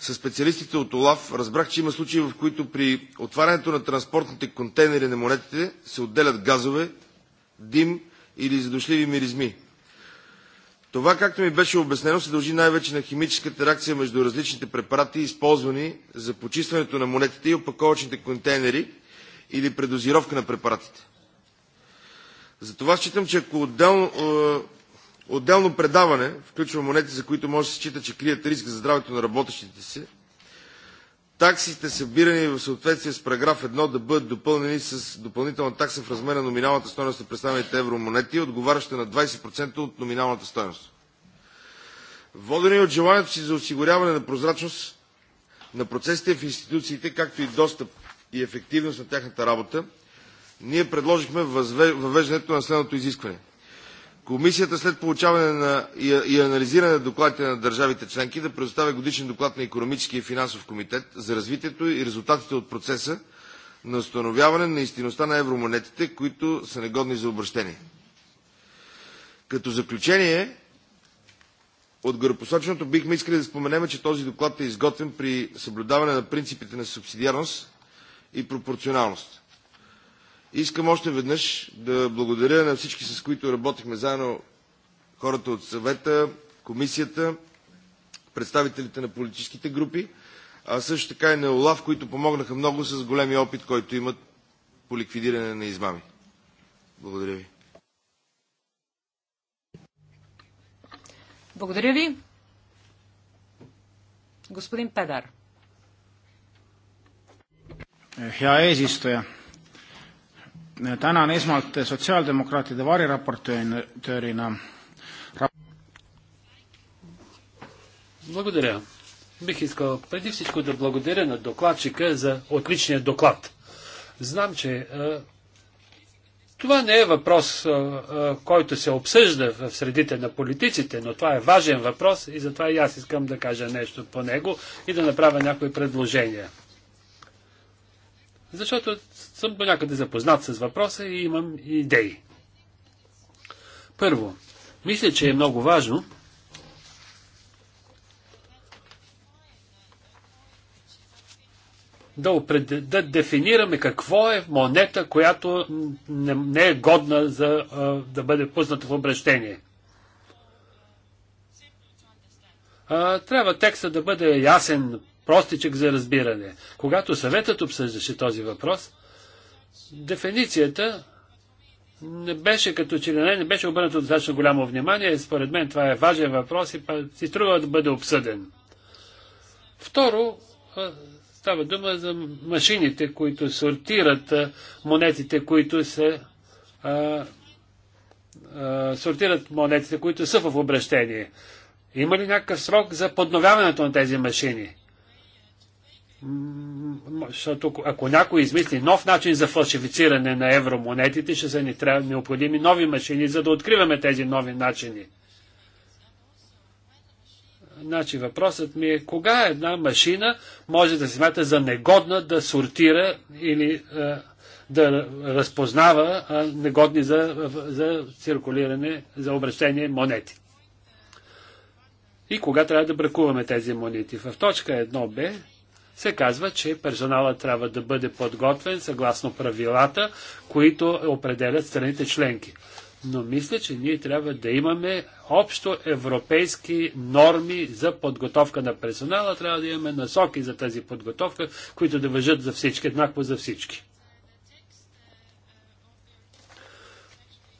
с специалистите от ОЛАФ разбрах, че има случаи, в които при отварянето на транспортните контейнери на монетите се отделят газове, дим или задушливи миризми. Това, както ми беше обяснено, се дължи най-вече на химическата реакция между различните препарати, използвани за почистването на монетите и опаковачните контейнери или предозировка на препаратите. Затова считам, че ако отделно е, Отделно предаване включва монети, за които може да се счита, че крият риск за здравето на работещите си. Таксите, събирани в съответствие с параграф 1, да бъдат допълнени с допълнителна такса в размера на номиналната стоеност на представените евромонети, отговаряща на 20% от номиналната стоеност. Водени от желанието си за осигуряване на прозрачност на процесите в институциите, както и достъп и ефективност на тяхната работа, ние предложихме въвеждането на следното изискване – Комисията след получаване на и анализиране на докладите на държавите членки да предоставя годишен доклад на Економическия и финансов комитет за развитието и резултатите от процеса на установяване на истинността на евромонетите, които са негодни за обращение. Като заключение, от горепосоченото бихме искали да споменем, че този доклад е изготвен при съблюдаване на принципите на субсидиарност и пропорционалност. Искам още веднъж да благодаря на всички, с които работихме заедно, хората от съвета, комисията, представителите на политическите групи, а също така и на ОЛАВ, които помогнаха много с големи опит, който имат по ликвидиране на измами. Благодаря ви. Благодаря ви. Господин Педар. Hea eesistuja tänan esmalt sotsiaaldemokraatide variraportöörina. Благодаря. Бих искал преди всичко да благодаря на докладчика за отличния доклад. Знам, че е, това не е въпрос, е, е, който се обсъжда в средите на политиците, но това е важен въпрос и затова и аз искам да кажа нещо по него и да направя някои предложения. Защото съм до някъде запознат с въпроса и имам идеи. Първо, мисля, че е много важно да, опред... да дефинираме какво е монета, която не, е годна за да бъде пусната в обращение. трябва текста да бъде ясен, простичък за разбиране. Когато съветът обсъждаше този въпрос, дефиницията не беше като че не, не беше обърнато достатъчно голямо внимание. Според мен това е важен въпрос и си струва да бъде обсъден. Второ, става дума за машините, които сортират монетите, които се сортират монетите, които са в обращение. Има ли някакъв срок за подновяването на тези машини? защото ако някой измисли нов начин за фалшифициране на евромонетите, ще са ни трябва необходими нови машини, за да откриваме тези нови начини. Значи въпросът ми е, кога една машина може да се смята за негодна да сортира или а, е, да разпознава а, е, негодни за, за циркулиране, за обращение монети. И кога трябва да бракуваме тези монети? В точка 1 b се казва, че персонала трябва да бъде подготвен съгласно правилата, които определят страните членки. Но мисля, че ние трябва да имаме общо европейски норми за подготовка на персонала. Трябва да имаме насоки за тази подготовка, които да въжат за всички, еднакво за всички.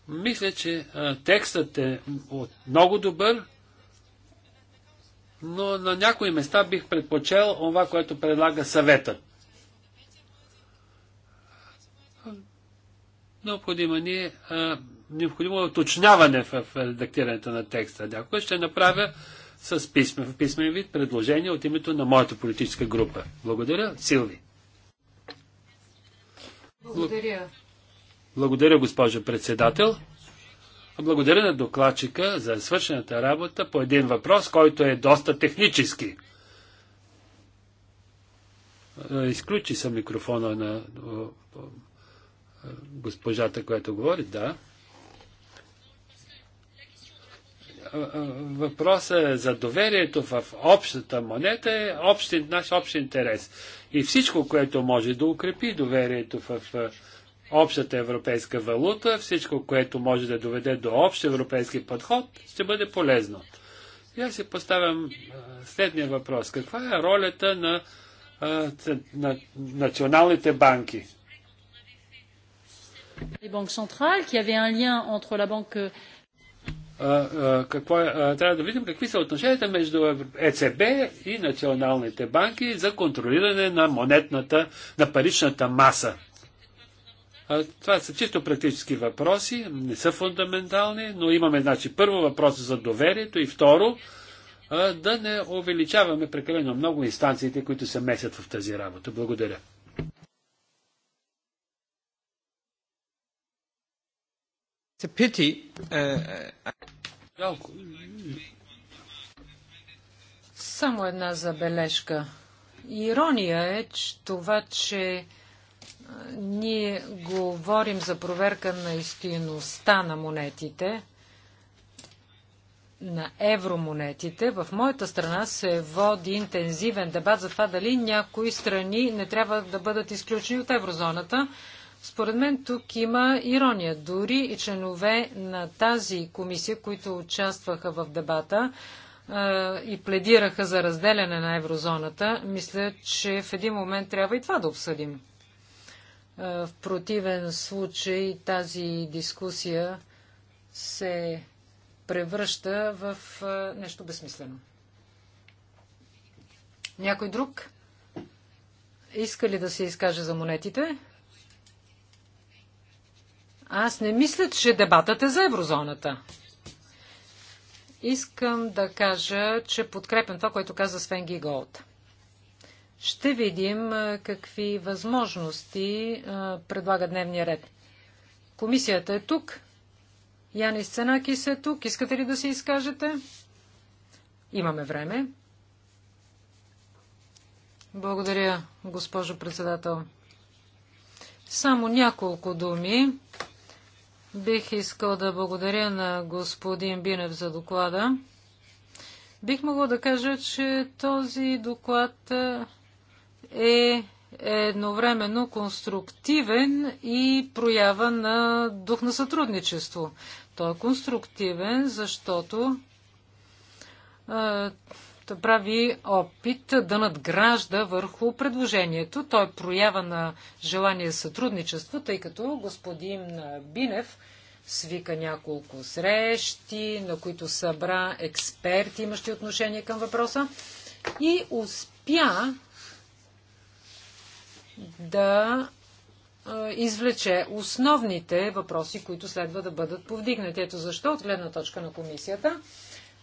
Мисля, че текстът е много добър но на някои места бих предпочел това, което предлага съвета. Необходимо ни е необходимо уточняване в редактирането на текста. Някой ще направя с писме, в писмен вид предложение от името на моята политическа група. Благодаря, Силви. Благодаря. Благодаря, госпожа председател. Благодаря на докладчика за свършената работа по един въпрос, който е доста технически. Е, изключи съм микрофона на госпожата, която говори, да. Е, е, въпросът за доверието в общата монета е общ, наш общ интерес. И всичко, което може да укрепи доверието в общата европейска валута, всичко, което може да доведе до общ европейски подход, ще бъде полезно. И аз си поставям следния въпрос. Каква е ролята на, на националните банки? какво е, трябва да видим какви са отношенията между ЕЦБ и националните банки за контролиране на монетната, на паричната маса. Това са чисто практически въпроси, не са фундаментални, но имаме, значи, първо въпрос за доверието и второ, да не увеличаваме прекалено много инстанциите, които се месят в тази работа. Благодаря. Uh, uh, Само една забележка. Ирония е че това, че ние говорим за проверка на истинността на монетите, на евромонетите. В моята страна се води интензивен дебат за това дали някои страни не трябва да бъдат изключени от еврозоната. Според мен тук има ирония. Дори и членове на тази комисия, които участваха в дебата е, и пледираха за разделяне на еврозоната, мисля, че в един момент трябва и това да обсъдим. Е, в противен случай тази дискусия се превръща в е, нещо безсмислено. Някой друг иска ли да се изкаже за монетите? Аз не мисля, че дебатът е за еврозоната. Искам да кажа, че подкрепям това, което каза Свен Голд. Ще видим какви възможности предлага дневния ред. Комисията е тук. Сценаки се е тук. Искате ли да се изкажете? Имаме време. Благодаря, госпожо председател. Само няколко думи. Бих искал да благодаря на господин Бинев за доклада. Бих могъл да кажа, че този доклад е едновременно конструктивен и проява на дух на сътрудничество. Той е конструктивен, защото е, прави опит да надгражда върху предложението. Той е проява на желание сътрудничество, тъй като господин Бинев свика няколко срещи, на които събра експерти, имащи отношение към въпроса и успя да извлече основните въпроси, които следва да бъдат повдигнати. Ето защо от гледна точка на комисията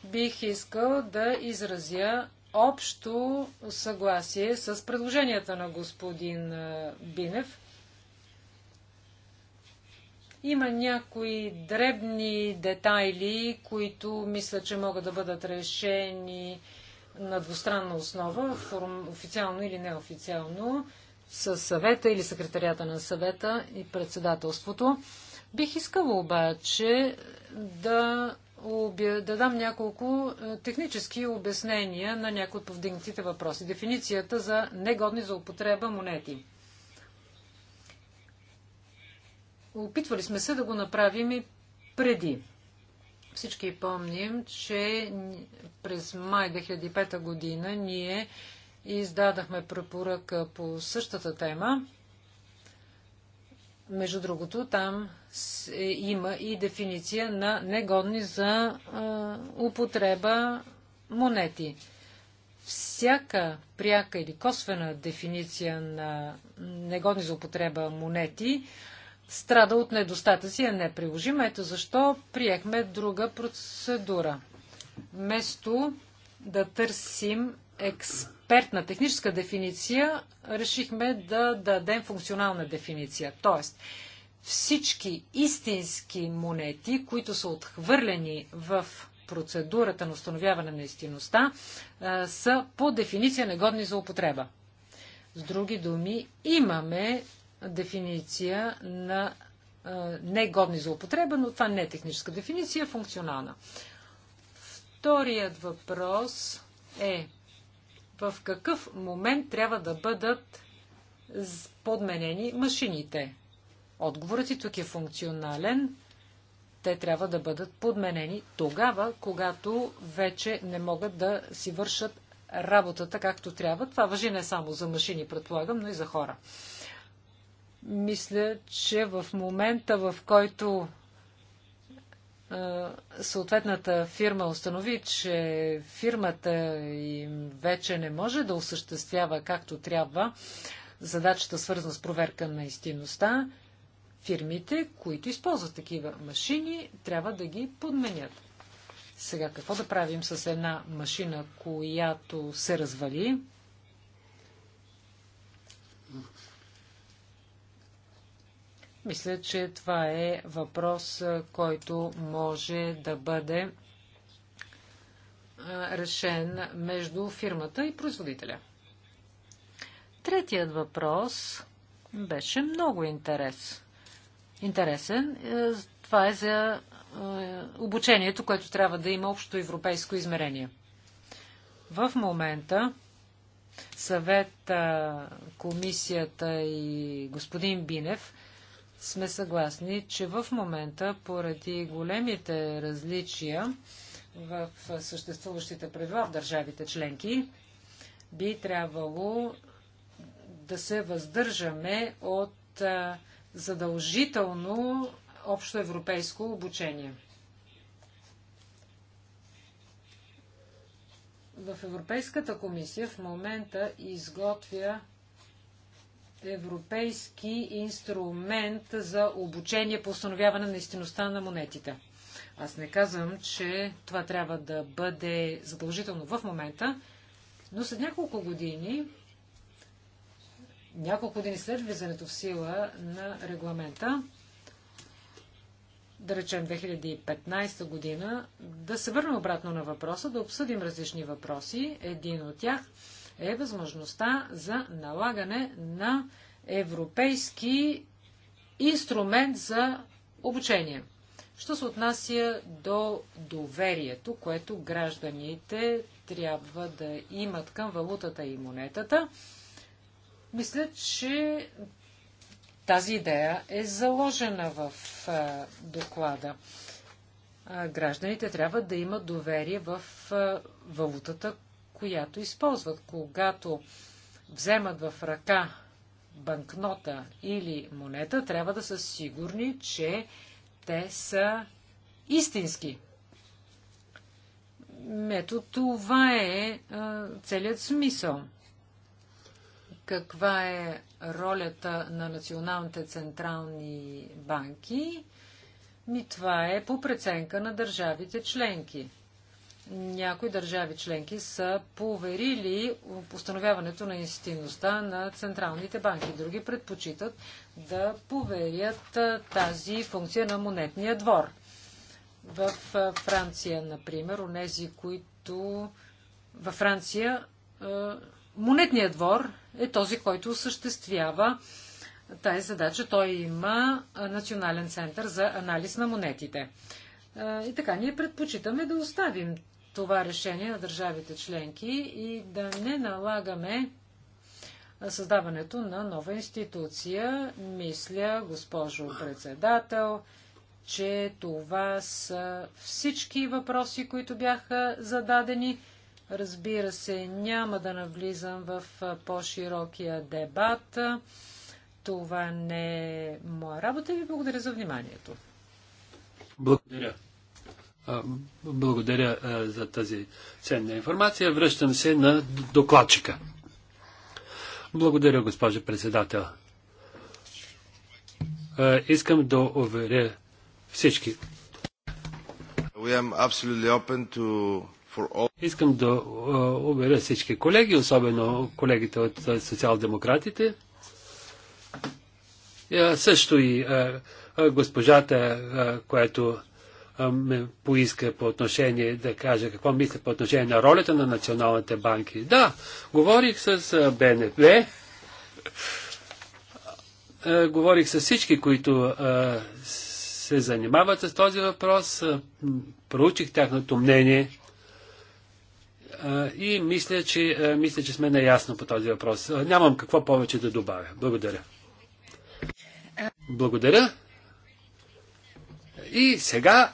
бих искал да изразя общо съгласие с предложенията на господин Бинев. Има някои дребни детайли, които мисля, че могат да бъдат решени на двустранна основа, официално или неофициално с съвета или секретарията на съвета и председателството. Бих искала обаче да, обя... да дам няколко е, технически обяснения на някои от повдигнатите въпроси. Дефиницията за негодни за употреба монети. Опитвали сме се да го направим и преди. Всички помним, че през май 2005 година ние и издадахме препоръка по същата тема. Между другото, там е, има и дефиниция на негодни за употреба монети. Всяка пряка или косвена дефиниция на негодни за употреба монети страда от недостатъци, не приложима. Ето защо приехме друга процедура. Вместо да търсим експертна техническа дефиниция, решихме да дадем функционална дефиниция. Тоест, всички истински монети, които са отхвърлени в процедурата на установяване на истинността, са по дефиниция негодни за употреба. С други думи, имаме дефиниция на негодни за употреба, но това не е техническа дефиниция, функционална. Вторият въпрос е в какъв момент трябва да бъдат подменени машините. Отговорът и тук е функционален. Те трябва да бъдат подменени тогава, когато вече не могат да си вършат работата както трябва. Това въжи не само за машини, предполагам, но и за хора. Мисля, че в момента, в който съответната фирма установи, че фирмата им вече не може да осъществява както трябва задачата свързана с проверка на истинността, фирмите, които използват такива машини, трябва да ги подменят. Сега какво да правим с една машина, която се развали? Мисля, че това е въпрос, който може да бъде решен между фирмата и производителя. Третият въпрос беше много интерес. интересен. Е, това е за е, обучението, което трябва да има общо европейско измерение. В момента съвет, комисията и господин Бинев – сме съгласни, че в момента, поради големите различия в съществуващите правила в държавите членки, би трябвало да се въздържаме от задължително общоевропейско обучение. В Европейската комисия в момента изготвя европейски инструмент за обучение по установяване на истинността на монетите. Аз не казвам, че това трябва да бъде задължително в момента, но след няколко години, няколко години след влизането в сила на регламента, да речем 2015 година, да се върнем обратно на въпроса, да обсъдим различни въпроси. Един от тях – е възможността за налагане на европейски инструмент за обучение. Що се отнася до доверието, което гражданите трябва да имат към валутата и монетата, мисля, че тази идея е заложена в доклада. гражданите трябва да имат доверие в валутата, която използват. Когато вземат в ръка банкнота или монета, трябва да са сигурни, че те са истински. Ето това е целият смисъл. Каква е ролята на националните централни банки? Ми това е по преценка на държавите членки някои държави членки са поверили установяването на истинността на централните банки. Други предпочитат да поверят тази функция на монетния двор. В Франция, например, онези, които... Във Франция монетният двор е този, който осъществява тази задача. Той има Национален център за анализ на монетите. И така, ние предпочитаме да оставим това решение на държавите членки и да не налагаме създаването на нова институция. Мисля, госпожо председател, че това са всички въпроси, които бяха зададени. Разбира се, няма да навлизам в по-широкия дебат. Това не е моя работа и ви благодаря за вниманието. Благодаря. Благодаря за тази ценна информация. Връщам се на докладчика. Благодаря, госпожа председател. Искам да уверя всички. Искам да уверя всички колеги, особено колегите от социал-демократите. Също и госпожата, която ме поиска по отношение, да кажа какво мисля по отношение на ролята на националните банки. Да, говорих с БНП, е, говорих с всички, които се занимават с този въпрос, проучих тяхното мнение и мисля, че, мисля, че сме наясно по този въпрос. Нямам какво повече да добавя. Благодаря. Благодаря. И сега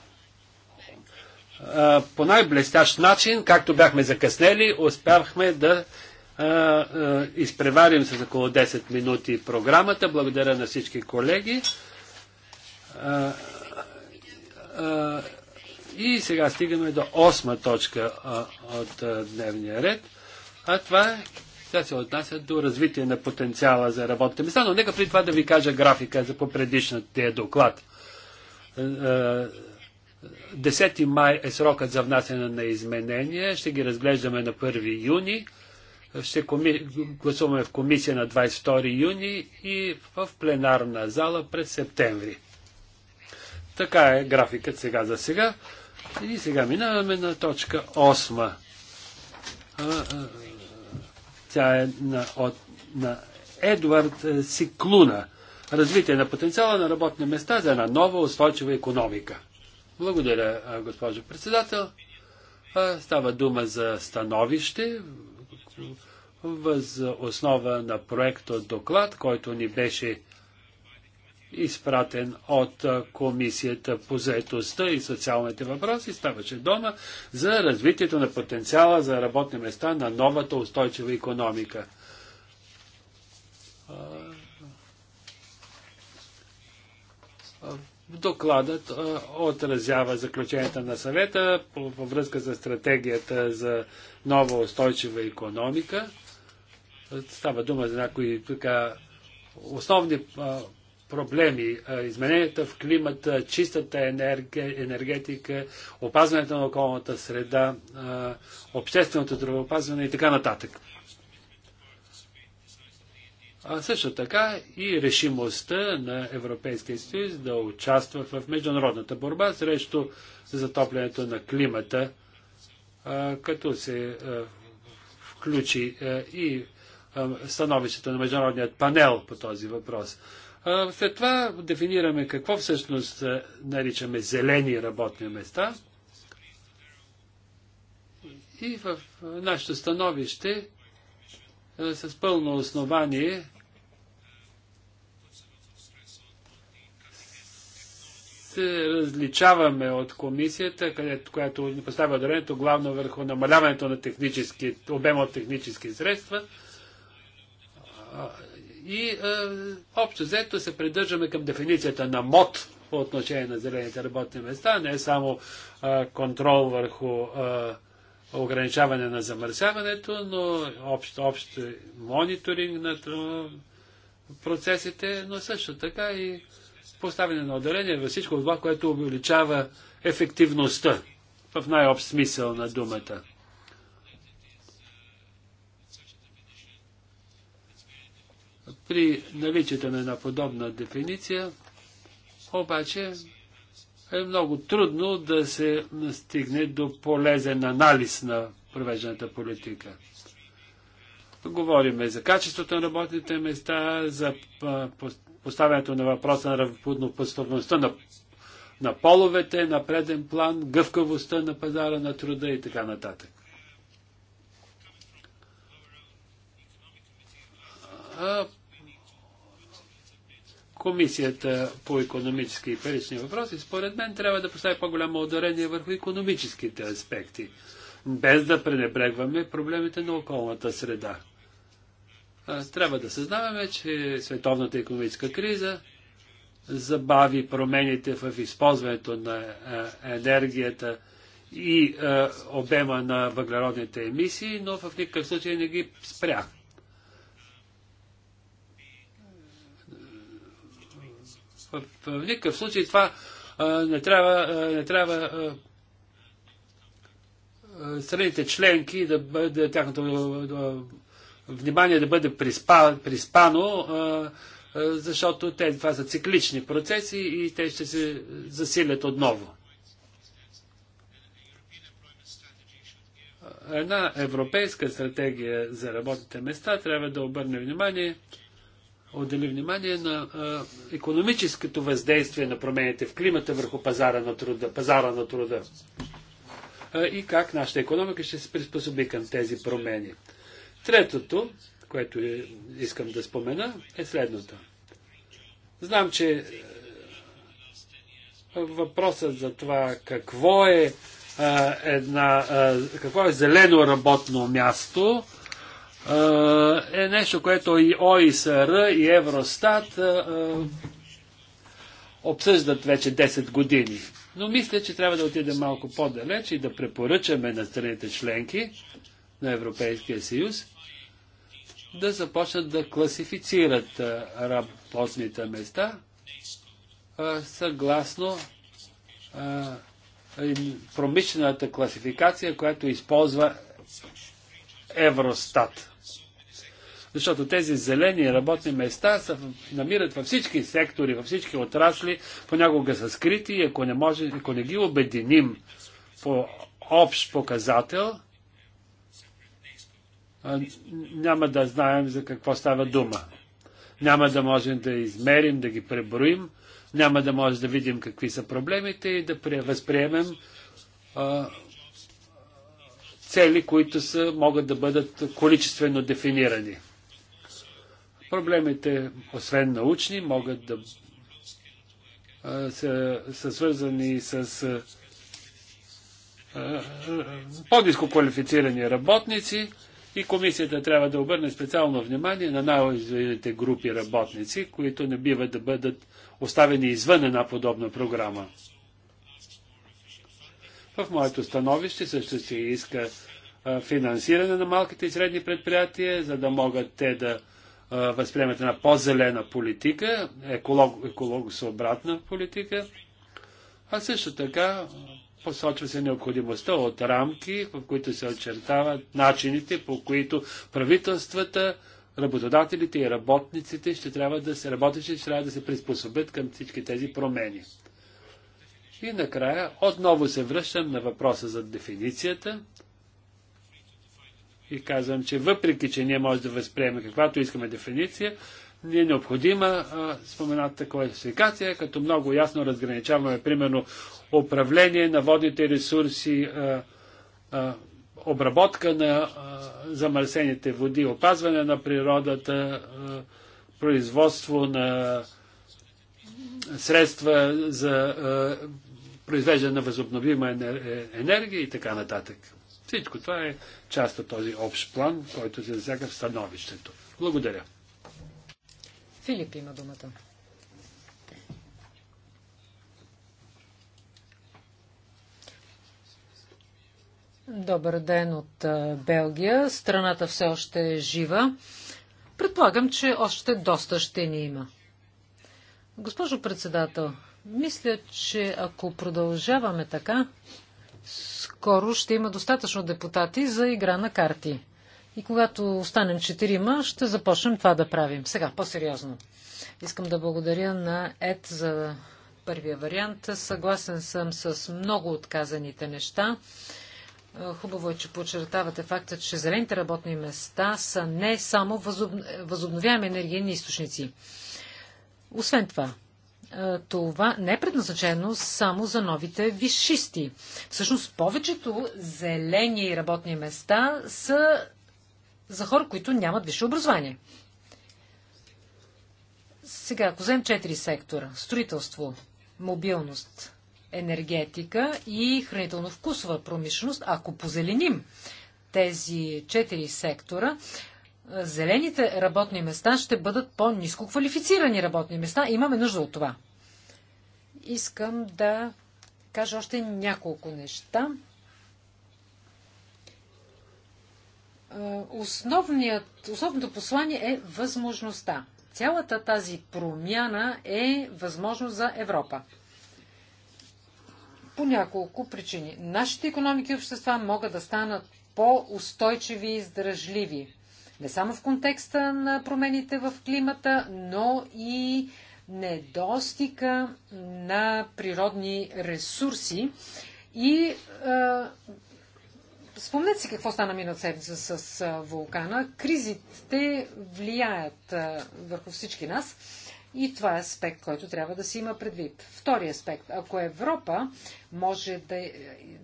по най-блестящ начин, както бяхме закъснели, успяхме да а, а, изпреварим с около 10 минути програмата. Благодаря на всички колеги. А, а, и сега стигаме до осма точка а, от а, дневния ред. А това е, сега се отнася до развитие на потенциала за работата места, но нека при това да ви кажа графика за попредишната доклад. А, 10 май е срокът за внасяне на изменения. Ще ги разглеждаме на 1 юни. Ще коми... гласуваме в комисия на 22 юни и в пленарна зала през септември. Така е графикът сега за сега. И сега минаваме на точка 8. Тя е на, от, на Едвард Сиклуна. Развитие на потенциала на работни места за една нова устойчива економика. Благодаря, госпожо председател. Става дума за становище въз основа на от доклад, който ни беше изпратен от Комисията по заетостта и социалните въпроси. Ставаше дома за развитието на потенциала за работни места на новата устойчива економика. Докладът а, отразява заключенията на съвета във връзка за стратегията за нова устойчива економика. Става дума за някои така основни а, проблеми. А, измененията в климата, чистата енергия, енергетика, опазването на околната среда, общественото здравеопазване и така нататък а също така и решимостта на Европейския съюз да участва в международната борба срещу затоплянето на климата, като се включи и становището на Международният панел по този въпрос. След това дефинираме какво всъщност наричаме зелени работни места. И в нашето становище е, с пълно основание се различаваме от комисията, където, която ни поставя ударението главно върху намаляването на технически, обема от технически средства. И е, общо взето се придържаме към дефиницията на МОД по отношение на зелените работни места, не само е, контрол върху е, ограничаване на замърсяването, но общ, общ мониторинг на процесите, но също така и поставяне на отделение във всичко това, което увеличава ефективността в най-общ смисъл на думата. При наличието на една подобна дефиниция, обаче е много трудно да се стигне до полезен анализ на провежданата политика. Говориме за качеството на работните места, за поставянето на въпроса на равноподобността на, на половете, на преден план, гъвкавостта на пазара на труда и така нататък. А Комисията по економически и парични въпроси, според мен, трябва да постави по-голямо ударение върху економическите аспекти, без да пренебрегваме проблемите на околната среда. Трябва да съзнаваме, че световната економическа криза забави промените в използването на енергията и обема на въглеродните емисии, но в никакъв случай не ги спря. В никакъв случай това не трябва, не трябва страните членки да бъде тяхното внимание да бъде приспа, приспано, защото те, това са циклични процеси и те ще се засилят отново. Една европейска стратегия за работните места трябва да обърне внимание отдели внимание на економическото въздействие на промените в климата върху пазара на труда. Пазара на труда и как нашата економика ще се приспособи към тези промени. Третото, което е, искам да спомена, е следното. Знам, че въпросът за това какво е една, какво е зелено работно място, е нещо, което и ОИСР, и Евростат обсъждат вече 10 години. Но мисля, че трябва да отидем малко по-далеч и да препоръчаме на страните членки на Европейския съюз да започнат да класифицират работните места съгласно промишлената класификация, която използва Евростат. Защото тези зелени работни места се намират във всички сектори, във всички отрасли, понякога са скрити и ако не, може, ако не ги обединим по общ показател, няма да знаем за какво става дума. Няма да можем да измерим, да ги преброим, няма да можем да видим какви са проблемите и да възприемем а, цели, които са, могат да бъдат количествено дефинирани. Проблемите, освен научни, могат да са, са свързани с по-низко квалифицирани работници и комисията трябва да обърне специално внимание на най извините групи работници, които не бива да бъдат оставени извън една подобна програма. В моето становище също се иска финансиране на малките и средни предприятия, за да могат те да възприемат една по-зелена политика, еколог, екологосъобратна политика, а също така посочва се необходимостта от рамки, в които се очертават начините, по които правителствата, работодателите и работниците ще трябва да се работят, ще трябва да се приспособят към всички тези промени. И накрая отново се връщам на въпроса за дефиницията – и казвам, че въпреки, че ние може да възприемем каквато искаме дефиниция, ни е необходима спомената класификация, като много ясно разграничаваме, примерно, управление на водните ресурси, а, а, обработка на а, замърсените води, опазване на природата, производство на средства за произвеждане на възобновима е, енергия и така нататък. Всичко това е част от този общ план, който се засяга в становището. Благодаря. Филип има думата. Добър ден от Белгия. Страната все още е жива. Предполагам, че още доста ще ни има. Госпожо председател, мисля, че ако продължаваме така, скоро ще има достатъчно депутати за игра на карти. И когато останем четирима, ще започнем това да правим. Сега, по-сериозно. Искам да благодаря на Ед за първия вариант. Съгласен съм с много отказаните неща. Хубаво е, че подчертавате факта, че зелените работни места са не само възобновяеми енергийни източници. Освен това, е, това не е предназначено само за новите висшисти. Всъщност повечето зелени работни места са за хора, които нямат висше образование. Сега, ако вземем четири сектора строителство, мобилност, енергетика и хранително-вкусова промишленост, ако позеленим тези четири сектора, зелените работни места ще бъдат по-низко квалифицирани работни места. Имаме нужда от това. Искам да кажа още няколко неща. Основният, основното послание е възможността. Цялата тази промяна е възможност за Европа. По няколко причини. Нашите економики и общества могат да станат по-устойчиви и издръжливи не само в контекста на промените в климата, но и недостига на природни ресурси. И Спомнете си какво стана миналата седмица с вулкана. Кризите влияят върху всички нас и това е аспект, който трябва да си има предвид. Втори аспект. Ако Европа може да,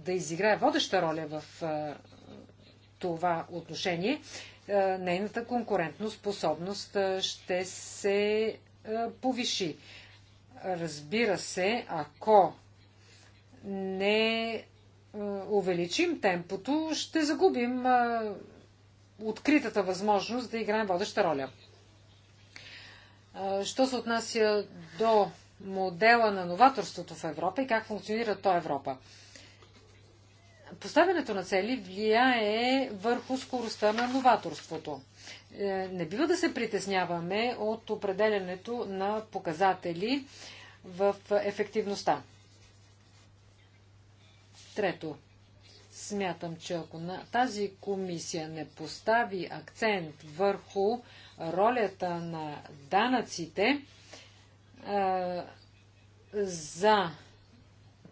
да изиграе водеща роля в това отношение, е, нейната конкурентно способност е, ще се е, повиши. Разбира се, ако не увеличим темпото, ще загубим откритата възможност да играем водеща роля. Що се отнася до модела на новаторството в Европа и как функционира то Европа? Поставянето на цели влияе върху скоростта на новаторството. Е, не бива да се притесняваме от определенето на показатели в ефективността. Трето, смятам, че ако на тази комисия не постави акцент върху ролята на данъците е, за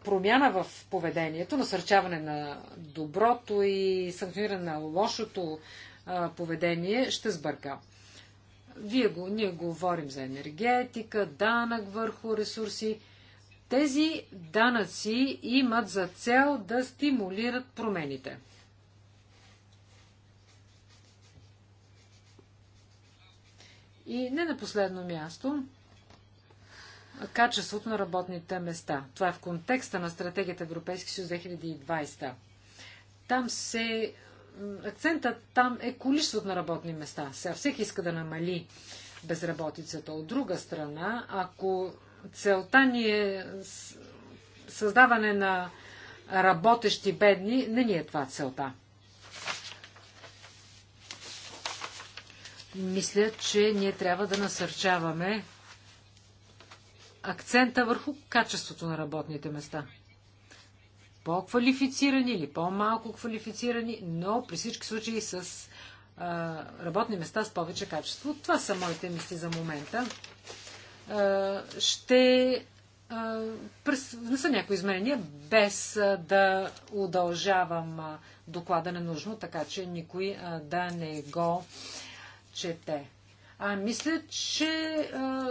промяна в поведението, насърчаване на доброто и санкциониране на лошото поведение ще сбърка. Вие го, ние говорим за енергетика, данък върху ресурси. Тези данъци имат за цел да стимулират промените. И не на последно място, качеството на работните места. Това е в контекста на стратегията Европейски съюз 2020. Там се... Акцентът там е количеството на работни места. Сега всеки иска да намали безработицата. От друга страна, ако целта ни е създаване на работещи бедни, не ни е това целта. Мисля, че ние трябва да насърчаваме акцента върху качеството на работните места. По-квалифицирани или по-малко квалифицирани, но при всички случаи с а, работни места с повече качество. Това са моите мисли за момента. А, ще внеса някои изменения, без а, да удължавам а, доклада ненужно, така че никой а, да не го чете. А мисля, че а,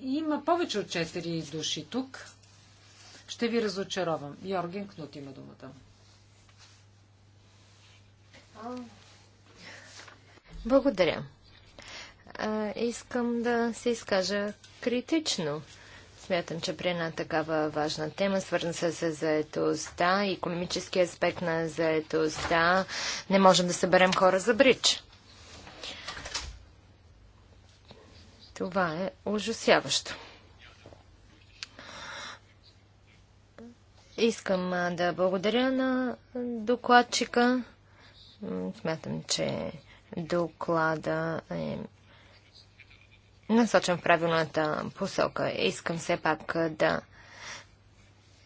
има повече от четири души тук. Ще ви разочаровам. Йорген Кнут има думата. Благодаря. А, искам да се изкажа критично. Смятам, че при една такава важна тема, свързана с заетостта и економически аспект на заетостта, не можем да съберем хора за брич. Това е ужасяващо. Искам да благодаря на докладчика. Смятам, че доклада е насочен в правилната посока. Искам все пак да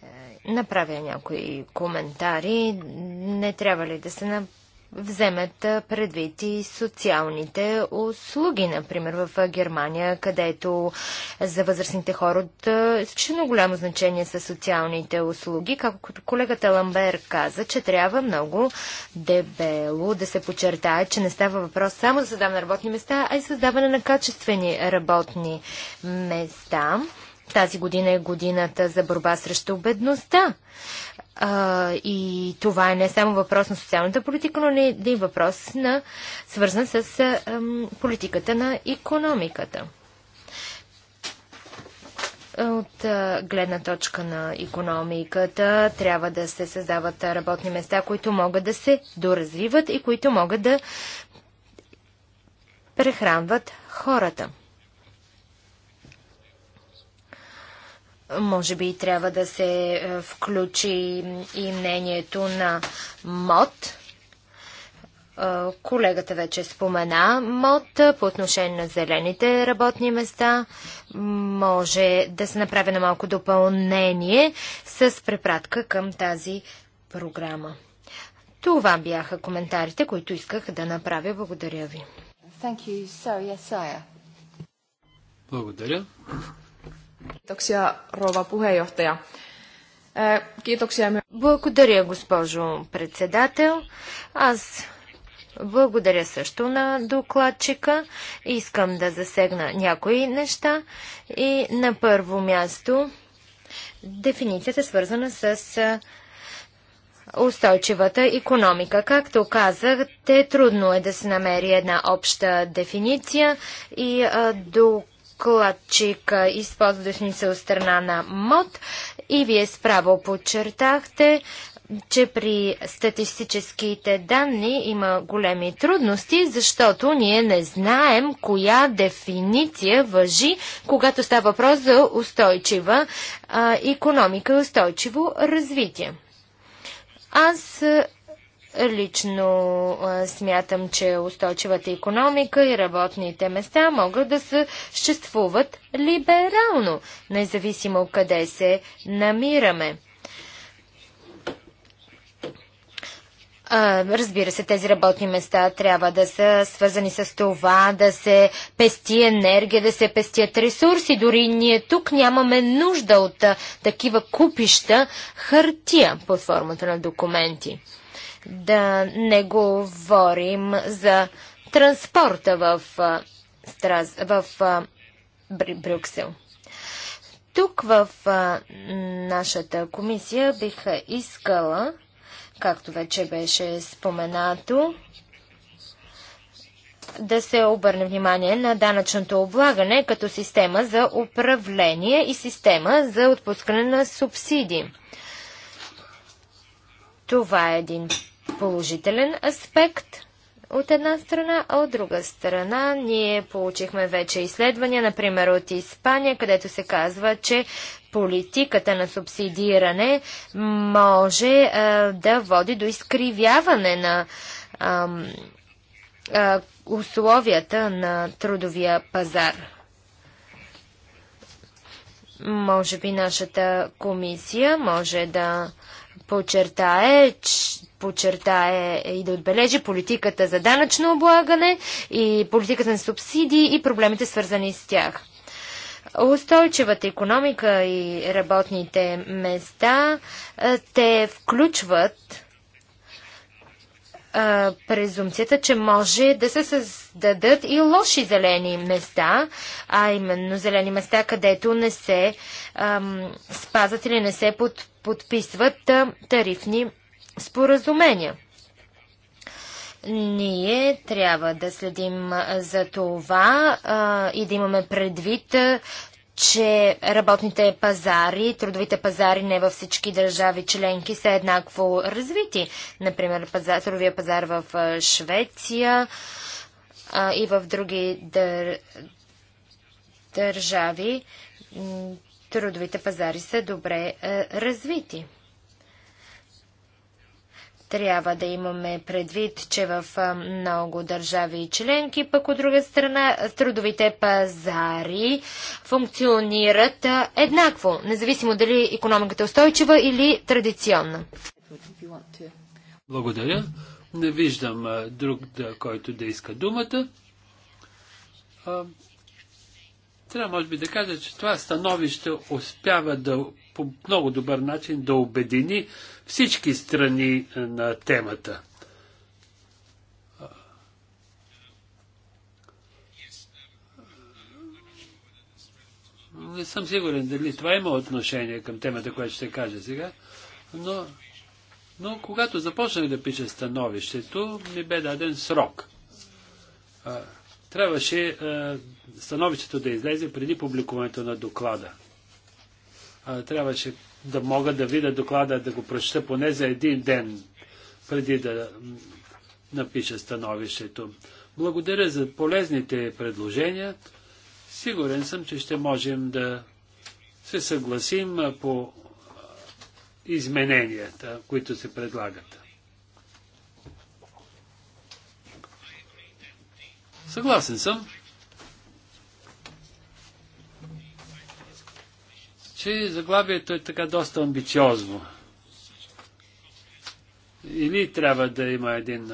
е, направя някои коментари. Не трябва ли да се направя? вземат предвид и социалните услуги, например в Германия, където за възрастните хора от изключително голямо значение са социалните услуги. Както колегата Ламбер каза, че трябва много дебело да се подчертае, че не става въпрос само за създаване на работни места, а и създаване на качествени работни места. Тази година е годината за борба срещу бедността. А, и това е не само въпрос на социалната политика, но не и въпрос на, свързан с а, политиката на економиката. От а, гледна точка на економиката трябва да се създават работни места, които могат да се доразвиват и които могат да прехранват хората. Може би трябва да се е, включи и мнението на МОД. Е, колегата вече спомена МОД е, по отношение на зелените работни места. Може да се направи на малко допълнение с препратка към тази програма. Това бяха коментарите, които исках да направя. Благодаря ви. Благодаря. Благодаря, госпожо председател. Аз благодаря също на докладчика. Искам да засегна някои неща. И на първо място дефиницията свързана с устойчивата економика. Както казах, те трудно е да се намери една обща дефиниция и до докладчик използва дефиниция от страна на МОД и вие справо подчертахте, че при статистическите данни има големи трудности, защото ние не знаем коя дефиниция въжи, когато става въпрос за устойчива а, економика и устойчиво развитие. Аз Лично смятам, че устойчивата економика и работните места могат да съществуват либерално, независимо къде се намираме. Разбира се, тези работни места трябва да са свързани с това, да се пести енергия, да се пестят ресурси. Дори ние тук нямаме нужда от такива купища хартия под формата на документи. Да не говорим за транспорта в, Страз... в Брюксел. Тук в нашата комисия бих искала, както вече беше споменато, да се обърне внимание на данъчното облагане като система за управление и система за отпускане на субсидии. Това е един положителен аспект от една страна, а от друга страна ние получихме вече изследвания, например от Испания, където се казва, че политиката на субсидиране може а, да води до изкривяване на а, а, условията на трудовия пазар. Може би нашата комисия може да подчертае, подчертае и да отбележи политиката за данъчно облагане и политиката на субсидии и проблемите свързани с тях. Устойчивата економика и работните места те включват а, презумцията, че може да се създадат и лоши зелени места, а именно зелени места, където не се ам, спазват или не се под, подписват а, тарифни споразумения. Ние трябва да следим за това а, и да имаме предвид а, че работните пазари, трудовите пазари не във всички държави членки са еднакво развити. Например, пазар, трудовия пазар в Швеция а, и в други дър... държави трудовите пазари са добре а, развити. Трябва да имаме предвид, че в много държави и членки, пък от друга страна, трудовите пазари функционират еднакво, независимо дали економиката е устойчива или традиционна. Благодаря. Не виждам друг, да, който да иска думата. А, трябва, може би, да кажа, че това становище успява да по много добър начин да обедини всички страни е, на темата. Не съм сигурен дали това има отношение към темата, която ще кажа сега, но, но когато започнах да пиша становището, ми бе даден срок. трябваше становището да излезе преди публикуването на доклада. трябваше да мога да видя доклада, да го прочета поне за един ден, преди да напиша становището. Благодаря за полезните предложения. Сигурен съм, че ще можем да се съгласим по измененията, които се предлагат. Съгласен съм, че заглавието е така доста амбициозно. Или трябва да има един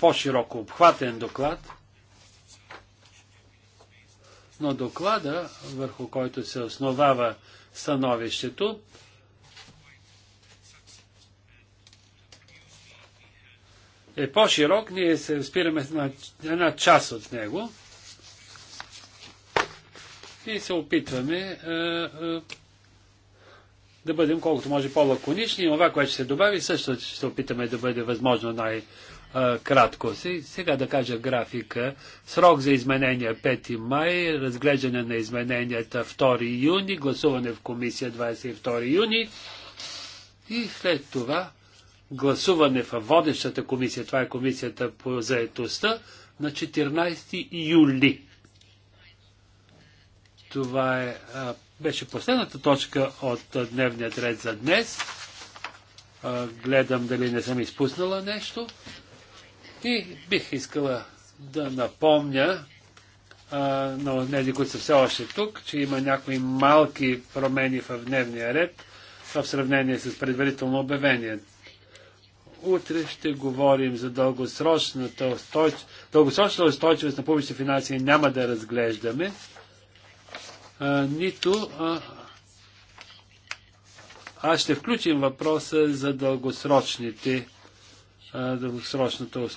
по-широко обхватен доклад, но доклада, върху който се основава становището, е по-широк, ние се спираме на една част от него и се опитваме е, е, да бъдем колкото може по-лаконични. Това, което ще се добави, също ще се опитаме да бъде възможно най-кратко. Сега да кажа графика. Срок за изменения 5 е май, разглеждане на измененията 2 юни, гласуване в комисия 22 юни и след това гласуване в водещата комисия, това е комисията по заетостта, на 14 юли. Това е беше последната точка от дневния ред за днес. Гледам дали не съм изпуснала нещо. И бих искала да напомня на тези, които са все още тук, че има някои малки промени в дневния ред в сравнение с предварително обявение. Утре ще говорим за дългосрочната, устойчивост на публични финанси няма да разглеждаме нито аз ще включим въпроса за дългосрочните, дългосрочната